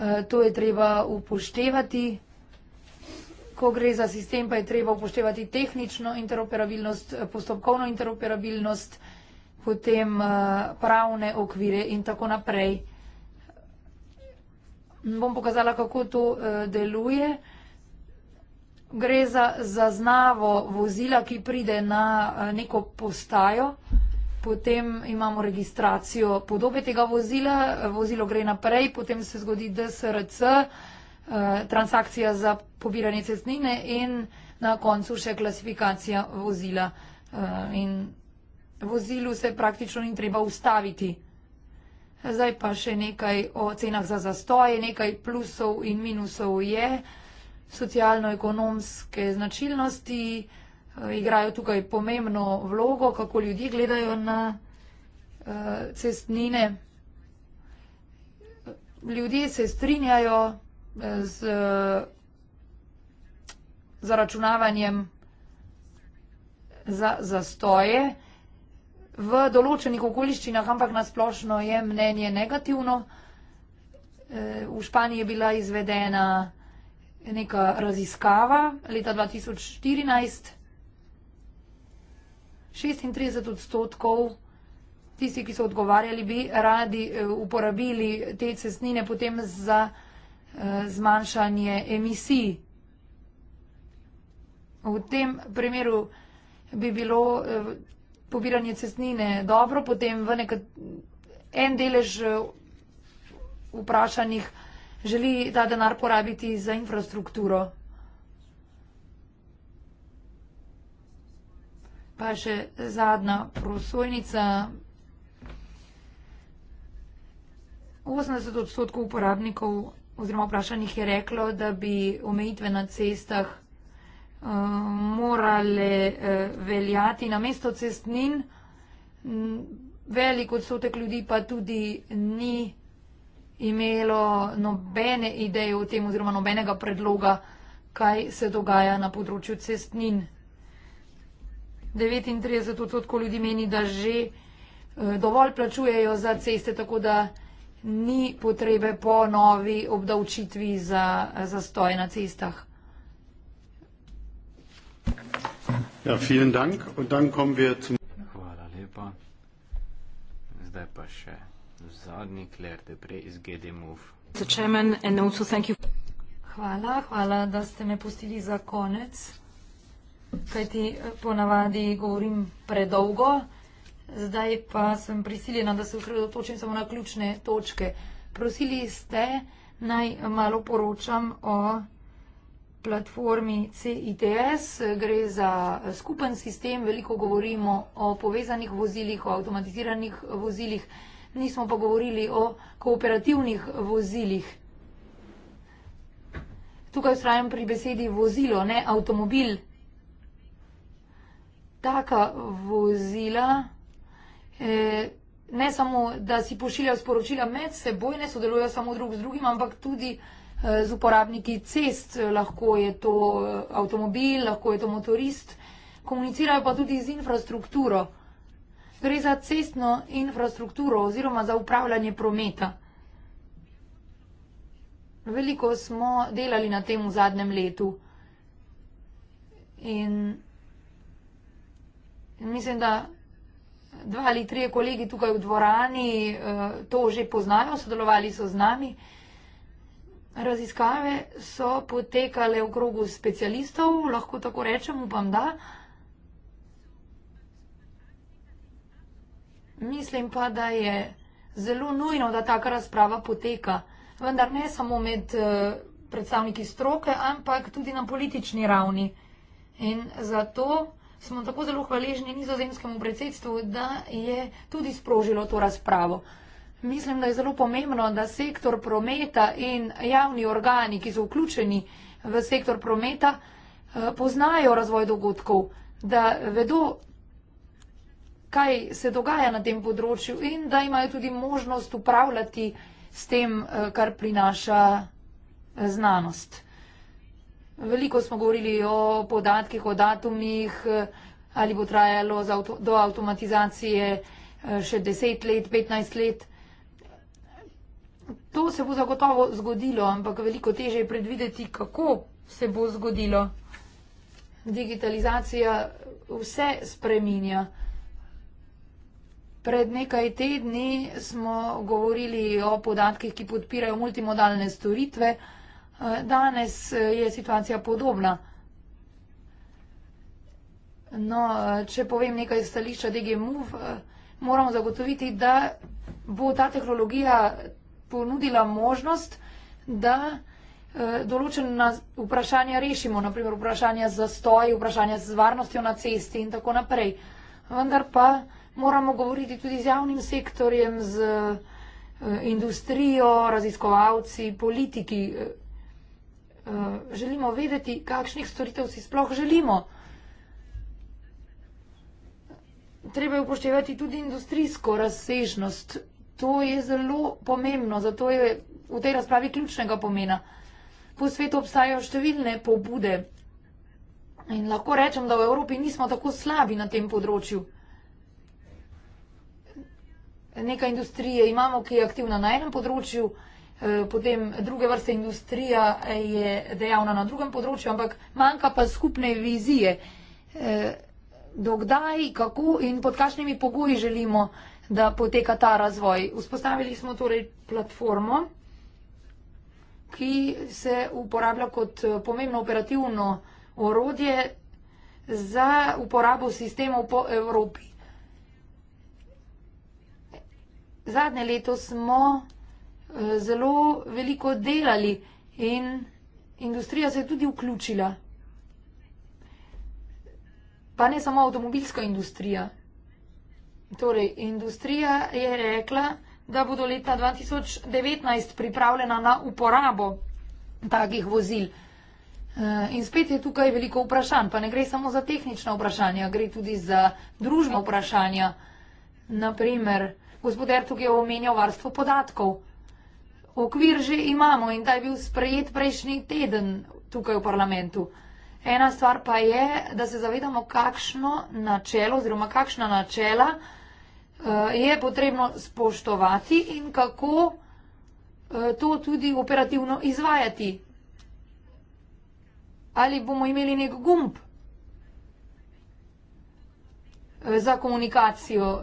Eh, to je treba upoštevati. Ko gre za sistem, pa je treba upoštevati tehnično interoperabilnost, eh, postopkovno interoperabilnost, potem eh, pravne okvire in tako naprej. Bom pokazala, kako to deluje. Gre za zaznavo vozila, ki pride na neko postajo potem imamo registracijo podobe tega vozila, vozilo gre naprej, potem se zgodi DSRC, eh, transakcija za pobiranje cestnine in na koncu še klasifikacija vozila. Eh, in vozilu se praktično ni treba ustaviti. Zdaj pa še nekaj o cenah za zastoje, nekaj plusov in minusov je, socialno-ekonomske značilnosti igrajo tukaj pomembno vlogo, kako ljudje gledajo na eh, cestnine. Ljudje se strinjajo eh, z zaračunavanjem za zastoje v določenih okoliščinah, ampak nasplošno je mnenje negativno. Eh, v Španiji je bila izvedena neka raziskava leta 2014 36 odstotkov tisti, ki so odgovarjali, bi radi eh, uporabili te cestnine potem za eh, zmanjšanje emisij. V tem primeru bi bilo eh, pobiranje cestnine dobro, potem v nekaj en delež vprašanih želi ta denar porabiti za infrastrukturo. Pa še zadnja prosojnica. 80 odstotkov uporabnikov oziroma vprašanjih je reklo, da bi omejitve na cestah eh, morale eh, veljati na mesto cestnin. Velik odstotek ljudi pa tudi ni imelo nobene ideje o tem oziroma nobenega predloga, kaj se dogaja na področju cestnin. 39 odstotkov ljudi meni, da že eh, dovolj plačujejo za ceste, tako da ni potrebe po novi obdavčitvi za zastoje na cestah. Ja, vielen Dank. Und dann kommen wir zum. Hvala lepa. Zdaj pa še zadnji Claire de Pre iz GD Move. Hvala, hvala, da ste me pustili za konec kajti eh, ponavadi govorim predolgo, zdaj pa sem prisiljena, da se osredotočim samo na ključne točke. Prosili ste, naj malo poročam o platformi CITS. Gre za eh, skupen sistem, veliko govorimo o povezanih vozilih, o avtomatiziranih vozilih, nismo pa govorili o kooperativnih vozilih. Tukaj ustrajam pri besedi vozilo, ne avtomobil, taka vozila, eh, ne samo, da si pošiljajo sporočila med seboj, ne sodelujejo samo drug z drugim, ampak tudi eh, z uporabniki cest, eh, lahko je to avtomobil, lahko je to motorist, komunicirajo pa tudi z infrastrukturo. Gre za cestno infrastrukturo oziroma za upravljanje prometa. Veliko smo delali na tem v zadnjem letu. In Mislim, da dva ali trije kolegi tukaj v dvorani eh, to že poznajo, sodelovali so z nami. Raziskave so potekale v krogu specialistov, lahko tako rečem, upam, da. Mislim pa, da je zelo nujno, da taka razprava poteka, vendar ne samo med eh, predstavniki stroke, ampak tudi na politični ravni. In zato smo tako zelo hvaležni nizozemskemu predsedstvu, da je tudi sprožilo to razpravo. Mislim, da je zelo pomembno, da sektor prometa in javni organi, ki so vključeni v sektor prometa, eh, poznajo razvoj dogodkov, da vedo, kaj se dogaja na tem področju in da imajo tudi možnost upravljati s tem, eh, kar prinaša eh, znanost. Veliko smo govorili o podatkih, o datumih, ali bo trajalo avto, do avtomatizacije eh, še 10 let, 15 let. To se bo zagotovo zgodilo, ampak veliko teže je predvideti, kako se bo zgodilo. Digitalizacija vse spreminja. Pred nekaj tedni smo govorili o podatkih, ki podpirajo multimodalne storitve. Eh, danes eh, je situacija podobna. No, eh, če povem nekaj iz stališča DGMUV, moramo zagotoviti, da bo ta tehnologija ponudila možnost, da določena vprašanja rešimo, naprimer vprašanja za stoj, vprašanja z varnostjo na cesti in tako naprej. Vendar pa moramo govoriti tudi z javnim sektorjem, z industrijo, raziskovalci, politiki, Eh, želimo vedeti, kakšnih storitev si sploh želimo. Treba je upoštevati tudi industrijsko razsežnost. To je zelo pomembno, zato je v tej razpravi ključnega pomena. Po svetu obstajajo številne pobude in lahko rečem, da v Evropi nismo tako slabi na tem področju. Neka industrije imamo, ki je aktivna na enem področju, Eh, potem druge vrste industrija eh, je dejavna na drugem področju, ampak manjka pa skupne vizije, eh, dokdaj, kako in pod kakšnimi pogoji želimo, da poteka ta razvoj. Vzpostavili smo torej platformo, ki se uporablja kot pomembno operativno orodje za uporabo sistemov po Evropi. Zadnje leto smo zelo veliko delali in industrija se je tudi vključila. Pa ne samo avtomobilska industrija. Torej, industrija je rekla, da bodo leta 2019 pripravljena na uporabo takih vozil. Eh, in spet je tukaj veliko vprašanj, pa ne gre samo za tehnična vprašanja, gre tudi za družbo vprašanja. Naprimer, gospodar tukaj je omenjal varstvo podatkov okvir že imamo in ta je bil sprejet prejšnji teden tukaj v parlamentu. Ena stvar pa je, da se zavedamo, kakšno načelo oziroma kakšna načela eh, je potrebno spoštovati in kako eh, to tudi operativno izvajati. Ali bomo imeli nek gumb eh, za komunikacijo?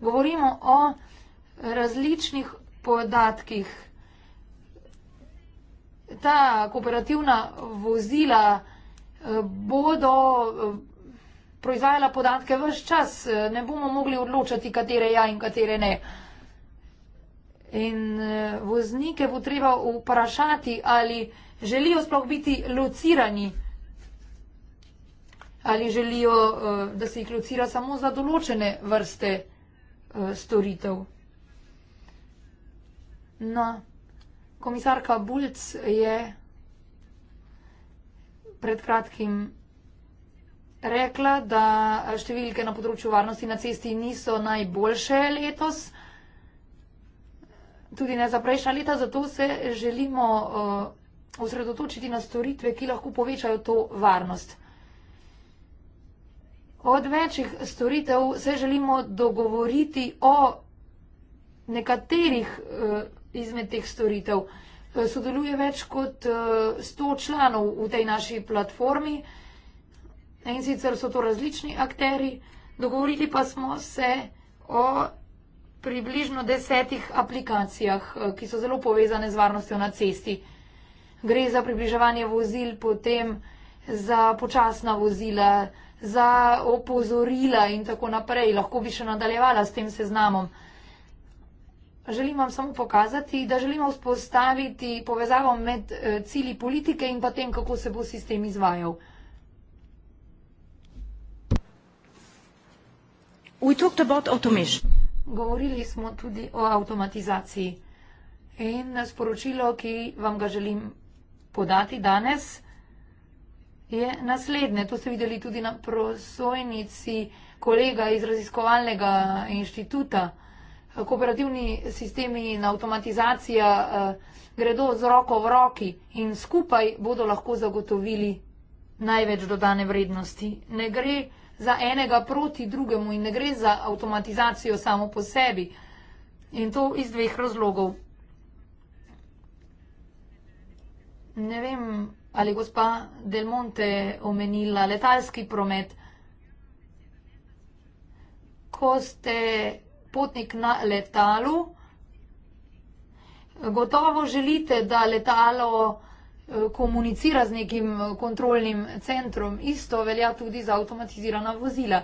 Govorimo o različnih podatkih. Ta kooperativna vozila eh, bodo eh, proizvajala podatke v vse čas, eh, ne bomo mogli odločati, katere ja in katere ne. In voznike bo treba vprašati, ali želijo sploh biti locirani, ali želijo, da se jih locira samo za določene vrste storitev. No, komisarka Bulc je pred kratkim rekla, da številke na področju varnosti na cesti niso najboljše letos, tudi ne za prejšnja leta, zato se želimo eh, osredotočiti na storitve, ki lahko povečajo to varnost. Od večjih storitev se želimo dogovoriti o nekaterih storitev, eh, izmed teh storitev. Eh, sodeluje več kot 100 eh, članov v tej naši platformi in sicer so to različni akteri, dogovorili pa smo se o približno desetih aplikacijah, eh, ki so zelo povezane z varnostjo na cesti. Gre za približevanje vozil, potem za počasna vozila, za opozorila in tako naprej. Lahko bi še nadaljevala s tem seznamom želim vam samo pokazati, da želimo vzpostaviti povezavo med eh, cilji politike in potem, kako se bo sistem izvajal. We talked about automation. Govorili smo tudi o avtomatizaciji. In sporočilo, ki vam ga želim podati danes, je naslednje. To ste videli tudi na prosojnici kolega iz raziskovalnega inštituta kooperativni sistemi in avtomatizacija eh, gredo z roko v roki in skupaj bodo lahko zagotovili največ dodane vrednosti. Ne gre za enega proti drugemu in ne gre za avtomatizacijo samo po sebi. In to iz dveh razlogov. Ne vem, ali gospa Del Monte omenila letalski promet. Ko ste potnik na letalu. Gotovo želite, da letalo eh, komunicira z nekim eh, kontrolnim centrom. Isto velja tudi za avtomatizirana vozila.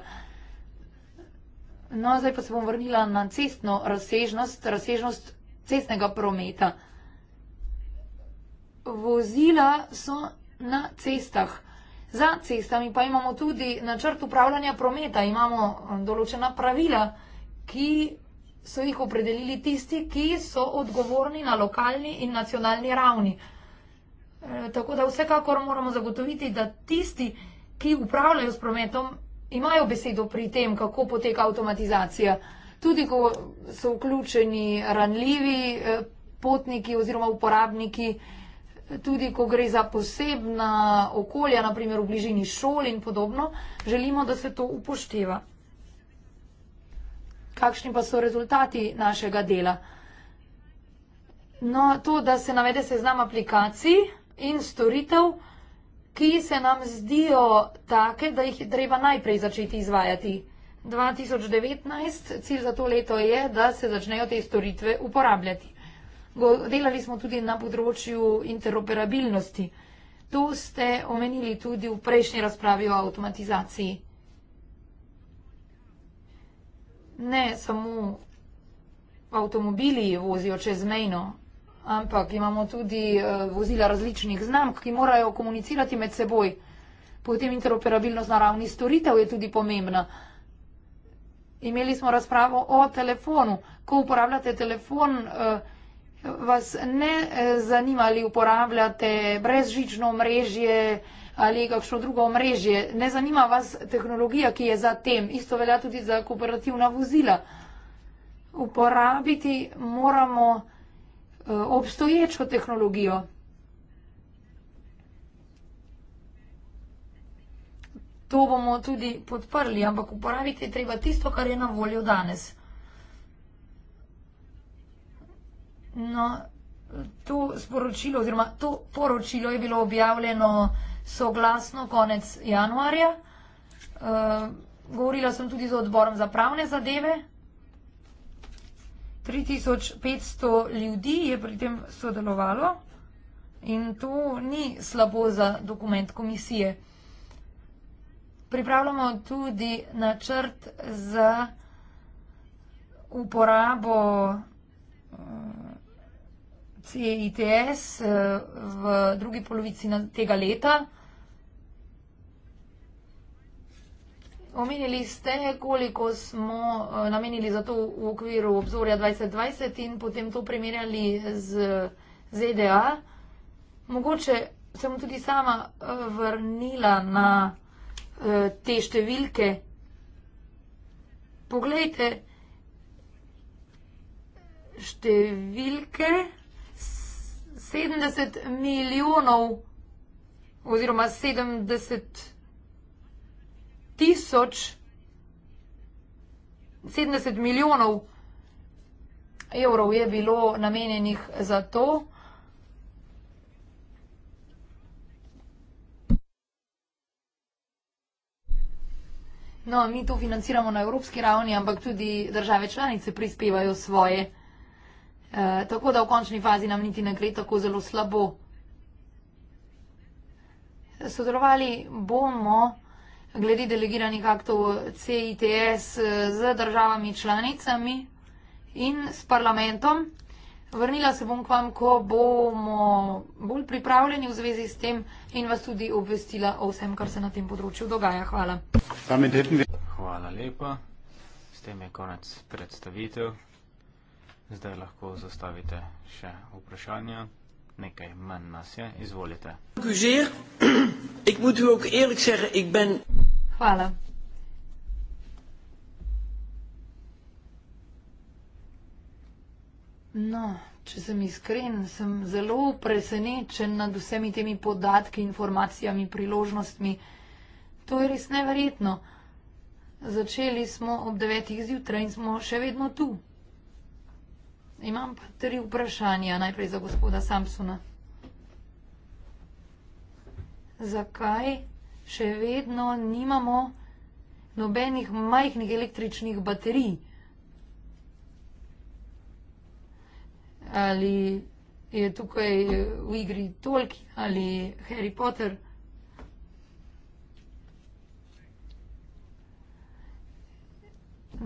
No, zdaj pa se bom vrnila na cestno razsežnost, razsežnost cestnega prometa. Vozila so na cestah. Za cestami pa imamo tudi načrt upravljanja prometa, imamo eh, določena pravila ki so jih opredelili tisti, ki so odgovorni na lokalni in nacionalni ravni. E, tako da vsekakor moramo zagotoviti, da tisti, ki upravljajo s prometom, imajo besedo pri tem, kako poteka avtomatizacija. Tudi, ko so vključeni ranljivi e, potniki oziroma uporabniki, e, tudi, ko gre za posebna okolja, naprimer v bližini šol in podobno, želimo, da se to upošteva kakšni pa so rezultati našega dela. No, to, da se navede seznam aplikacij in storitev, ki se nam zdijo take, da jih je treba najprej začeti izvajati. 2019, cilj za to leto je, da se začnejo te storitve uporabljati. Delali smo tudi na področju interoperabilnosti. To ste omenili tudi v prejšnji razpravi o avtomatizaciji. ne samo avtomobili vozijo čez mejno, ampak imamo tudi eh, vozila različnih znamk, ki morajo komunicirati med seboj. Potem interoperabilnost na ravni storitev je tudi pomembna. Imeli smo razpravo o telefonu. Ko uporabljate telefon, eh, vas ne eh, zanima, ali uporabljate brezžično mrežje, ali kakšno drugo omrežje. Ne zanima vas tehnologija, ki je za tem. Isto velja tudi za kooperativna vozila. Uporabiti moramo eh, obstoječo tehnologijo. To bomo tudi podprli, ampak uporabiti je treba tisto, kar je na voljo danes. No, to sporočilo oziroma to poročilo je bilo objavljeno soglasno konec januarja. Eh, govorila sem tudi z odborom za pravne zadeve. 3500 ljudi je pri tem sodelovalo in to ni slabo za dokument komisije. Pripravljamo tudi načrt za uporabo eh, CITS eh, v drugi polovici tega leta. Omenili ste, koliko smo eh, namenili za to v okviru obzorja 2020 in potem to primerjali z ZDA. Mogoče se bom tudi sama eh, vrnila na te številke. Poglejte številke. 70 milijonov oziroma 70 tisoč 70 milijonov evrov je bilo namenjenih za to. No, mi to financiramo na evropski ravni, ampak tudi države članice prispevajo svoje vse. Eh, tako da v končni fazi nam niti ne gre tako zelo slabo. Sodelovali bomo glede delegiranih aktov CITS eh, z državami članicami in s parlamentom. Vrnila se bom k vam, ko bomo bolj pripravljeni v zvezi s tem in vas tudi obvestila o vsem, kar se na tem področju dogaja. Hvala. Hvala lepa. S tem je konec predstavitev. Zdaj lahko zastavite še vprašanja. Nekaj manj nas je, izvolite. Hvala. No, če sem iskren, sem zelo presenečen nad vsemi temi podatki, informacijami, priložnostmi. To je res neverjetno. Začeli smo ob devetih zjutraj in smo še vedno tu. Imam pa tri vprašanja, najprej za gospoda Samsona. Zakaj še vedno nimamo nobenih majhnih električnih baterij? Ali je tukaj v igri Tolkien ali Harry Potter?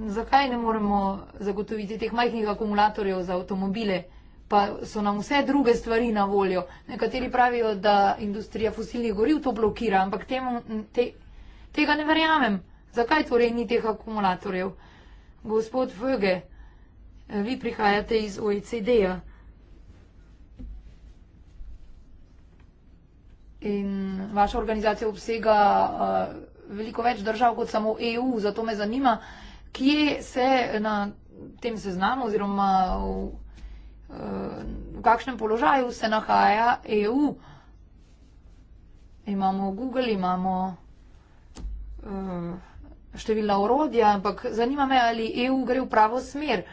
zakaj ne moremo zagotoviti teh majhnih akumulatorjev za avtomobile, pa so nam vse druge stvari na voljo. Nekateri pravijo, da industrija fosilnih goriv to blokira, ampak temu, te, tega ne verjamem. Zakaj torej ni teh akumulatorjev? Gospod Vöge, vi prihajate iz OECD-ja. In vaša organizacija obsega uh, veliko več držav kot samo EU, zato me zanima, uh, kje se na tem seznamu oziroma v, eh, v kakšnem položaju se nahaja EU. Imamo Google, imamo eh, številna orodja, ampak zanima me, ali EU gre v pravo smer.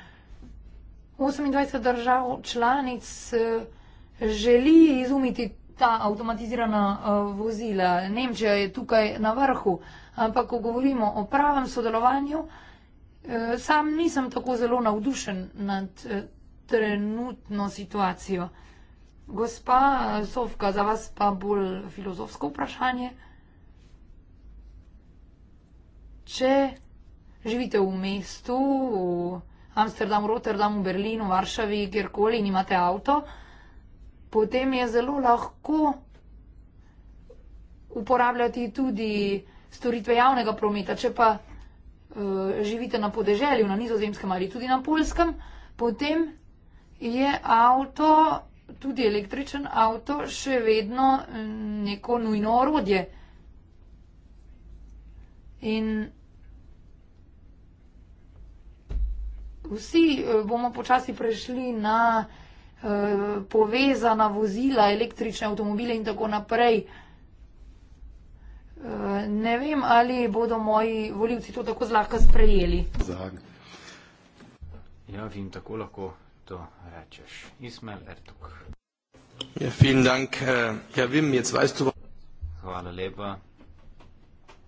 28 držav članic eh, želi izumiti ta avtomatizirana vozila. Nemčija je tukaj na vrhu, ampak ko govorimo o pravem sodelovanju, Eh, sam nisem tako zelo navdušen nad eh, trenutno situacijo. Gospa Sovka, za vas pa bolj filozofsko vprašanje. Če živite v mestu, v Amsterdamu, Rotterdamu, Berlinu, Varšavi, kjerkoli in imate avto, potem je zelo lahko uporabljati tudi storitve javnega prometa. Če pa Eh, živite na podeželju, na nizozemskem ali tudi na polskem, potem je avto, tudi električen avto, še vedno mm, neko nujno orodje. In vsi eh, bomo počasi prešli na eh, povezana vozila, električne avtomobile in tako naprej. Eh, ne vem, ali bodo moji voljivci to tako zlahka sprejeli. Zag. Ja, vim, tako lahko to rečeš. Ismail Ertug. Ja, vielen Dank. Ja, eh, vim, jetzt weißt du... Hvala lepa.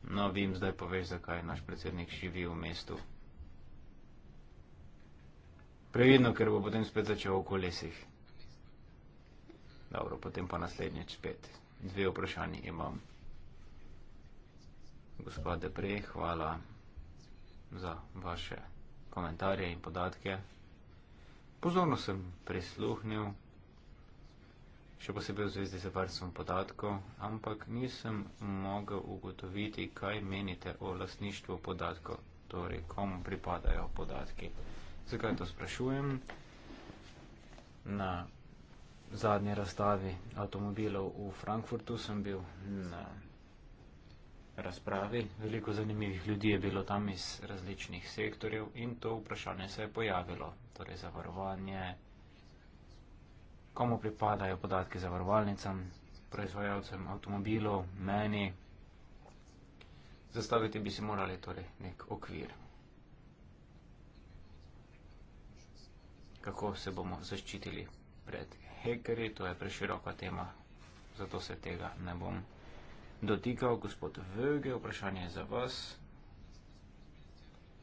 No, vim, zdaj poveš, zakaj naš predsednik živi v mestu. Previdno, ker bo potem spet začel v kolesih. Dobro, potem pa naslednjič spet. Dve vprašanje imam. Gospod Depre, hvala za vaše komentarje in podatke. Pozorno sem prisluhnil, še posebej v zvezdi z varstvom podatkov, ampak nisem mogel ugotoviti, kaj menite o lasništvu podatkov, torej komu pripadajo podatki. Zakaj to sprašujem? Na zadnji razstavi avtomobilov v Frankfurtu sem bil na razpravi. Veliko zanimivih ljudi je bilo tam iz različnih sektorjev in to vprašanje se je pojavilo. Torej, zavarovanje, komu pripadajo podatki zavarovalnicam, proizvajalcem avtomobilov, meni. Zastaviti bi si morali torej nek okvir. Kako se bomo zaščitili pred hekerji, to je preširoka tema, zato se tega ne bom dotikal. Gospod Vöge, vprašanje je za vas.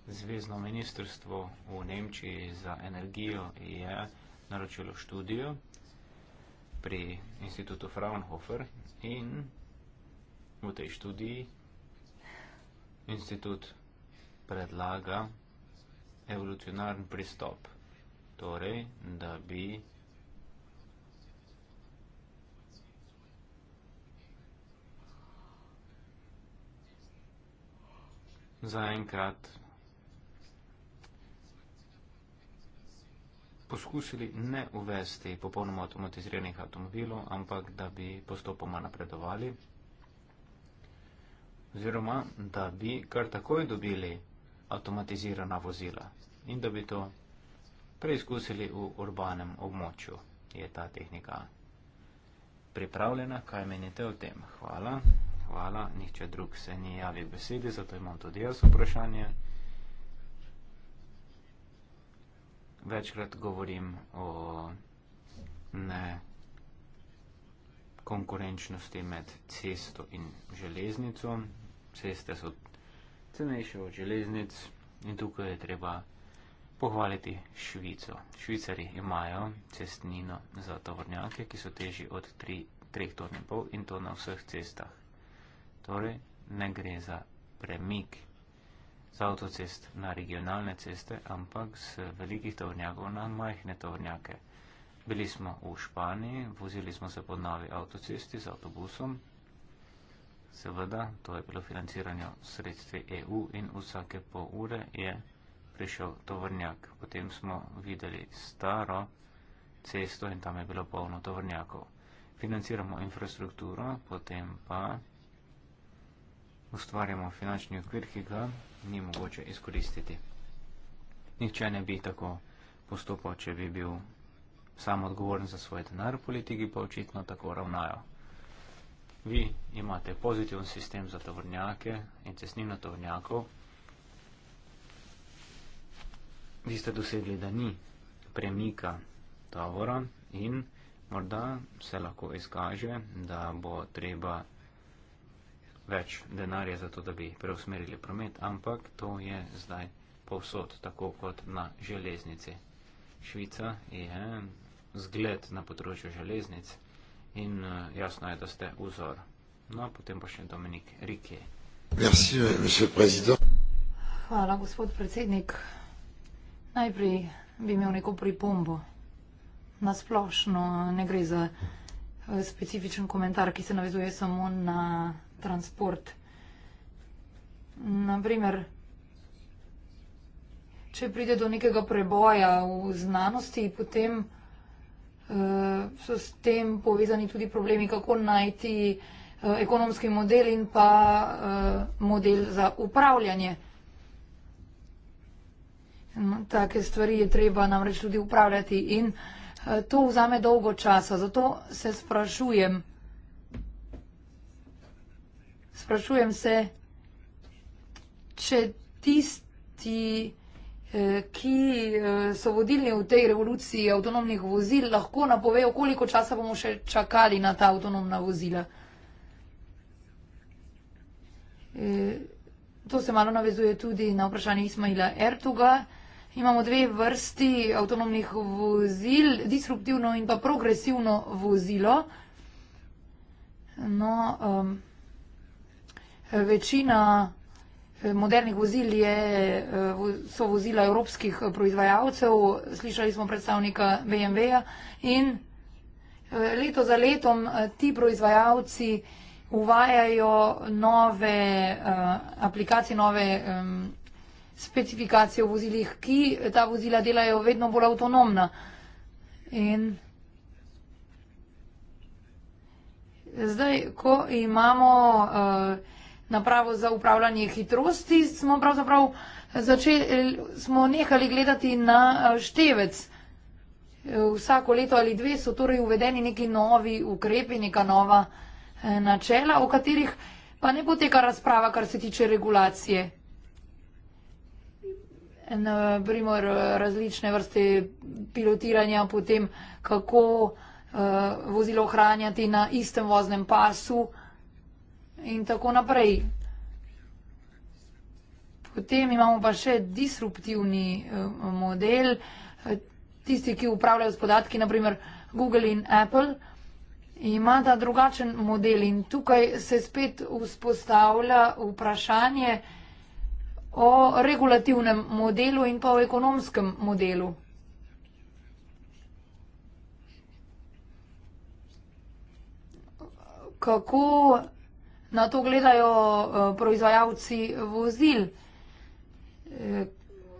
Zvezdno ministrstvo v Nemčiji za energijo je naročilo študijo pri institutu Fraunhofer in v tej študiji institut predlaga evolucionarni pristop, torej, da bi zaenkrat poskusili ne uvesti popolnoma avtomatiziranih avtomobilov, ampak da bi postopoma napredovali oziroma da bi kar takoj dobili avtomatizirana vozila in da bi to preizkusili v urbanem območju. Je ta tehnika pripravljena? Kaj menite o tem? Hvala. Hvala. Nihče drug se ni javil besedi, zato imam tudi jaz vprašanje. Večkrat govorim o ne konkurenčnosti med cesto in železnico. Ceste so cenejše od železnic in tukaj je treba pohvaliti Švico. Švicari imajo cestnino za tovornjake, ki so teži od 3,5 tona in to na vseh cestah. Torej, ne gre za premik z avtocest na regionalne ceste, ampak z velikih tovrnjakov na majhne tovrnjake. Bili smo v Španiji, vozili smo se po novi avtocesti z avtobusom. Seveda, to je bilo financiranje sredstvi EU in vsake pol ure je prišel tovrnjak. Potem smo videli staro cesto in tam je bilo polno tovrnjakov. Financiramo infrastrukturo, potem pa ustvarjamo finančni okvir, ki ga ni mogoče izkoristiti. Nihče ne bi tako postopal, če bi bil sam odgovoren za svoj denar, politiki pa očitno tako ravnajo. Vi imate pozitiven sistem za tovrnjake in cestnino tovrnjakov. Vi ste dosegli, da ni premika tovora in morda se lahko izkaže, da bo treba več denarja za to, da bi preusmerili promet, ampak to je zdaj povsod, tako kot na železnici. Švica je zgled na področju železnic in eh, jasno je, da ste vzor. No, potem pa še Dominik Rike. Merci, euh, Hvala, gospod predsednik. Najprej bi imel neko pripombo. Nasplošno ne gre za eh, specifičen komentar, ki se navezuje samo na транспорт. Например, če pride do nekega preboja v znanosti, potem uh, so s tem povezani tudi problemi, kako najti uh, ekonomski model in pa uh, model za upravljanje. No, take stvari je treba namreč tudi upravljati in uh, to vzame dolgo časa. Zato se sprašujem sprašujem se, če tisti, eh, ki eh, so vodilni v tej revoluciji avtonomnih vozil, lahko napovejo, koliko časa bomo še čakali na ta avtonomna vozila. Eh, to se malo navezuje tudi na vprašanje Ismaila Ertuga. Imamo dve vrsti avtonomnih vozil, disruptivno in pa progresivno vozilo. No, um, Večina eh, modernih vozil je, eh, so vozila evropskih eh, proizvajalcev, slišali smo predstavnika BMW-ja in leto za letom ti proizvajalci uvajajo nove aplikacije, nove specifikacije v vozilih, ki ta vozila delajo vedno bolj avtonomna. In zdaj, ko imamo uh, napravo za upravljanje hitrosti, smo pravzaprav začeli, smo nehali gledati na eh, števec. Vsako leto ali dve so torej uvedeni neki novi ukrepi, neka nova eh, načela, o katerih pa ne poteka razprava, kar se tiče regulacije. Naprimer, različne vrste pilotiranja, potem kako uh, vozilo ohranjati na istem voznem pasu, uh, in tako naprej. Potem imamo pa še disruptivni eh, model, eh, tisti, ki upravljajo s podatki, naprimer Google in Apple, ima ta drugačen model in tukaj se spet vzpostavlja vprašanje o regulativnem modelu in pa o ekonomskem modelu. Kako na to gledajo eh, proizvajalci vozil. Eh,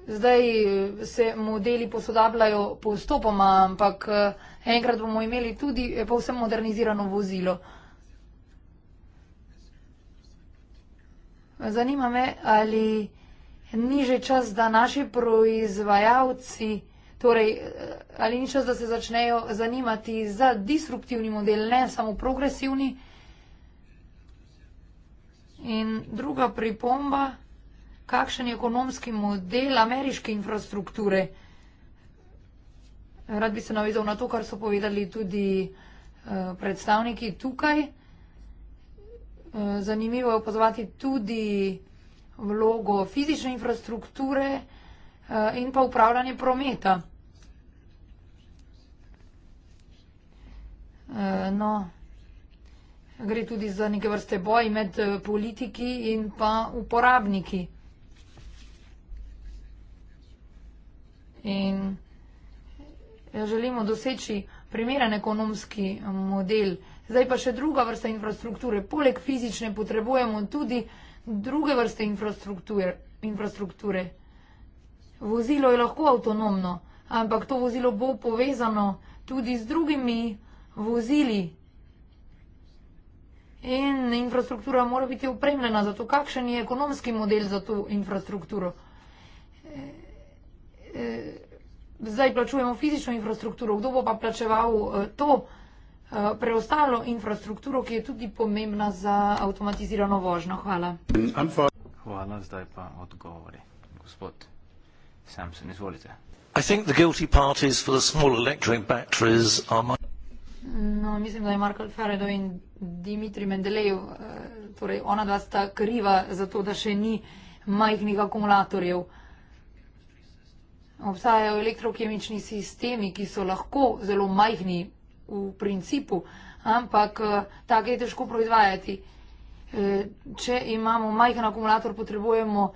zdaj eh, se modeli posodabljajo postopoma, ampak enkrat bomo imeli tudi povsem modernizirano vozilo. Zanima me, ali ni že čas, da naši proizvajalci, torej, ali ni čas, da se začnejo zanimati za disruptivni model, ne samo progresivni model, In druga pripomba, kakšen je ekonomski model ameriške infrastrukture? Rad bi se navezal na to, kar so povedali tudi eh, predstavniki tukaj. Eh, zanimivo je opazovati tudi vlogo fizične infrastrukture eh, in pa upravljanje prometa. No, gre tudi za neke vrste boj med eh, politiki in pa uporabniki. In ja, želimo doseči primeren ekonomski eh, model. Zdaj pa še druga vrsta infrastrukture. Poleg fizične potrebujemo tudi druge vrste infrastrukture. infrastrukture. Vozilo je lahko avtonomno, ampak to vozilo bo povezano tudi z drugimi vozili, In infrastruktura mora biti upremljena za to. Kakšen je ekonomski model za to infrastrukturo? E, e, zdaj plačujemo fizično infrastrukturo, kdo bo pa plačeval e, to preostalo infrastrukturo, ki je tudi pomembna za avtomatizirano vožnjo? Hvala. Hvala, zdaj pa odgovori. Gospod Samson, izvolite. I think the guilty parties for the small electric batteries are my No, mislim, da je Marko Faredo in Dimitri Mendelejev, eh, torej ona dva sta kriva za to, da še ni majhnih akumulatorjev. Obstajajo elektrokemični sistemi, ki so lahko zelo majhni v principu, ampak eh, tako je težko proizvajati. Eh, če imamo majhen akumulator, potrebujemo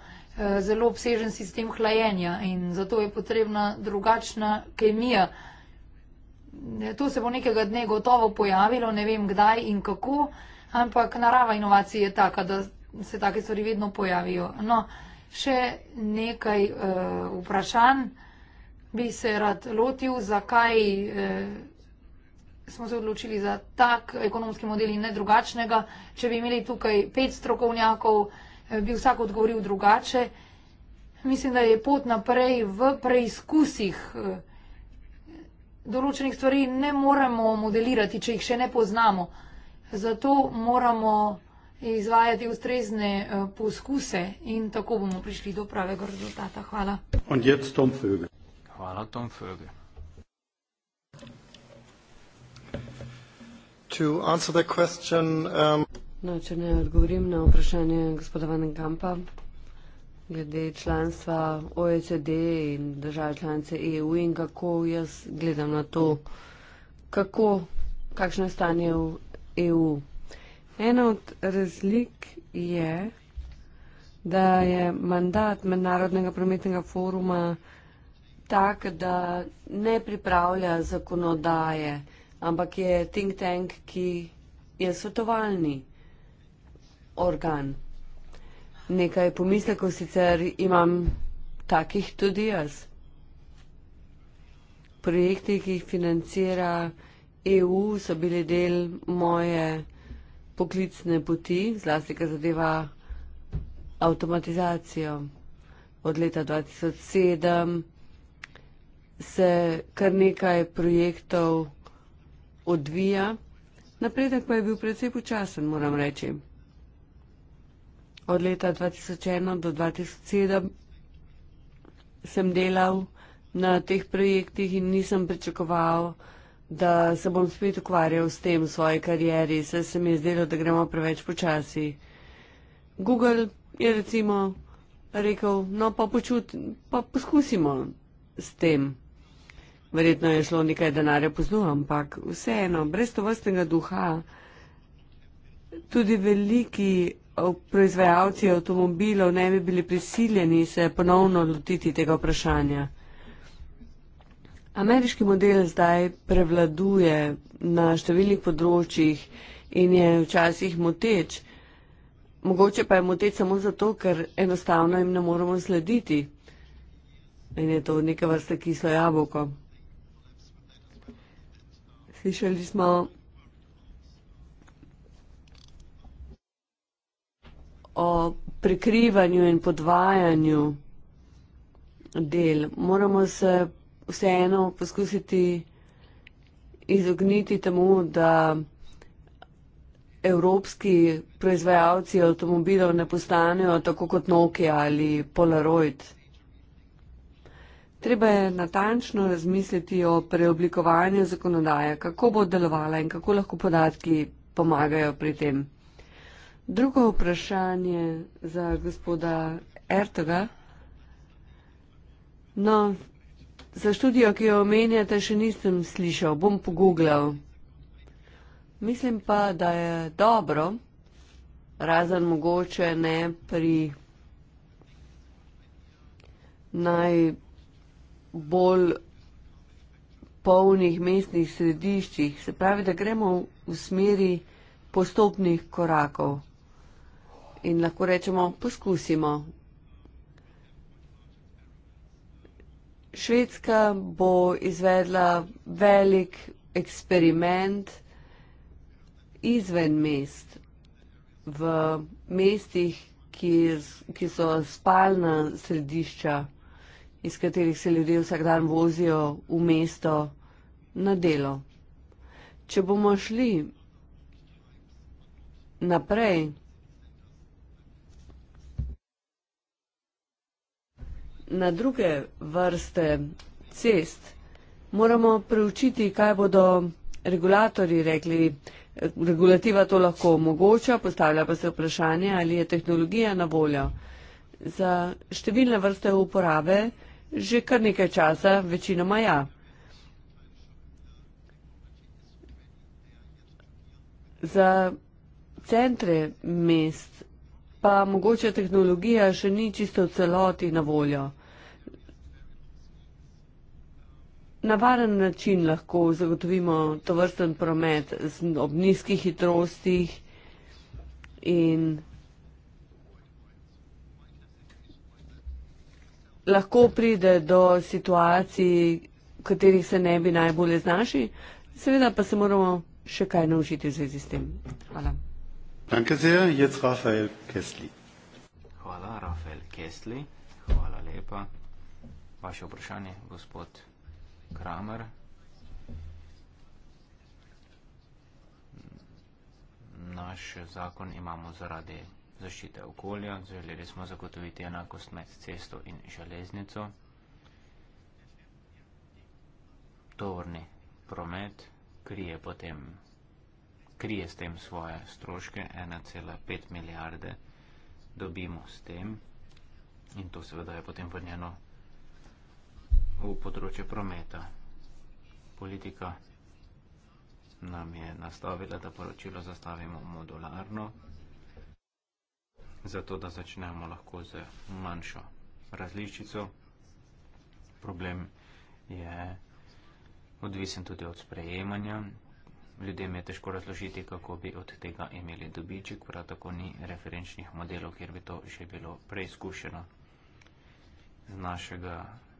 zelo obsežen sistem hlajenja in zato je potrebna drugačna kemija to se bo nekega dne gotovo pojavilo, ne vem kdaj in kako, ampak narava inovacije je taka, da se take stvari vedno pojavijo. No, še nekaj e, vprašanj bi se rad lotil, zakaj e, smo se odločili za tak ekonomski model in ne drugačnega. Če bi imeli tukaj pet strokovnjakov, eh, bi vsak odgovoril drugače. Mislim, da je pot naprej v preizkusih. E, določenih stvari ne moremo modelirati, če jih še ne poznamo. Zato moramo izvajati ustrezne eh, poskuse in tako bomo prišli do pravega rezultata. Hvala. Hvala, Tom Föge. Um, no, če ne odgovorim na vprašanje gospoda Van Gampa, glede članstva OECD in države članice EU in kako jaz gledam na to, kako, kakšno je stanje v EU. Ena od razlik je, da je mandat Mednarodnega prometnega foruma tak, da ne pripravlja zakonodaje, ampak je think tank, ki je svetovalni organ nekaj pomislekov, sicer imam takih tudi jaz. Projekti, ki jih financira EU, so bili del moje poklicne poti, zlasti, kar zadeva avtomatizacijo. Od leta 2007 se kar nekaj projektov odvija. Napredek pa je bil predvsej počasen, moram reči od leta 2001 do 2007 sem delal na teh projektih in nisem pričakoval, da se bom spet ukvarjal s tem v svoji karieri, saj se mi je zdelo, da gremo preveč počasi. Google je recimo rekel, no pa počuti, pa poskusimo s tem. Verjetno je šlo nekaj denarja poznu, ampak vseeno, brez to vrstnega duha, tudi veliki proizvajalci avtomobilov ne bi bili prisiljeni se ponovno lotiti tega vprašanja. Ameriški model zdaj prevladuje na številnih področjih in je včasih moteč. Mogoče pa je moteč samo zato, ker enostavno jim ne moremo slediti. In je to neka vrsta kislo jabolko. Slišali smo o prikrivanju in podvajanju del. Moramo se vseeno poskusiti izogniti temu, da evropski proizvajalci avtomobilov ne postanejo tako kot Nokia ali Polaroid. Treba je natančno razmisliti o preoblikovanju zakonodaje, kako bo delovala in kako lahko podatki pomagajo pri tem. Drugo vprašanje za gospoda Ertoga. No, za študijo, ki jo omenjate, še nisem slišal, bom pogooglal. Mislim pa, da je dobro, razen mogoče ne pri najbolj polnih mestnih središčih. Se pravi, da gremo v smeri postopnih korakov in lahko rečemo, poskusimo. Švedska bo izvedla velik eksperiment izven mest, v mestih, ki so spalna središča, iz katerih se ljudje vsak dan vozijo v mesto na delo. Če bomo šli naprej, na druge vrste cest, moramo preučiti, kaj bodo regulatori rekli. Regulativa to lahko omogoča, postavlja pa se vprašanje, ali je tehnologija na voljo. Za številne vrste uporabe že kar nekaj časa večinoma ja. Za centre mest pa mogoče tehnologija še ni čisto v celoti na voljo. na varen način lahko zagotovimo to vrsten promet ob nizkih hitrostih in lahko pride do situacij, v katerih se ne bi najbolje znašli, seveda pa se moramo še kaj naučiti v zvezi s tem. Hvala. Danke sehr, jetzt Rafael Kessli. Hvala, Rafael Kessli. Hvala lepa. Vaše vprašanje, gospod. Kramer. Naš zakon imamo zaradi zaščite okolja. Želeli smo zagotoviti enakost med cesto in železnico. Tovorni promet krije potem, krije s tem svoje stroške 1,5 milijarde dobimo s tem in to seveda je potem vrnjeno v področju prometa. Politika nam je nastavila, da poročilo zastavimo modularno, zato da začnemo lahko z manjšo različico. Problem je odvisen tudi od sprejemanja. Ljudem je težko razložiti, kako bi od tega imeli dobiček, prav tako ni referenčnih modelov, kjer bi to že bilo preizkušeno. Z našega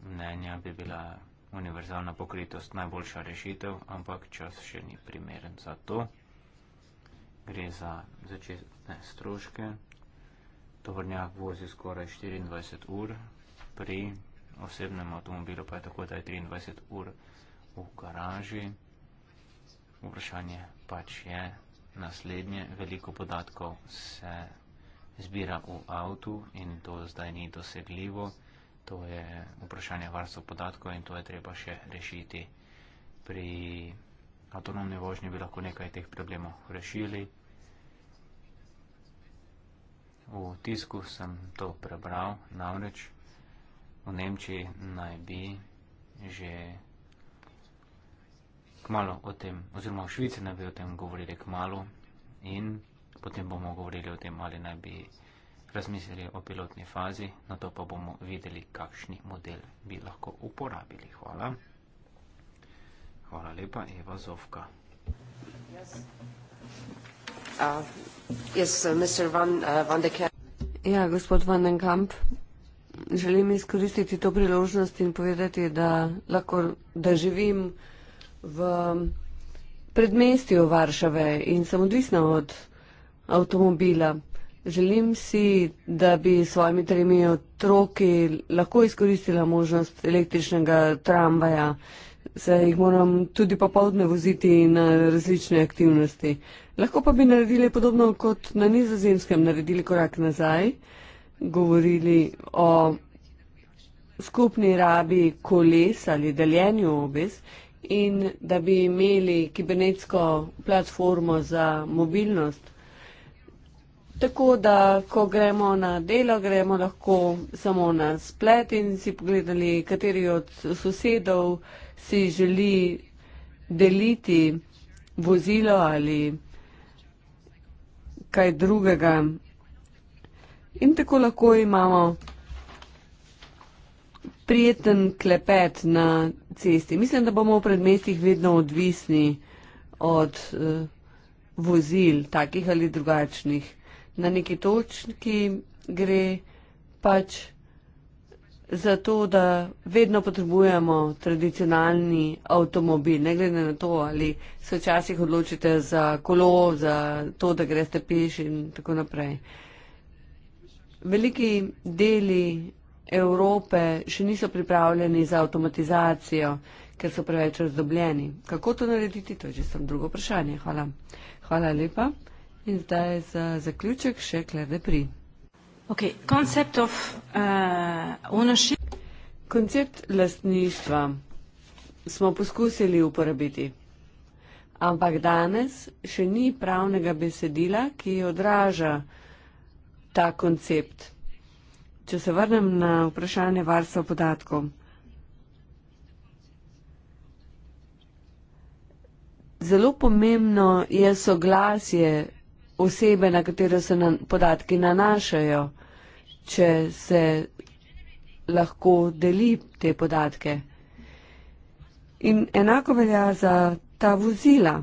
mnenja bi bila univerzalna pokritost najboljša rešitev, ampak čas še ni primeren za to. Gre za začetne stroške. Tovrnjak vozi skoraj 24 ur, pri osebnem avtomobilu pa je tako, da je 23 ur v garaži. Vprašanje pač je naslednje. Veliko podatkov se zbira v avtu in to zdaj ni dosegljivo. To je vprašanje varstva podatkov in to je treba še rešiti. Pri avtonomni vožnji bi lahko nekaj teh problemov rešili. V tisku sem to prebral, namreč v Nemčiji naj bi že kmalo o tem, oziroma v Švici naj bi o tem govorili kmalo in potem bomo govorili o tem, ali naj bi razmislili o pilotni fazi, na to pa bomo videli, kakšni model bi lahko uporabili. Hvala. Hvala lepa, Eva Zovka. Yes. Uh, yes, uh, uh ja, gospod Van den Kamp, želim izkoristiti to priložnost in povedati, da lahko, da živim v predmestju Varšave in sem odvisna od avtomobila. Želim si, da bi s svojimi tremi otroki lahko izkoristila možnost električnega tramvaja, saj jih moram tudi popovdne voziti na eh, različne aktivnosti. Lahko pa bi naredili podobno kot na nizozemskem, naredili korak nazaj, govorili o skupni rabi koles ali deljenju obes in da bi imeli kibernetsko platformo za mobilnost. Tako da, ko gremo na delo, gremo lahko samo na splet in si pogledali, kateri od sosedov si želi deliti vozilo ali kaj drugega. In tako lahko imamo prijeten klepet na cesti. Mislim, da bomo v predmestih vedno odvisni od uh, vozil, takih ali drugačnih na neki točki gre pač za to, da vedno potrebujemo tradicionalni avtomobil. Ne glede na to, ali se včasih odločite za kolo, za to, da greste peš in tako naprej. Veliki deli Evrope še niso pripravljeni za avtomatizacijo, ker so preveč razdobljeni. Kako to narediti, to je že samo drugo vprašanje. Hvala. Hvala lepa. In zdaj za zaključek še klede pri. Okay. Concept of, uh, Koncept lastništva smo poskusili uporabiti, ampak danes še ni pravnega besedila, ki odraža ta koncept. Če se vrnem na vprašanje varstva podatkov. Zelo pomembno je soglasje osebe, na katero se na, podatki nanašajo, če se lahko deli te podatke. In enako velja za ta vozila.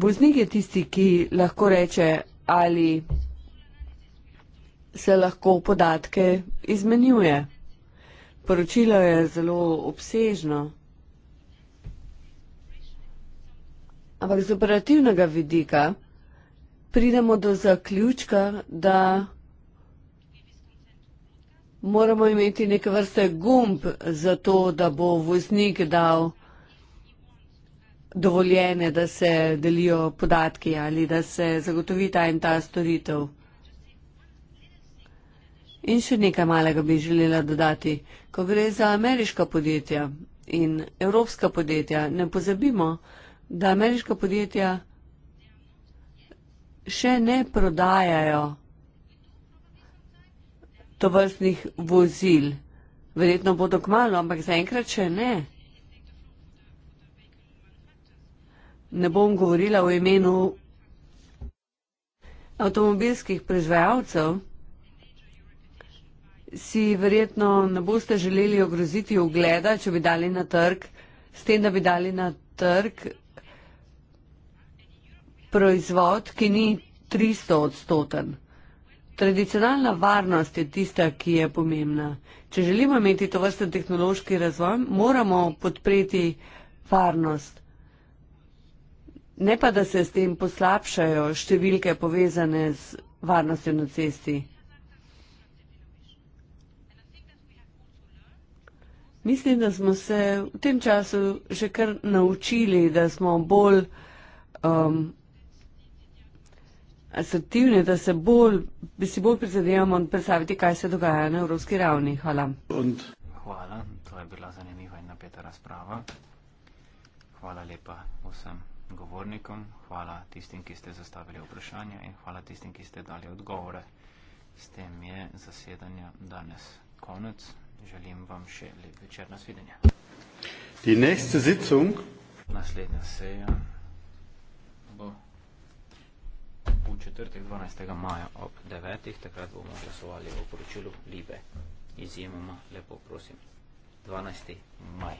Voznik je tisti, ki lahko reče, ali se lahko podatke izmenjuje. Poročilo je zelo obsežno. Ampak z operativnega vidika pridemo do zaključka, da moramo imeti neke vrste gumb za to, da bo voznik dal dovoljene, da se delijo podatki ali da se zagotovi ta in ta storitev. In še nekaj malega bi želela dodati. Ko gre za ameriška podjetja in evropska podjetja, ne pozabimo, da da ameriška podjetja še ne prodajajo tovrstnih vozil. Verjetno bodo kmalo, ampak zaenkrat še ne. Ne bom govorila o imenu avtomobilskih proizvajalcev. Si verjetno ne boste želeli ogroziti ugleda, če bi dali na trg, s tem, da bi dali na trg proizvod, ki ni 300 odstoten. Tradicionalna varnost je tista, ki je pomembna. Če želimo imeti to vrste tehnološki razvoj, moramo podpreti varnost. Ne pa, da se s tem poslabšajo številke povezane z varnostjo na cesti. Mislim, da smo se v tem času že kar naučili, da smo bolj um, asertivni, da se bolj, bi si bolj prizadevamo predstaviti, kaj se dogaja na evropski ravni. Hvala. Hvala, to je bila zanimiva in napeta razprava. Hvala lepa vsem govornikom, hvala tistim, ki ste zastavili vprašanja in hvala tistim, ki ste dali odgovore. S tem je zasedanja danes konec. Želim vam še lep večer na svidenje. Die nächste Sitzung. Naslednja seja bo v četrtek 12. maja ob 9. takrat bomo glasovali o poročilu Libe. Izjemoma, lepo prosim. 12. maj.